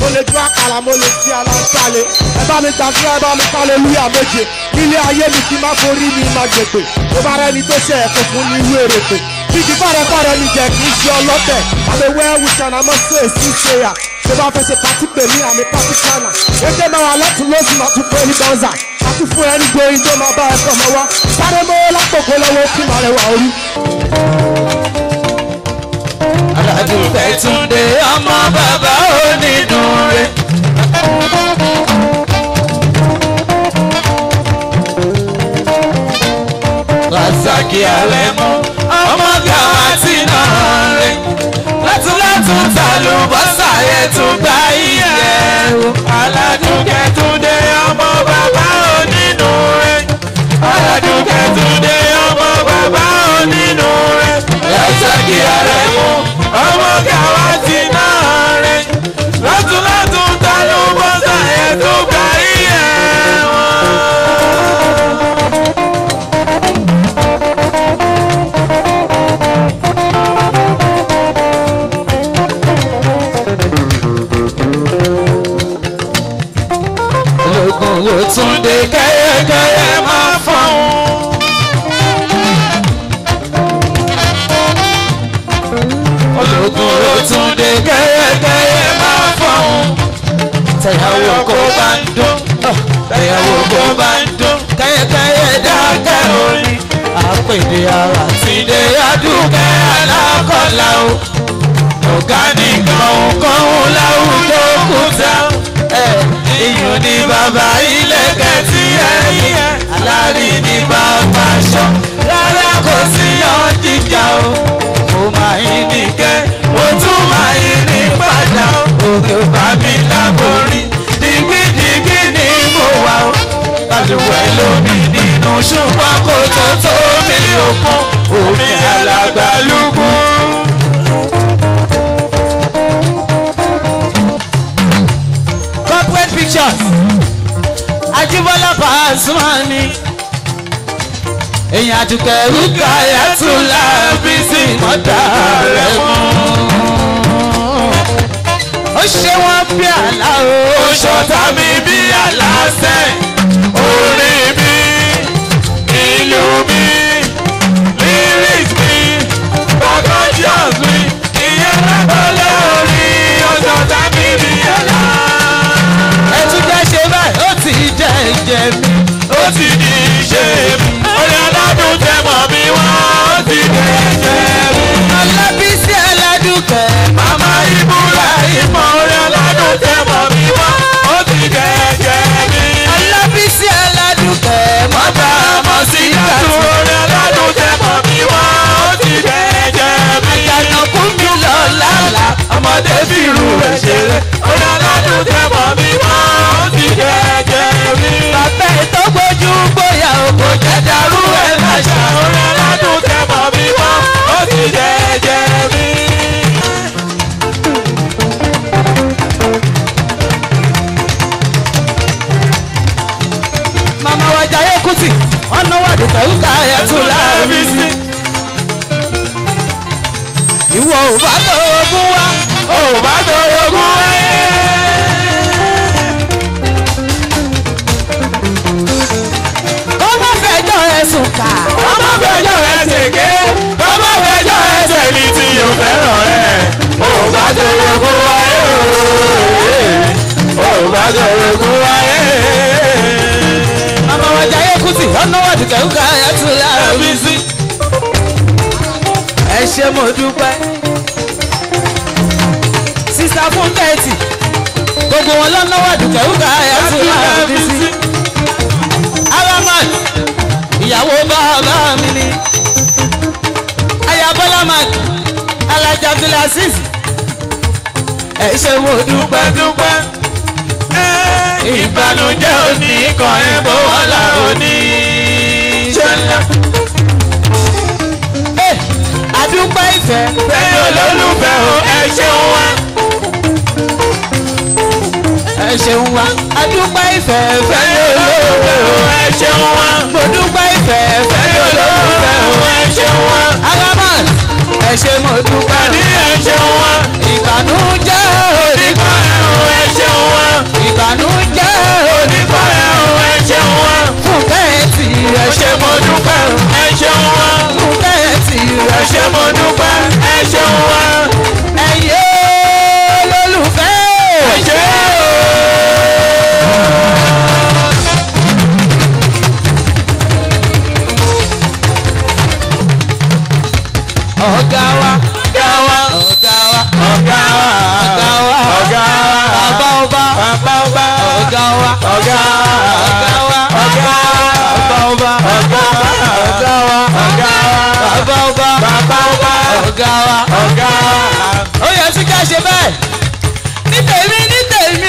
mo lè ju àkàrà mo lè fi aláǹtalè ẹ bá mi gbàdúrà ẹ bá mi kálẹ̀ lúyà méje nílé ayé mi kí má forí mi má gbègbè tó bá rẹni tó ṣe ẹ̀kọ́ fún ní ìwé èrèpè bíbí fàrẹ́fàrẹ́ mi jẹ́ kí n ṣe ọlọ́tẹ̀ àbẹ̀wẹ́ wùsàn àmọ́ sí èsì ṣe yà ṣé bá fẹsẹ̀ pàtí pèmí àmì pàtí kánà ẹgbẹ́ máa wà lọ́tún lóṣù máa tún pé ní dọ́ńsà àti fún ẹni gbóyin tó máa bá ẹ̀kọ́ mọ́ wá sáré mọ́ lápòkó lọ́wọ́ kí màá rẹwà orí alájú Fẹ́túndé ọmọ bàbá Onídùúre. Rasaki Arẹ́mú ọmọ gàwá tí náà rẹ̀ látúlátún ta ló bọ́ sàyẹ̀ tó gbá ìyẹ̀ o. Alájú Fẹ́túndé ọmọ bàbá Onídùúre. Alájú Fẹ́túndé ọmọ bàbá Onídùúre. Rasaki Arẹ́mú ọmọ gàwá ti náà rìn lọ́tún lọ́tún ta ló bọ́ sàyẹ̀ tó parí ẹ̀ wọ́n. fọ́n. tẹ̀yàwó kó bá ń dún tẹ̀yàwó kó bá ń dún kẹ́yẹkẹ́yẹ dákẹ́ orin àpèdè ara tìde adúkẹ́ alákọ̀ọ́lá o ọ̀gá nìkan òǹkọ́hún láwùjọ kúta iyùn ni bàbá ilẹ̀kẹ̀ tí ẹ yẹ alárí ni bàbá aṣọ rárá kò sí ọ̀dìjà o máa ń ní kẹ́ ó tún máa ń ní padà òkè bá mi láborí dìgbìdìgbì ni mo wà ó balùwẹ̀ lómi nínú ṣùgbọ́n kò tó tó mi òkun omi alàgbàlùkù. corporate pictures Ajibola Pasuma ni èyàn àtúkẹ́ rúkà yàtú láàbí sí mọ́tà rẹ̀ mọ́. ó ṣe wọ́n bí àlá o. ó ṣọ̀tá mi bí àlá sẹ́ orí mi ìlú mi lyrics ti di ṣe orí aládùn tẹ mọ̀ mi wá ó ti di ṣe. ọlọ́bísí aládùn kẹ́. màmá ìbúra ìmọ̀ orí aládùn tẹ mọ̀ mi wá ó ti di ṣe mi. ọlọ́bísí aládùn kẹ́. màmá mọ̀ sí ìdájú orí aládùn tẹ mọ̀ mi wá ó ti di ṣe mi. àjànà kún mi lọ lálá ọmọdé fi irú rẹ̀ ṣeré orí aládùn tẹ mọ̀ mi wá ó ti di ṣe mi. bàbá ẹ̀ tó gbé ojú gbóyà òkò jẹ́ dàrú ẹ̀ má ṣàrùn aládùn tẹ́ mọ̀ mi mọ́ ó sì jẹ́ ẹ̀jẹ̀ mi. màmá wa Jayé Kútì ọ̀nà wà dìtẹ̀ ń ta ẹ̀ tún láàrin sí. ìwọ ò bá tó ogún wá ò bá tó èké tó bá fẹjọ́ ẹsẹ̀ ní tí yóò fẹ́ràn rẹ̀ òun bá torí ogún wáyé òun bá torí ogún wáyé. ọmọ wọn jayé kùtì ọ̀nà wà dùkẹ́ ńkà ẹ̀ tún lára mi sí. ẹ ṣé mo dúpẹ́ sísá fún kẹ́ẹ̀tì gbogbo wọn lọ́nà wà dùkẹ́ ńkà ẹ̀ tún lára mi sí. alamat ìyàwó bá a bá a. Stomach Alhaji Abdulaziz. ẹ ṣe mo dúpẹ́ dúpẹ́ ìbànújẹ́ òní kan ẹ̀ bọ́ wọ́lá òní. àdúgbò ìfẹ́. bẹ́ẹ̀ olólùfẹ́ o ẹ ṣeun wá. ẹ ṣeun wá. àdúgbò ìfẹ́. bẹ́ẹ̀ olólùfẹ́ o ẹ ṣeun wá. mo dúpẹ́ ìfẹ́. bẹ́ẹ̀ olólùfẹ́ o ẹ ṣeun wá. agaman ẹ ṣé mo dúpẹ́ ní ẹ ṣeun wa. ìbànújẹ́ onípa ẹ̀hún ẹ wa. ìbànújẹ́ onípa ẹ̀hún ẹ wa. fún kẹ́ẹ̀tì ẹ ṣé mo dúpẹ́ ẹ wa. fún kẹ́ẹ̀tì ẹ ṣé mo dúpẹ́ ẹ wa. ọ̀gá wa ọ̀gá wa ọ̀gá wa ọ̀gá wa ọ̀gá wa ọ̀gá wa bàbá ọba bàbá ọba ọ̀gá wa ọ̀gá wa ọ̀gá wa bàbá ọba bàbá ọba ọ̀gá wa ọ̀gá wa bàbá ọba bàbá ọba ọ̀gá wa ọ̀gá wa. ó yẹ sí ká ṣe bẹ́ẹ̀ ní tèmi ní tèmi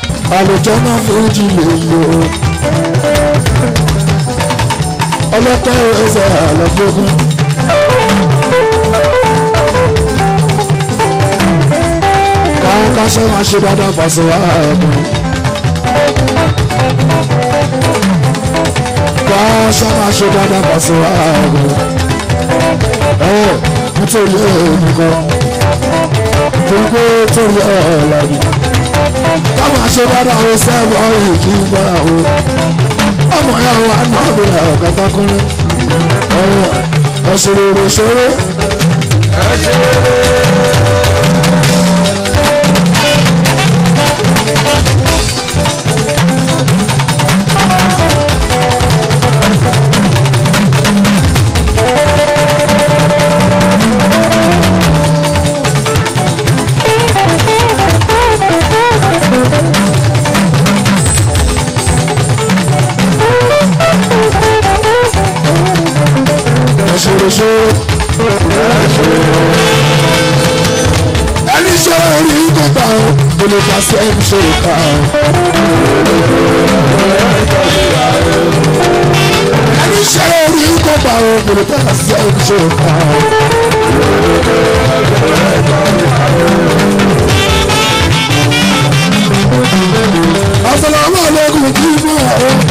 àlùjọ náà méjì lè lò ọlọ́pàá ẹsẹ̀ àlọ́gbọ́gbọ́n. káwọn káṣẹ́ máa ṣe dáadáa fàṣẹ wá ẹ̀gbọ́n. káṣẹ́ máa ṣe dáadáa fàṣẹ wá ẹ̀gbọ́n. ẹ̀wọ̀n nítorí ẹ̀ẹ́dìkan tó ń gbé tó ń yọ ọ̀ọ́ lọ́dún. Come on, show you káwọn aṣọ dáadáa wo sẹ́wọ̀ èyí mọ́ra wo ọmọ ya wo àná ọ̀gbìn àwọn kàtàkùnrin ọ̀ṣọ́rọ̀ ọ̀ṣọ́rọ̀ ẹ̀ṣẹ̀ rẹ̀. ṣe ẹni ṣe orí kọta o mo lè fà sí ẹni ṣe ìka o ẹni ṣe orí kọta o mo lè fà sí ṣe ìka o. Asalaamualeykum kí n bọ̀ ọ́.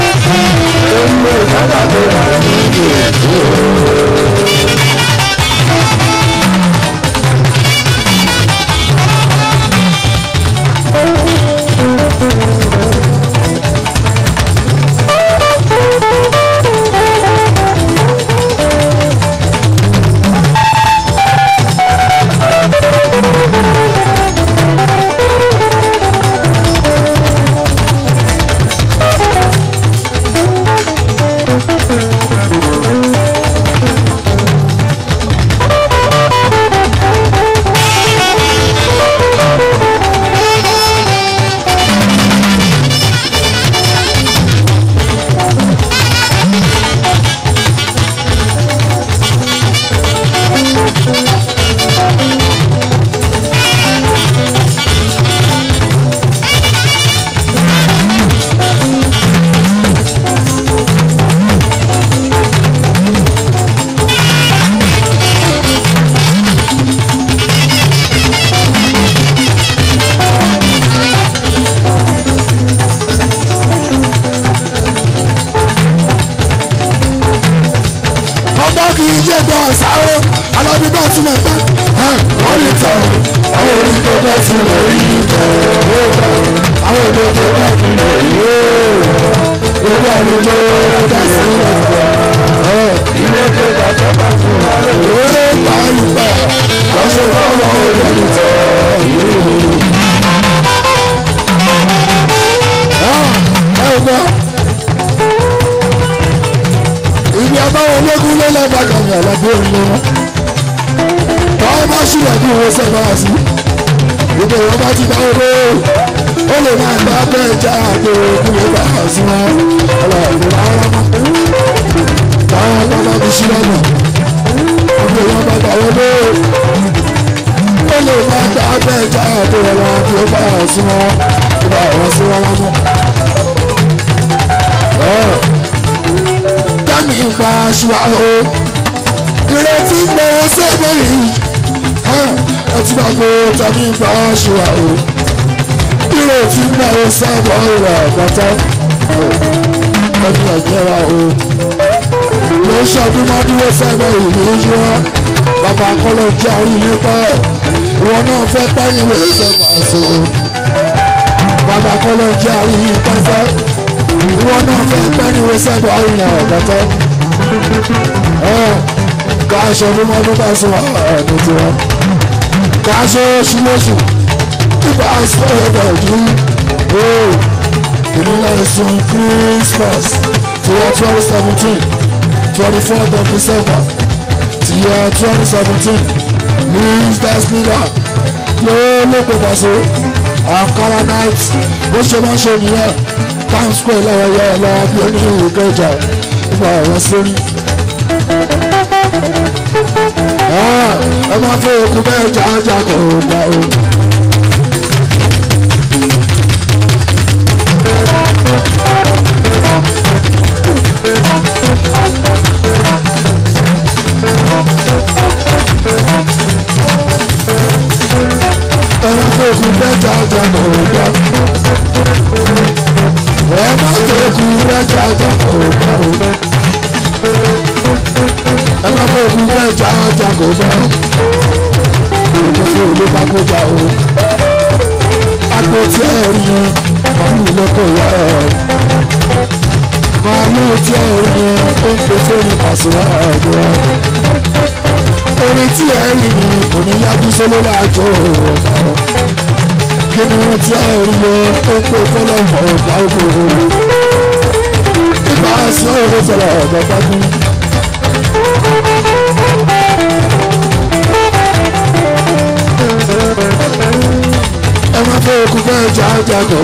Thank you. Joshua o ilé tí náà ó sábà ìwà àbátá ọdún ọ̀gẹ́ra o ló ń ṣọdún mọ́dúró sábà ìlú yíwá bàbá akọ́lọ́ jẹ́ orí nípa ẹ̀ náà fẹ́ pẹ́yìn lè sẹ́pà so bàbá akọ́lọ́ jẹ́ orí nípa fẹ́ wọn náà fẹ́ pẹ́yìn lè sẹ́pà ìlú àbátá ká ṣọdún mọ́dúró bá sọ ẹ̀ẹ́dùn tiwọn ká ṣe é ṣílẹ̀ṣù. Christmas ọdọọdún ìlúlá on Christmas tìyẹ twenty 24th of December tìyẹ twenty seventeen ní No, ló ló pè pàṣẹ àkàrà night bó ṣe máa ṣe here? Times Square lọ́wọ́ yẹ ẹ lọ́wọ́ bí oníṣòwò kẹjà nípa ọ̀rọ̀ sórí. ẹ máa fẹ́ okùn bẹ́ẹ̀ jà ájà kò gbà ó. rájà òògbà. Ẹ má fòkù rájà òògbà o. Ẹ má fòkù rájà òògbà o. Òògbà fún olú bá kójà o. Àpótí ẹ̀rí ọ̀hún lọ́kọ̀ yá ẹ̀. Màálù tí ẹ̀rí ó ń pèsè ní pàṣẹ àgbà orin tí ẹ rí ni kò ní yájú sóló láàjọ ọ̀rọ̀ kí ni ti àárín wọn tó kó fọ́lọ́ ìmọ̀ ọ̀gá òkè òru. Ìgbà sí ọ̀rọ̀ sọ̀rọ̀ ọ̀gá dájú. Ẹ máa fẹ́ okùn fẹ́ jájà tó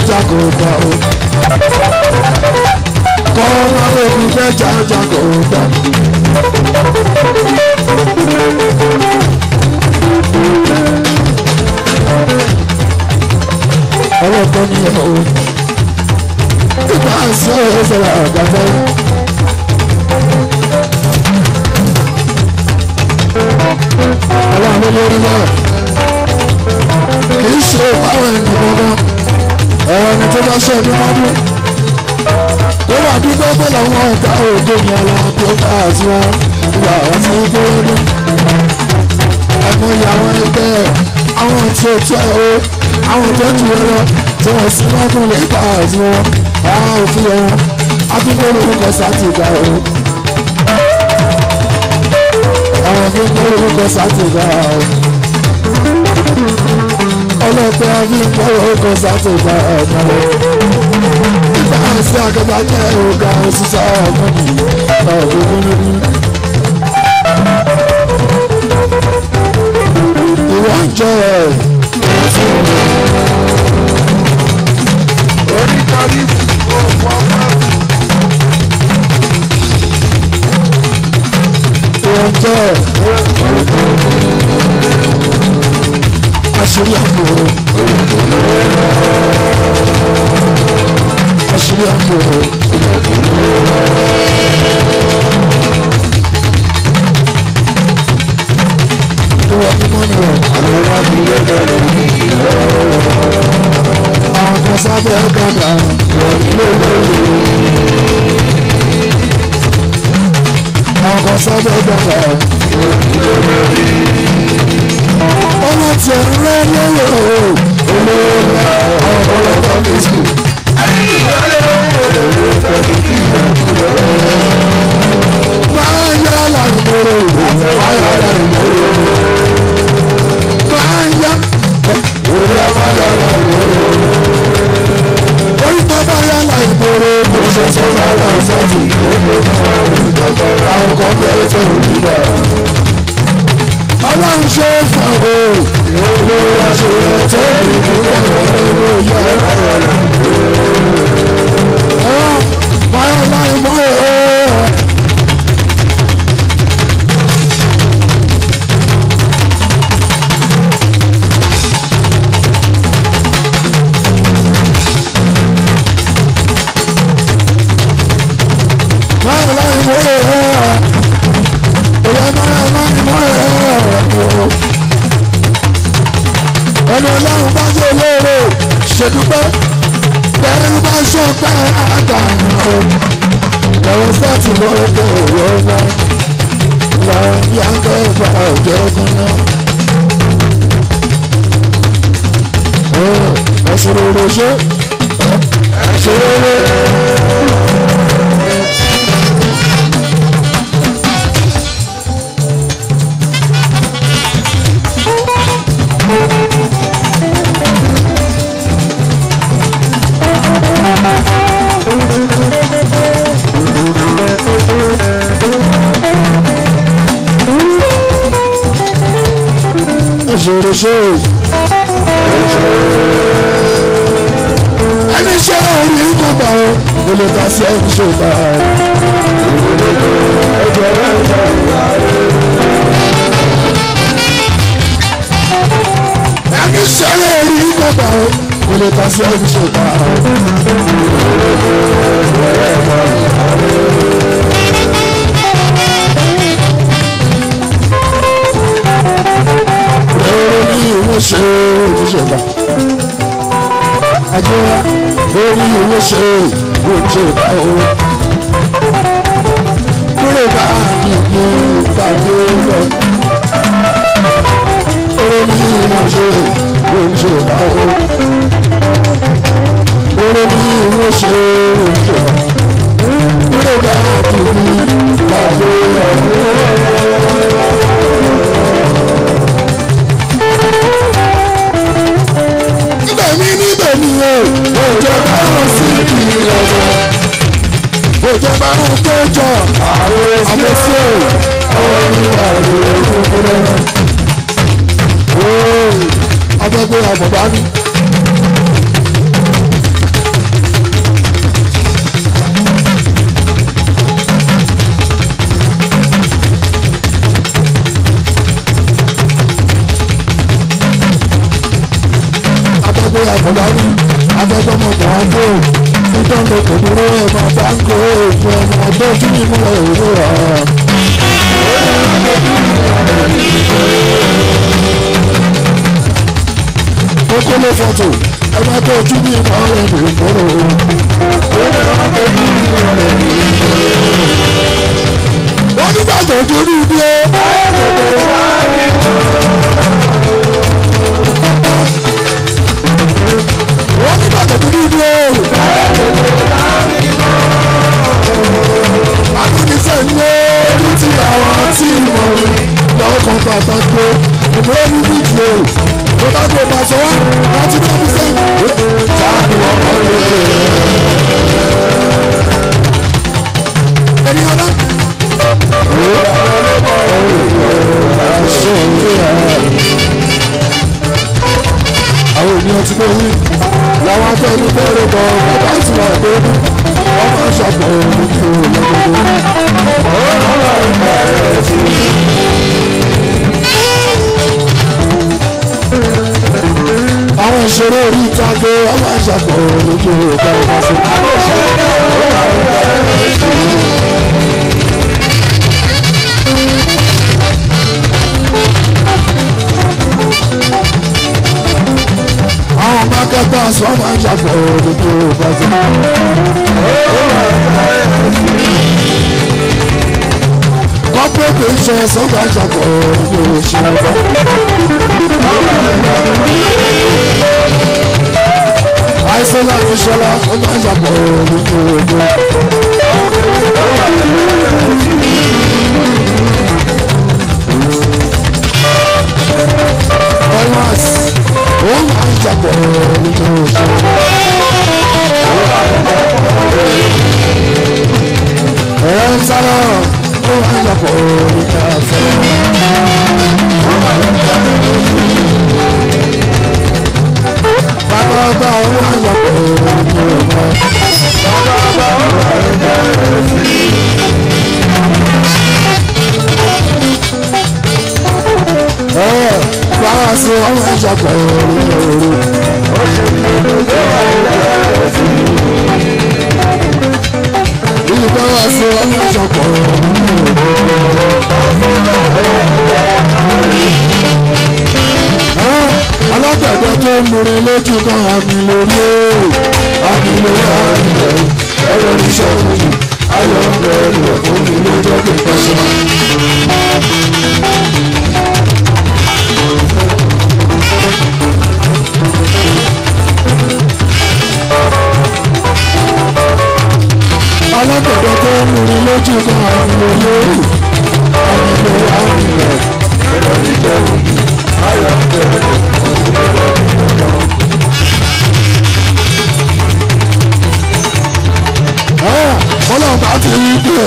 jájà kò dá o. Kọ́ máa lè fi fẹ́ jájà kò dá. Ọlọ́pàá ni ẹ̀ o. Ìgbà àṣẹ ìṣẹ̀lẹ̀ àgbàdo. Ọlọ́run lórí náà kì í ṣe báwọn ènìyàn náà ọ̀rọ̀ ni tó bá ṣe ní wọ́n dún ó wà dúpẹ́ pé làwọn ọ̀tá òde yẹn lọ tó bá àti wọn ìgbà ọtí kéré ní àìmọye àwọn ẹgbẹ́ àwọn tí ó tẹ́ o àwọn tó jù lọ tí wọ́n sì máa dún lè bá àti wọn àwọn òfin ọ̀hún àdúgbò lórúkọ sátìgbà o àwọn òfin lórúkọ sátìgbà o ọlọ́pẹ́ fífọ́ ọkọ̀ sátìgbà ọ̀nà ìgbà sí àgbàgbà jẹ́ ọ̀gá òṣìṣẹ́ ọ̀gbọ́n mi ọ̀gbọ́n mi. ìwọ ń jẹ ẹ̀. oníkàlí fún ọ̀pọ̀ ọ̀pọ̀. ìwọ ń jẹ ẹ̀ àṣírí àpòrò. àṣírí àpòrò. ìwọ ni mo ní o. àwọn ọmọ mi lè bẹ̀rẹ̀ ní ìlọ. àwọn kan sábẹ́ ọ̀kadà. ìwọ ni mo lè bẹ̀rẹ̀. àwọn kan sábẹ́ ọ̀kadà. ìwọ ni mo lè bẹ̀rẹ̀ ọ̀rọ̀ tí ẹ̀rù rẹ yẹ wò ó. olórí àwọn ọlọ́pàá mi sùn. àyíkálẹ̀ òwúrọ̀ ló fẹ́ kí kí ìgbà kúrò rẹ̀. máa yá làǹkóró ìbò máa yá làǹkóró ìbò. máa yá òwúrọ̀ máa yá làǹkóró ìbò. orí tó bá yá làǹkóró ìbò ṣe ṣe máa yá sọ́ọ̀tì ìgbòho máa ń dọ́gbọ́n àwọn kan bẹ̀rẹ̀ tó ń bí náà ọlọ́run ṣe é fún o. owó aṣèré tó ní kíkọ́ owó yàrá rẹ̀. báyọ̀ láì mọ́ ẹ̀ ẹ́.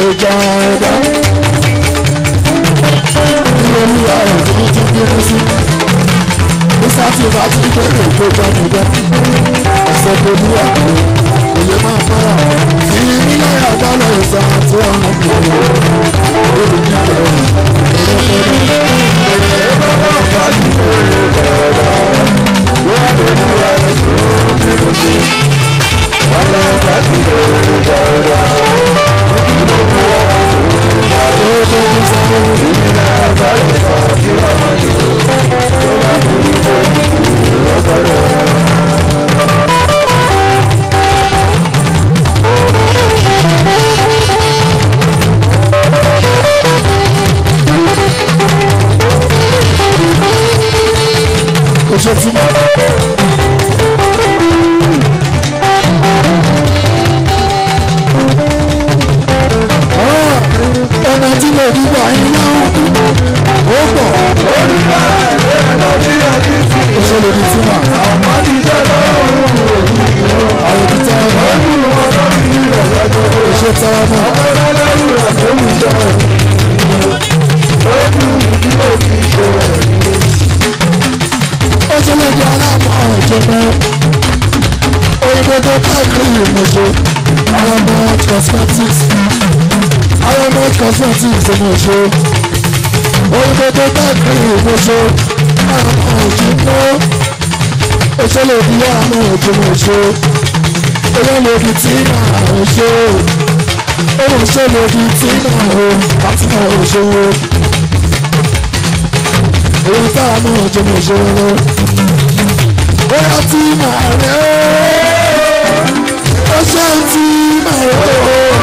ìjọba. Olúwa ìdílé ti bínú sí. Musa ti bá ti gbé ìgbéga nìjọ. Ìṣẹ̀lẹ̀ ní ọ̀gbìn òye máa fara. Ìyẹn nílé àgbálẹ̀ ìsàn àti ọ̀nà ìgbòho. Olú ní àlọ́ ìrẹ́pẹ̀rẹ́. Ìyẹn bàbá ọ̀gá ti gbé ìjọba. Wọ́n lè mú wa ẹ̀sùn nínú sí. Wọ́n lọ́ọ́ bá ti gbé ìjọba. Hoje eu te tí mo rí wà iná ó pọ̀. onígbà ẹ̀rẹ́ lọ sí ẹni ó ṣe lè di fún wa. àmọ́ ti jẹ́ lọ́wọ́ àwọn ti tẹ́ ọmọ. ọdún ọdún ti rẹ̀ lọ́jọ́. ó ṣe tẹ́ ọmọ. ọmọ lẹ́yìn rẹ̀ tó ń jẹ ọdún tí mo fi ṣe rẹ̀ ó ṣe lè di aláàbọ̀ ìjọba òyìnbó tó káàkiri ìmọ̀jọ àwọn ọmọ àwọn ọmọ kọsí àti ìṣèmọ̀ṣe oyin tó káàkiri ìmọ̀ṣe àwọn òjìgbọ́ òṣèlè ìdílé àwọn òjìmọ̀ṣe olóòlù òbí tí àwọn òṣè olóòṣèlè tí àwọn àti àwọn òṣè oyin táwọn òjìmọ̀ṣe wọn bóyá tí màá rẹ̀ ó ṣe tí màá rẹ̀ ó.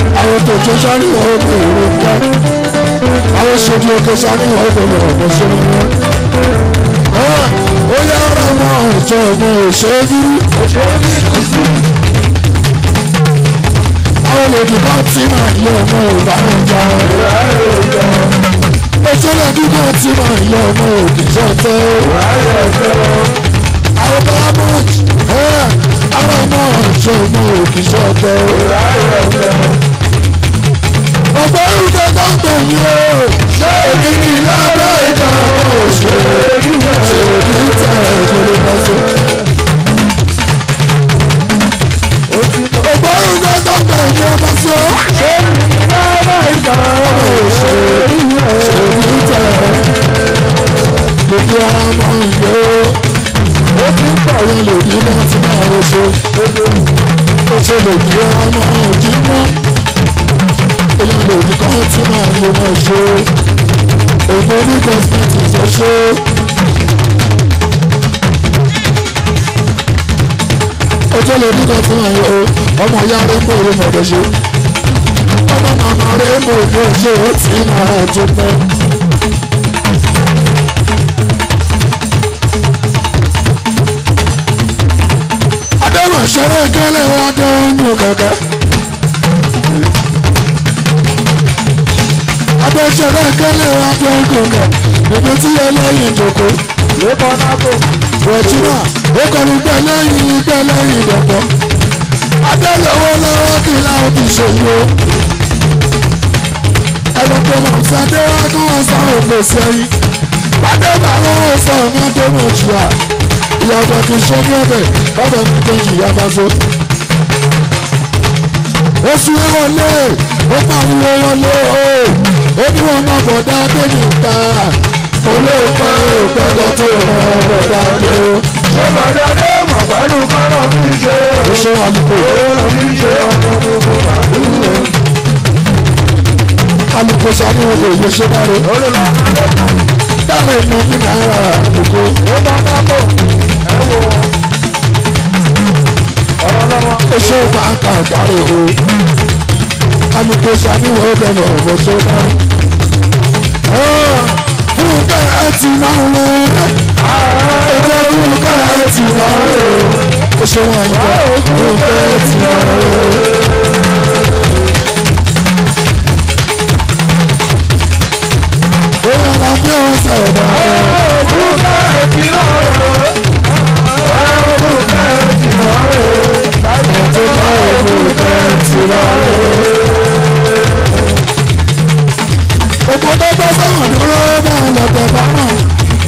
àwọn tòjó sáré ìwọ̀n òkè ìwé ńlá àwọn sòdì òkè sáré ìwọ̀n òkè ìwọ̀n òkè ah, sórí ńlá. ó yá ara wọn àjọ ọmọ òṣèlú àwọn olùdìbò tí màá yọ ọmọ ìbárajà òṣèlú àdúgbò tí màá yọ ọmọ òdìjọ tẹ àwọn bá mọ̀ ah, àwọn ọmọ ọ̀ṣọ́ ọmọ òkìṣọ́ tẹ ọ̀pọ̀ ìjọ tó ń pè mí o ṣé èmi ní lábẹ́ ìjà o ṣe èmi ní tẹ̀ ìjọba lọ́sọ̀. ọ̀pọ̀ ìjọ tó ń pè mí o bá ṣe ṣé èmi ní lábẹ́ ìjà o ṣe èmi ní tẹ̀ gbogbo ọmọ ìlú ó ti ń pààyàn lòdì láti máa rọṣọ ó ṣe lòdì ọmọ ìdí mọ́ ìlànà òdìkọ́ tí máa ń lo máa ṣe òfin oníkan sí ìjọ ṣe. ọjọ́ lè ní kan fún àyè o ọmọ ìyá rẹ̀ ń bò ó mọ̀ọ́dọ̀ ṣe ọmọ màmá rẹ̀ ń bò ó mọ̀ọ́dọ̀ ṣe ó ti ń ra ọjọ́ pẹ́. adéwọ̀n ṣẹlẹ̀ kẹ́lẹ́ wọn dẹ́rùn ún kẹ̀kẹ́ abẹ́jọba kẹ́lẹ́ wa pé gòkè ibi tí ẹlẹ́yìn ìjòkó ló bọ́ nábò rẹ̀jìmá ó kọlu gbẹ lẹ́yìn gbẹ lẹ́yìn ìdẹ̀pọ̀ abẹ́lọ́wọ́ lọ́wọ́ kí láwọn ti ṣòwò ẹlọ́pọ̀ mọ̀sádé wá kí wọ́n sá òpèsè yìí pàdé bàbá wọn sọ ọmọ tó mọ̀ jù à ìyàwó ti ṣe ní ọbẹ̀ ọbẹ̀ mi tó yìí yàgbá fún. oṣù ẹ̀wọ̀n lé ó pàwọn ẹ̀wọ̀n lé ooo ó ní wọn máa bọ̀dá tèmi ta olóòpá òpẹ́lẹ́ tó máa bọ̀dá tó. ó bọ̀dá tó mọ̀ pẹ̀lú kọ́nà fi ṣe ó ṣe àlùkò ó fi ṣe ọmọ gbogbo àdúgbò. àlùkò sani wo lè ṣe dáre. dáre ní ní náírà àlùkò. ó bá bá bọ̀ ẹ wò ó. ọ̀rọ̀ lọ́wọ́. ó ṣe é bá ń ka ìdáre àmì tó ṣàníwọ̀ ọ̀dọ̀ náà ọ̀fọ̀ tó bá. Fúnkẹ́ ẹ ti máa ń lé. Ẹgbẹ́ Fúnkẹ́ ẹ ti máa ń lé. Ó ṣe wọ́n àyíká. Fúnkẹ́ ẹ ti máa ń lé. ọjọ́ sọ̀rọ̀. ọ̀rọ̀ bẹ́ẹ̀ ti lọ́rọ̀. ọ̀rọ̀ bẹ́ẹ̀ ti lọ́rọ̀. ọ̀rọ̀ bẹ́ẹ̀ Gbogbo tó bá sọ̀rọ̀ dúró bẹ́ẹ̀ lọ́tẹ̀ bá mọ̀.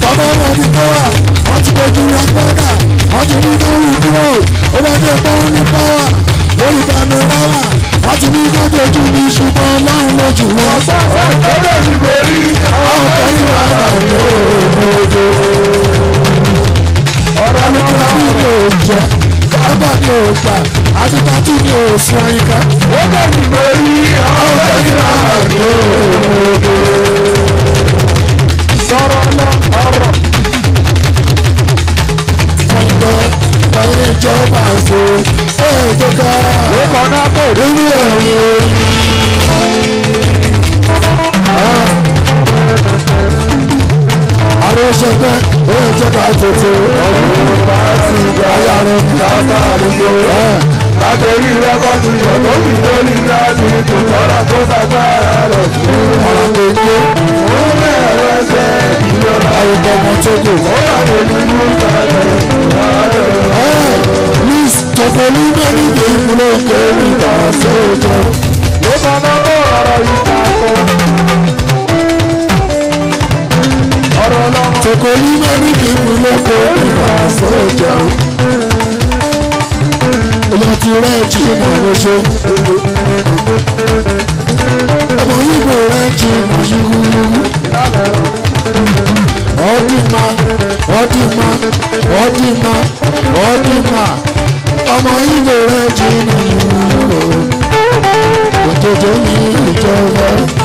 Tọ́bẹ̀ rẹ̀ ti tó wà, wọ́n ti kojú rẹ̀ pẹ́ẹ́kà. Wọ́n ti ní káwọn ìdúró, ó bá jẹ́ pọ́n ní pọ́wà. Lórí ìkànnì wáwà, wọ́n ti ní káwọn ojú mi ṣùgbọ́n láwọn lójú wọn. Ọ̀sán ọ̀tọ́dọ̀ ti borí, àwọn ọ̀tọ́ ìwà àgbà òjò. Ọ̀rọ̀ mi kò ní ìlú òjò, sábà ní òjò àti tàtú ni òfin àyíká. ó dẹ̀bi lórí àwọn ọ̀gbẹ́ni àgbò. sọ̀rọ̀ lọ ọ̀rọ̀. ọ̀gbọ́n ọ̀rẹ́ ìjọba àṣọ ẹ̀ẹ́dẹ́gbà. ó kọ́ náà kò rí rí ẹ̀rọ àrùsẹ̀gbẹ́ ó ń jẹ́ ká tètè ọ̀gbìn bá ti gbà yàrá ìdáná àdúgbò látẹ̀rí rẹ́kọ̀tù yọ̀ tó fi lórí láti kò tọ́ra tó sagbára lọ sí ọ̀rọ̀ gbogbo. ó bẹ̀rẹ̀ ẹsẹ̀ ìjọba àwùjọ ọmọ tó kù. ó bàtẹ̀ nínú ìtàgé ìwádìí. miss tọpọlú bẹ́ẹ̀ni tó ń lọ kẹ́rì bá sóòjọ. ló bá bá bọ́ ọ̀rọ̀ yìí kọ́. ọ̀rọ̀ lọ́wọ́. tọpọlú bẹ́ẹ̀ni tó ń lọ kẹ́rì bá sóòjọ èèyàn ti rẹ̀ jìnnà lóṣù. ọmọ Ìgbò rẹ̀ jìnnà yúwúyúwú. ọdìmá ọdìmá ọdìmá ọdìmá ọmọ Ìgbò rẹ̀ jìnnà yúwúyúwú. òjòjò yìí ìjọba.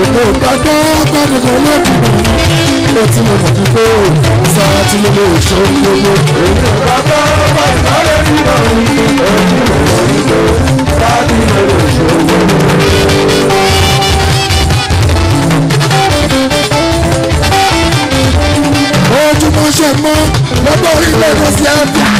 Gbogbo ìpàdé kọ́dùkọ́ lẹ́kùnrin. Ó ti mọ̀ tàbí pé sáà tí mo lè ṣe é gbogbo. Èmi ò bá bá bá ìbálẹ̀ sí ọ̀hún. Èmi ò lè rí lọ. Sáà tí mo lè ṣe é gbogbo. ojúmọ́ ṣe mọ́ lọ́gbọ́n orílẹ̀-èdè sí àbíà.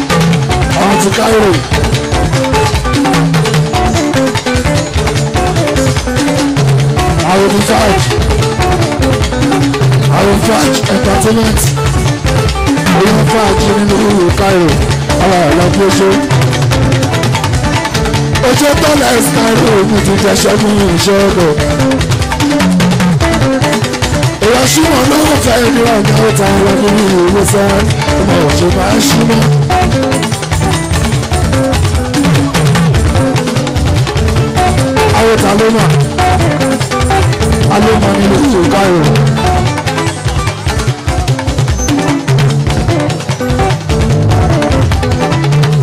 àwọn ti Cairo. àwọn ti Faj àwọn Faj entertainment àwọn Faj nínú ìlú Cairo àwọn ọ̀lọ́gbọ́n ṣe. ojú tọ́lá ẹ̀sìn Cairo mi ti jẹ́ ṣẹ́gun ìṣẹ́gun ìwà súnmọ́ lọ́wọ́ fẹ́ ní ọ̀gá ọ̀tá ẹ̀rọ nínú ìwé sáà ọmọ òṣèlú máa ń súnmọ́. káyọ̀ ta ló mà ta ló mà nínú ìṣòro káyọ̀.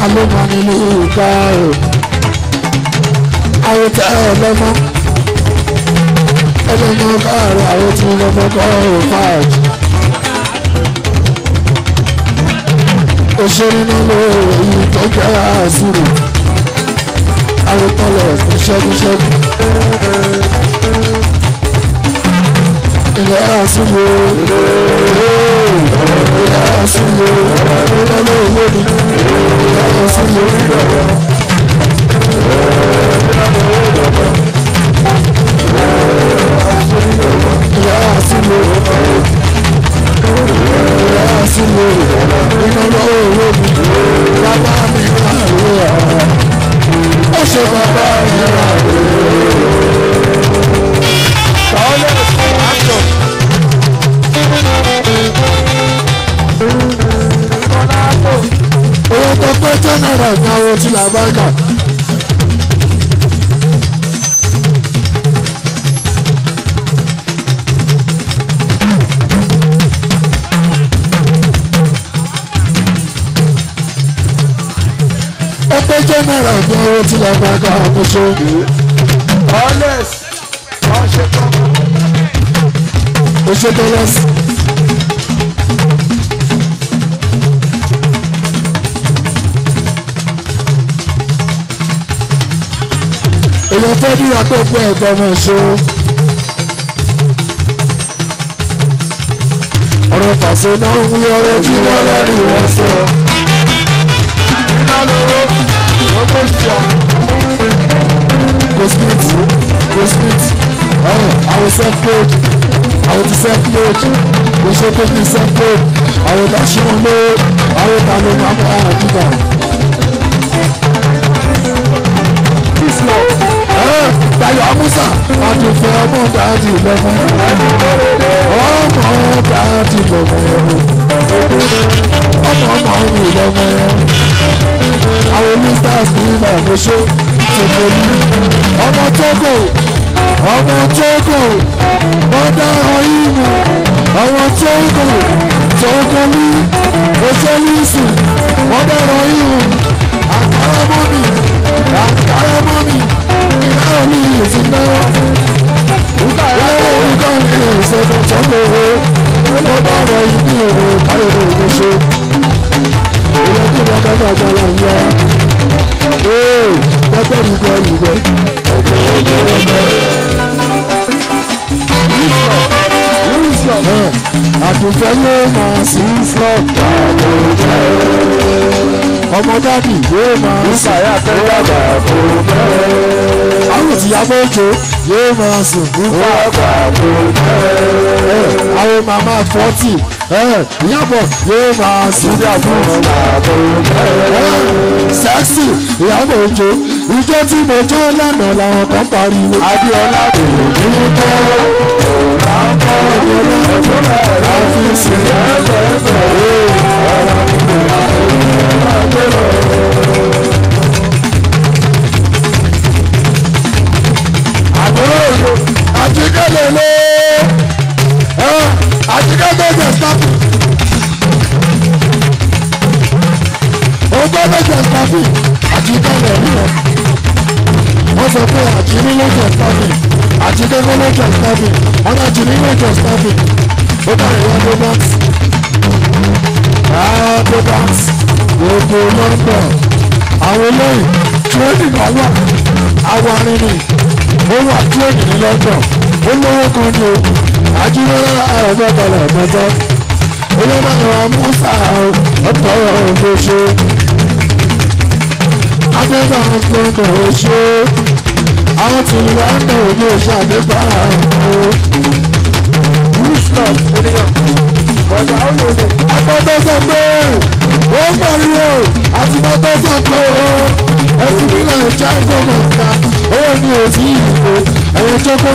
ta ló mà nínú ìṣòro káyọ̀. ayé tẹ ẹ lọ́mọ ọlọ́mọ káàrọ̀ ayé tí lọ́mọ káàrọ̀ fáàjì. òṣèré náà lóore yìí tọ́jú àwọn tọ́lọ̀ ẹ̀sìn ṣẹ́gun ṣẹ́gun. ilẹ̀ àṣìlò ilẹ̀ àṣìlò ilẹ̀ lóògbòdì ilẹ̀ àṣìlò. ilẹ̀ àṣìlò ilẹ̀ àṣìlò ilẹ̀ lóògbòdì bàbá mi wà lóyà mo ṣe bàbá ìlera rẹ̀. Sọ́ọ́lẹ̀ fún action. Owó tó pẹ́ ten naira ní àwọn ti làbáyà. jẹ́nẹ́rà ọ̀gbìn owó tí lọ bá ká ọmọ tó. oṣù tó èèyàn fẹ́ bí akọ́kọ́ ẹ̀gbọ́n mọ̀ ṣó. ọ̀rọ̀ pàṣẹ náà ń wí ọ̀rọ̀ tí wọ́n lọ́ọ́ wọn sọ. iná lóró ọgbọ́n ìjà go split go split ọ̀hún àwọn self-made àwọn ti self-made kò ṣe pé kí self-made àwọn ìdásímọ̀ ló àwọn ìdáná máa mọ àwọn ìdíjà. Tayo Amusa, Adùn fẹ́ ọmọ dáàdì lọ́mọ. Ọmọ dáàdì lọ́mọ. Ọmọ ọmọ mi lọ́mọ àwọn misters ní ìmọ̀ọ́mọṣẹ́ ṣòkòlù ọmọ tókò ọmọ tókò bọ́dá ọ̀yìnbó ọmọ tókò tókòlù oṣèlúṣù bọ́dá ọ̀yìnbó àkàrà mọ́mì àkàrà mọ́mì ìdáhùn mi ìsìn náà. Ìyáwó ìkànnì ìṣẹ̀dọ̀ sọ́kòwò ló bá rọ ìdí òwò káyọ̀dọ̀ ìṣe owó tí wọ́n bá bá bá wọn yá. ee lọ́jọ́ mi gbọ́ ìwé. ọ̀pọ̀ ọjọ́ wọn bẹ̀rẹ̀. àtúntẹ̀ ló máa sí flọ́ọ̀ tààbò jẹ́ ọmọ dáàbì yóò máa bẹ́ẹ̀. àwọn ìyá méje yóò máa sùn nípa àgbà bẹ́ẹ̀. àwọn màmá fọ́tì Ìyábọ̀ yóò máa sílé àbúrò sẹ́ksì Ìyábọ̀ Òjó ìjọ tí mo jọ lánàá làwọn kan pariwo. Adéọlá kò ní tó lápá ìrọ̀lẹ́ ẹ̀fọ́ ẹ̀rọ fi sílẹ̀ ẹ̀fẹ̀ ẹ̀rọ kò máa ń bẹ̀rẹ̀. Àbúrò àti kẹ́lẹ́ lé. Africa make us happy. Ogbó make us happy. Àjíká lè rí ọ. Wọ́n sọ pé àjíní make us happy. Àjíkẹ́kọ̀ọ́ make us happy. Ọ̀nà àjíní make us happy. Ó bá ìwà tó bá. Àá tó bá. Gbogbo nọ́mbà. Àwọn olóyè tírénì náà wà. Àwọn arìnrìn. Ó wà tírénì ní London. Ó lówó kan ní ogun ajúwọ́lá àrọ̀gbọ́tọ̀lẹ̀ mọ́tọ́ olómọ̀nà musa ọ̀pọ̀ òṣè afẹ́fẹ́ ọ̀pọ̀ òṣè àwọn tìlúwà ń bẹ̀ òní òṣè àdébà ọ̀pọ̀ rúṣlọ̀f oníyàn bọ̀dà olóòdè agbọ́dọ́sọ̀ pé ó pẹ̀lú o àti gbọ́dọ́sọ̀ pé o ẹ̀sìn nílẹ̀ ìjà ìgbọ̀mọ̀ ìta ó ní òsì ìlú ẹ̀yẹ tó kọ́.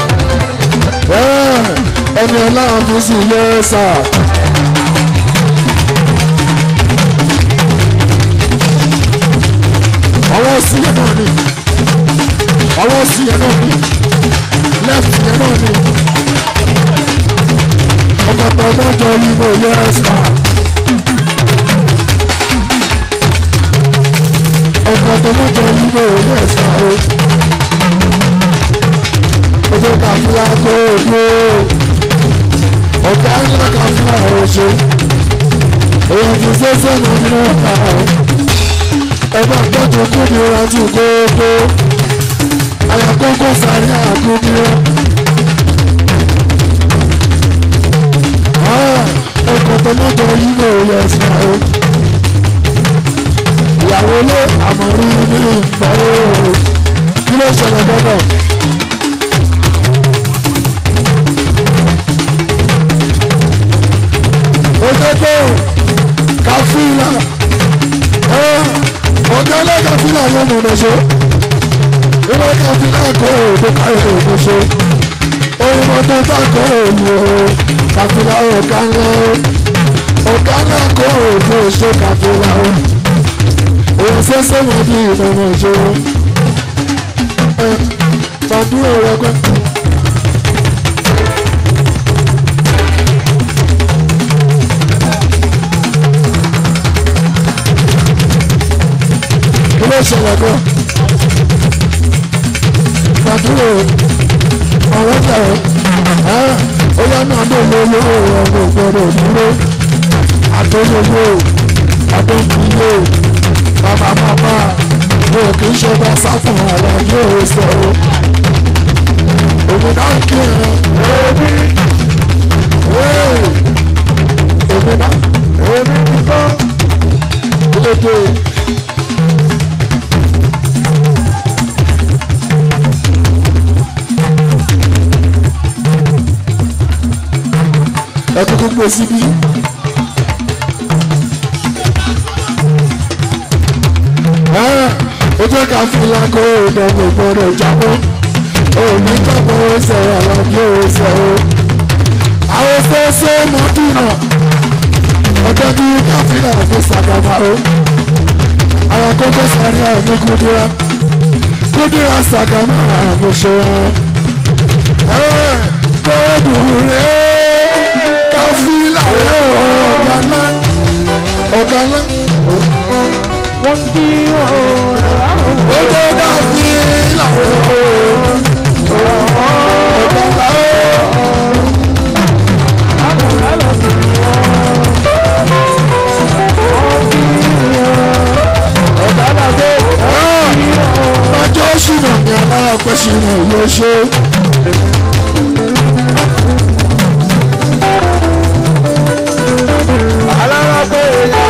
ẹni ọlá ọ́fíìsì yẹ sà. ọwọ́ sí yẹn náà ni ọwọ́ sí yẹn náà ni left yẹn náà ni ọmọ ọmọ ọmọ ọjọ́ yìí mo yẹ sà. ọmọ ọmọ ọjọ́ yìí mo yẹ sà ẹ jẹ́ ká fúra tó dúró ọ̀gá ní ká fúra ọ̀rọ̀ ṣe èèyàn kì í ṣe sẹ́nu nínú ọ̀gá ẹ̀bá gbọ́dọ̀ kú ní ojú kókó àyàkókó sáré àkókò. ọkọ̀ ah, tó mọ́tò yìí ló yẹ sí àwọn ìyàwó lé àmọ̀rí ní ìgbà yóò kí ló ṣẹlẹ̀ gbọ́dọ̀. Odebo Kafila Odele eh, Kafila yóò mọ̀ ọ̀dọ̀ so. Ìwé Kafila kọ́ òdo káyọ̀ òdo so. Oyin mọ̀ tó bá kọ́ òdo Kafila ọ̀gá ńlá. Ọ̀gá ńlá kọ́ òdo so Kafila ọ̀. Òun fẹ́sẹ̀ wọ́n bí ìmọ̀ràn ìṣòro. Ẹ tàbí ọ̀rọ̀ kan. ilé ìṣẹ̀lẹ̀ kan gbàdúrà ọ̀rọ̀ jà ọ́ ó yá náà ló ló ló ọ̀rọ̀ gbọ́dọ̀ dúró àdóyòwò àdókùnwò bàbá bàbá mo kì í ṣe ẹ kúkú gbé síbí. ó jẹ́ ká fi lákò ọ̀dọ̀ kò gbọ́dọ̀ jábọ́ òní jábọ́ ẹsẹ̀ àlàyé ẹsẹ̀ o. àwọn fẹ́ẹ́sẹ́ mọ́tìnà ọjọ́ bí káfíńà fi ṣàgàbà o. àwọn akókó sáré àmì kúndúrà kúndúrà ṣàgàmà àmì ṣe wọn. ẹ̀ẹ́d kóòdù rẹ̀ fìlà ọ̀gá ńlá ọ̀gá ńlá. wọ́n ti ọ̀rọ̀ àwọn ọ̀gá fìlà ọ̀gá ah! ńlá. Bàjọ́ ṣìnà ní alára pẹ̀sìn ìlú ṣe.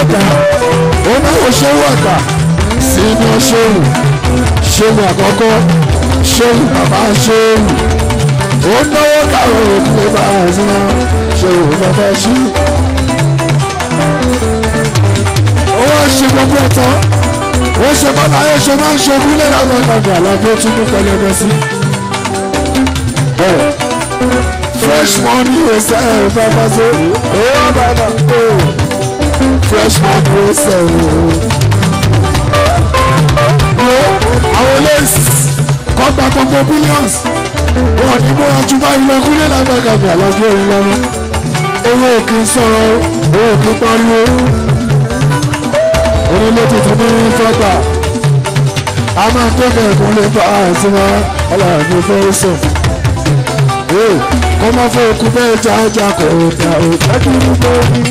ẹ̀dá oníwò ṣéwù àgbà sínú ṣéwù ṣéwù àkọ́kọ́ ṣéwù bàbá ṣéwù ó náwó káwọn òkúlé bá wọn sí náà ṣéwù bàbá ṣí. ó wá ṣe gbogbo ẹ̀tọ́ ó ṣe bọ́lá ayé ṣe máa ń ṣe orílẹ̀ àwọn ọ̀gbọ̀n àlàbí tún ní pẹlẹbẹ sí. fresh money ò sẹ́yìn fẹ́ fẹ́ sí. ó bàbá ó fresh produce àwọn lace kọ́gbà gbogbo billions wọn ní mo ra ju báyìí lọ kúlẹ̀ lágbàgàgbà àlọ́jọ́ orí lọ́wọ́ owó òkè sọ̀rọ̀ owó òkè pariwo onílé tuntun ní fọ́gbà a máa ń tẹ́lẹ̀ ẹ̀kún lè bá àti wọn ọlọ́run ní fọ́ọ̀sọ̀ kọ́mọ́fọ́ okùn bẹ́ẹ̀ já ọjà kọ̀ọ̀ta kí n gbọ́ ní.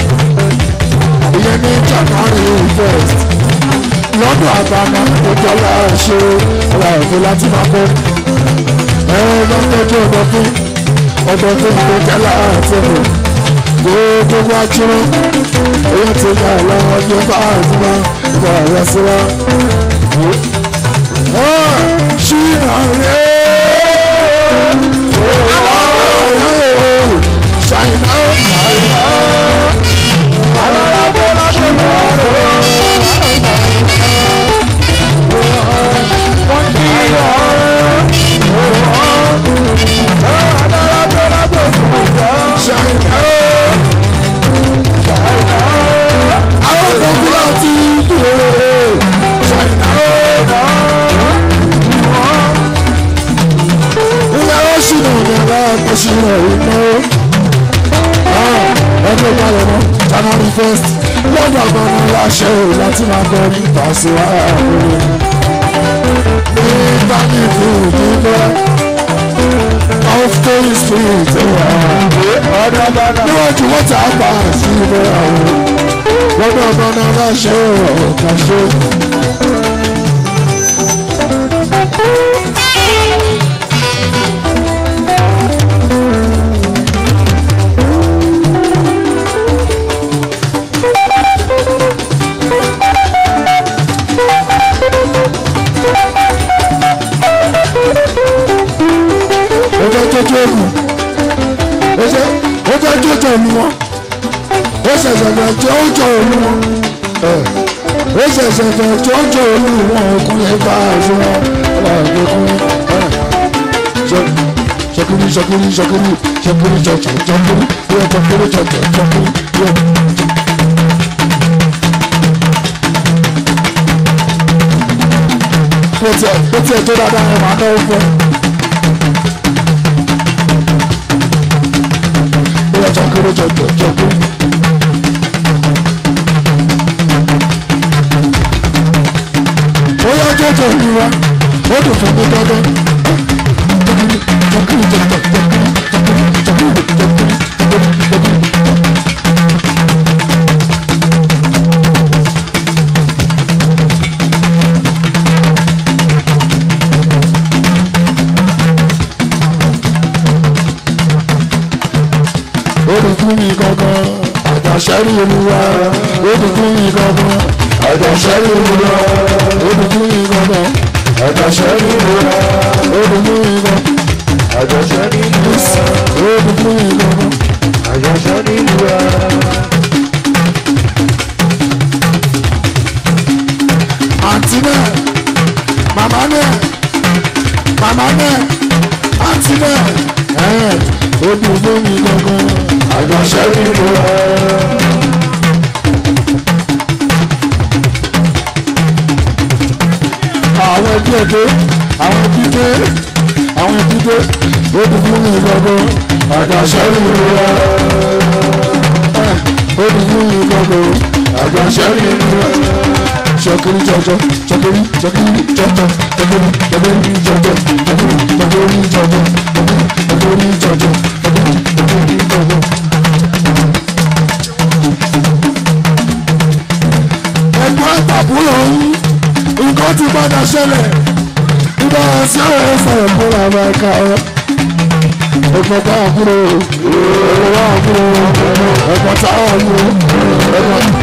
ìyẹn ní January first lọ́dún àbámọ́ ìjọba ṣe ọ̀la ẹ̀fọ́ láti máa kó ẹ lọ́tọ́jú ọ̀dọ́kún ọ̀dọ́kún ìjọba àti ẹ̀fọ́ gbogbo wa jíró èyí ti yà lọ́wọ́ ní bá àdúrà ìgbà rẹ̀ síra. ṣí àárẹ̀ àwọn ọ̀rẹ́ ò ṣàìná ọ̀rẹ́ first lọ́dọ̀ ọmọ mi láṣẹ láti máa bọ nípa síwá àbúrò nígbà mi fún nígbà of the street níwájú wọ́n ta pa síbò àwọn lọ́dọ̀ ọmọ mi láṣẹ ọ̀kàṣe. fẹ́ jọjọ òun wọn ó ṣẹ̀ṣẹ̀ fẹ́ jọ ọjọ́ òun wọn ó ṣẹ̀ṣẹ̀ fẹ́ jọ ọjọ́ òun wọn ọkùnrin bá aṣọ ọ̀gbẹ́kùnrin ṣọkúrú ṣọkúrú ṣọkúrú ṣọkúrú ṣọkúrú ṣọkúrú yóò ṣọkúrú ṣọkúrú ṣọkúrú yóò. Mo tiẹ̀ tó dáadáa ẹ̀ máa náwó fún ẹ. jàgòrò jọjọ jọgbó. bóyá jọjọ ìrora ó dùn fún mi dandan. jàgòrò jọjọ jọgbó jàgòrò jọjọ jọgbó. fún mi kankan àjàṣẹ́rì olúwa ó ti fún mi kankan àjàṣẹ́rì olúwa ó ti fún mi kankan àjàṣẹ́rì olúwa ó ti fún mi kankan àjàṣẹ́rì olúwa ó ti mi kankan àjàṣẹ́rì olúwa. àǹtí náà màmá náà màmá náà àǹtí náà ó ti fún mi kankan àjọṣe nínú ẹ. àwọn ẹbí ẹgbẹ́ àwọn ẹbí dé àwọn ẹbí dé ó ti fún mi gbogbo àjọṣe nínú ẹ. ó ti fún mi gbogbo àjọṣe nínú ẹ. ṣọkiri jọjọ ṣọkiri ṣọkiri jọjọ ṣọkiri ṣọkiri jọjọ ṣọkiri. ẹ̀ka ọ̀. Ẹ̀gbọ́n tá àbúrò, ẹ̀gbọ́n tá àbúrò, ẹ̀gbọ́n tá àbúrò, ẹ̀gbọ́n.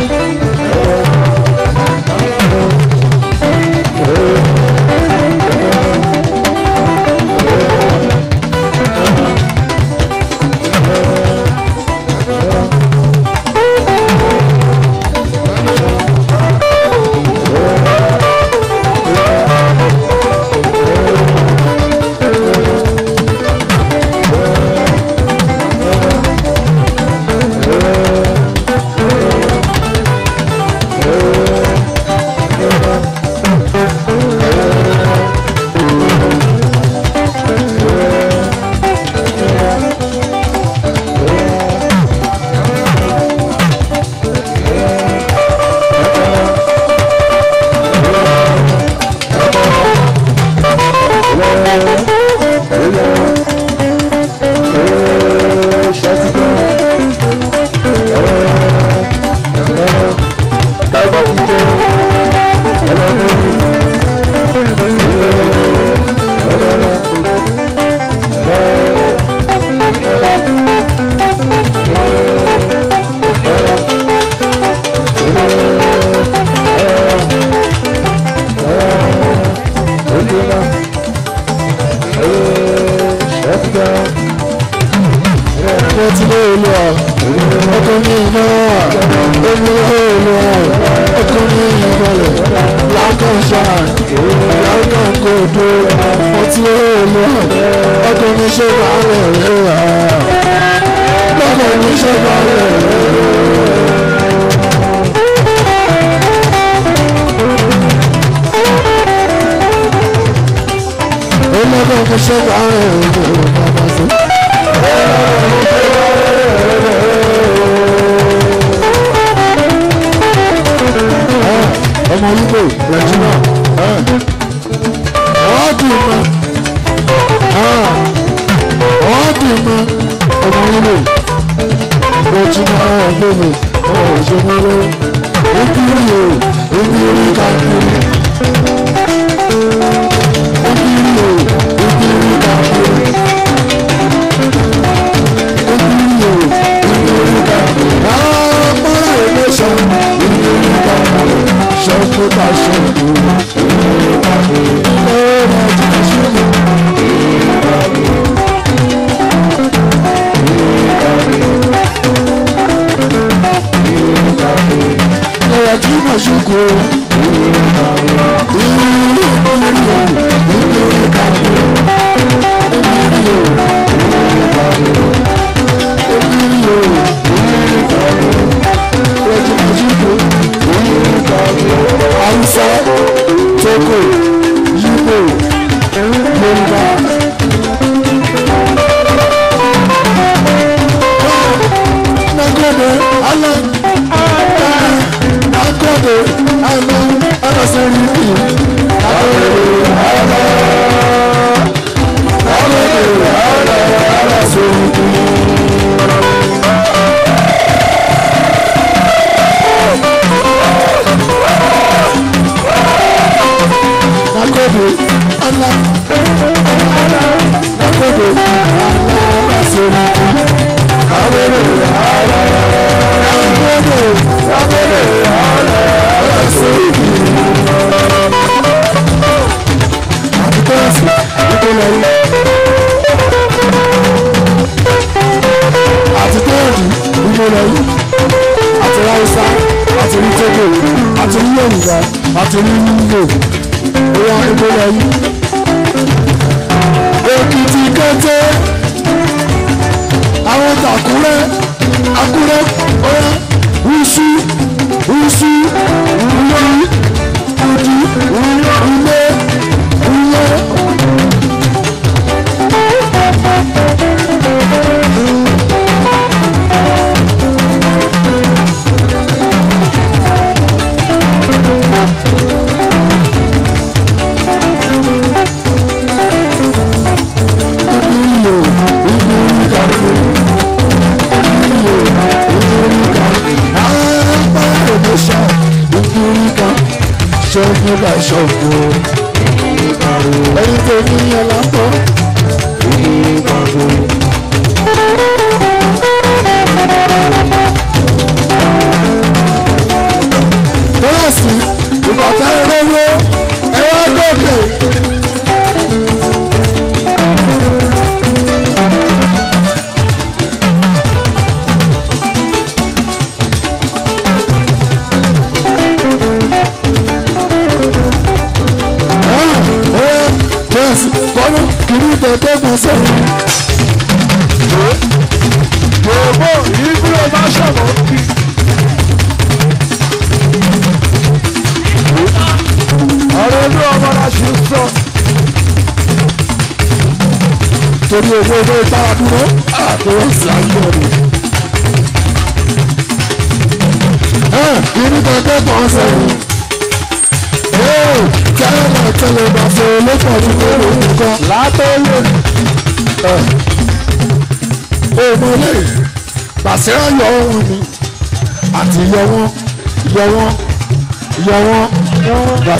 Thank you.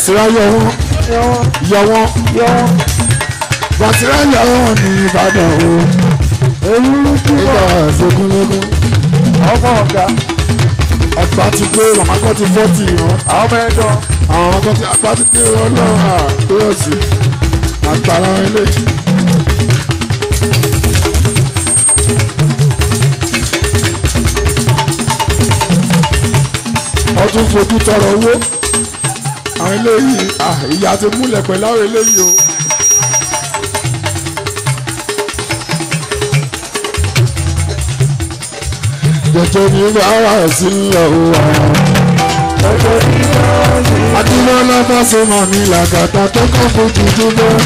Basira yọ wọn yọ wọn yọ wọn Basira yọ wọn ní Ìbàdàn o ewúrúkú bá ṣogunlógún ọmọ ọ̀gá ọ̀gbà ti pé màmá kan ti fọ́tì ìran àwọn ọmọ ẹ̀dọ́ àwọn ọmọ kan ti àgbà ti pé ọlọ́run àkóyọ̀sí àgbàrá eléyìí. ọdún fojú tọrọ owó àwọn eléyìí ah, ìyá ti múlẹ̀ pẹ̀lú àwọn eléyìí o. jẹjẹ ni bá wà sílẹ̀ wà. adúlọ́lá bá ṣe mọ̀ mí làgàtà tó kọ́ fún jùjú bẹ́ẹ̀.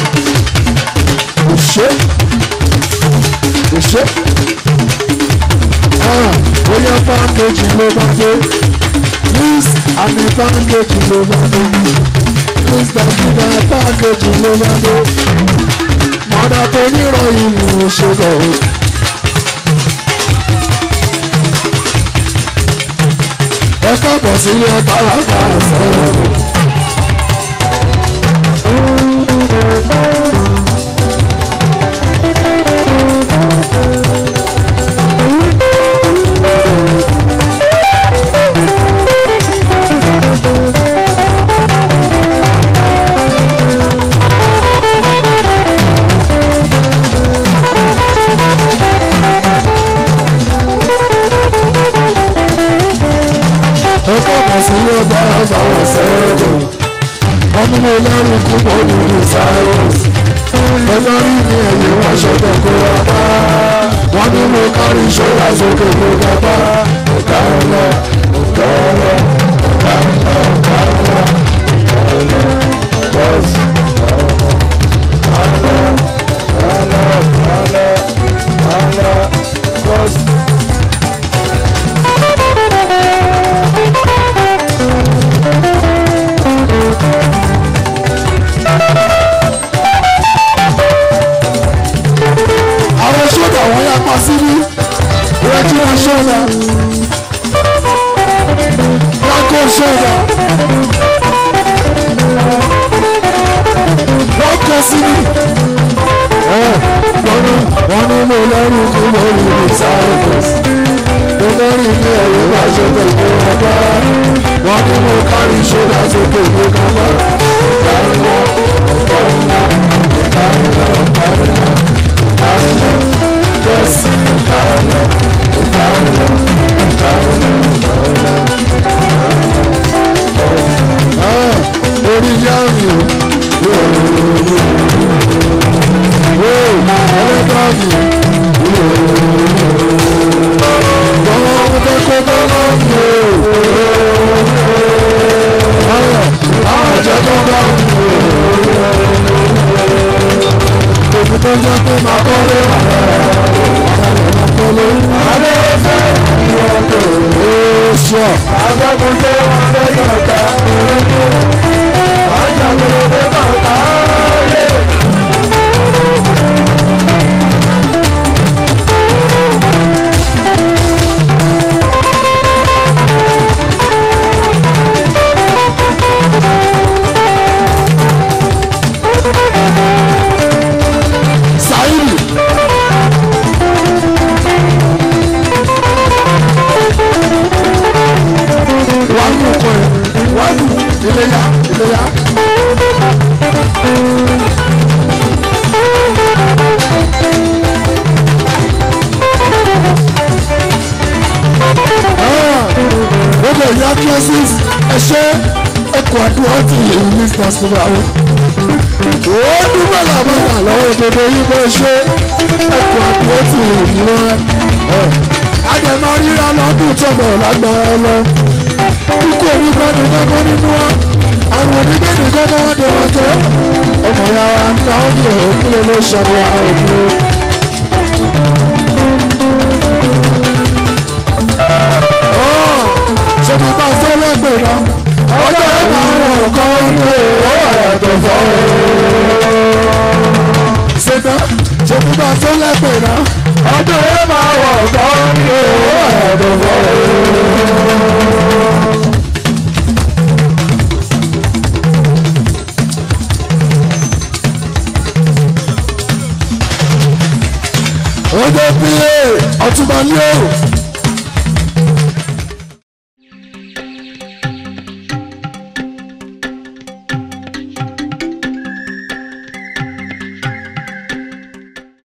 òṣè òṣè ah, bóyá bá méjì ló bá dé. Please, I'm a bandage in Lomando. Please, don't give me a bandage in Lomando. Mother Penny Roy in Oshogo. Ẹ káàbọ̀ sílé ọ̀tá lágbà Thank you.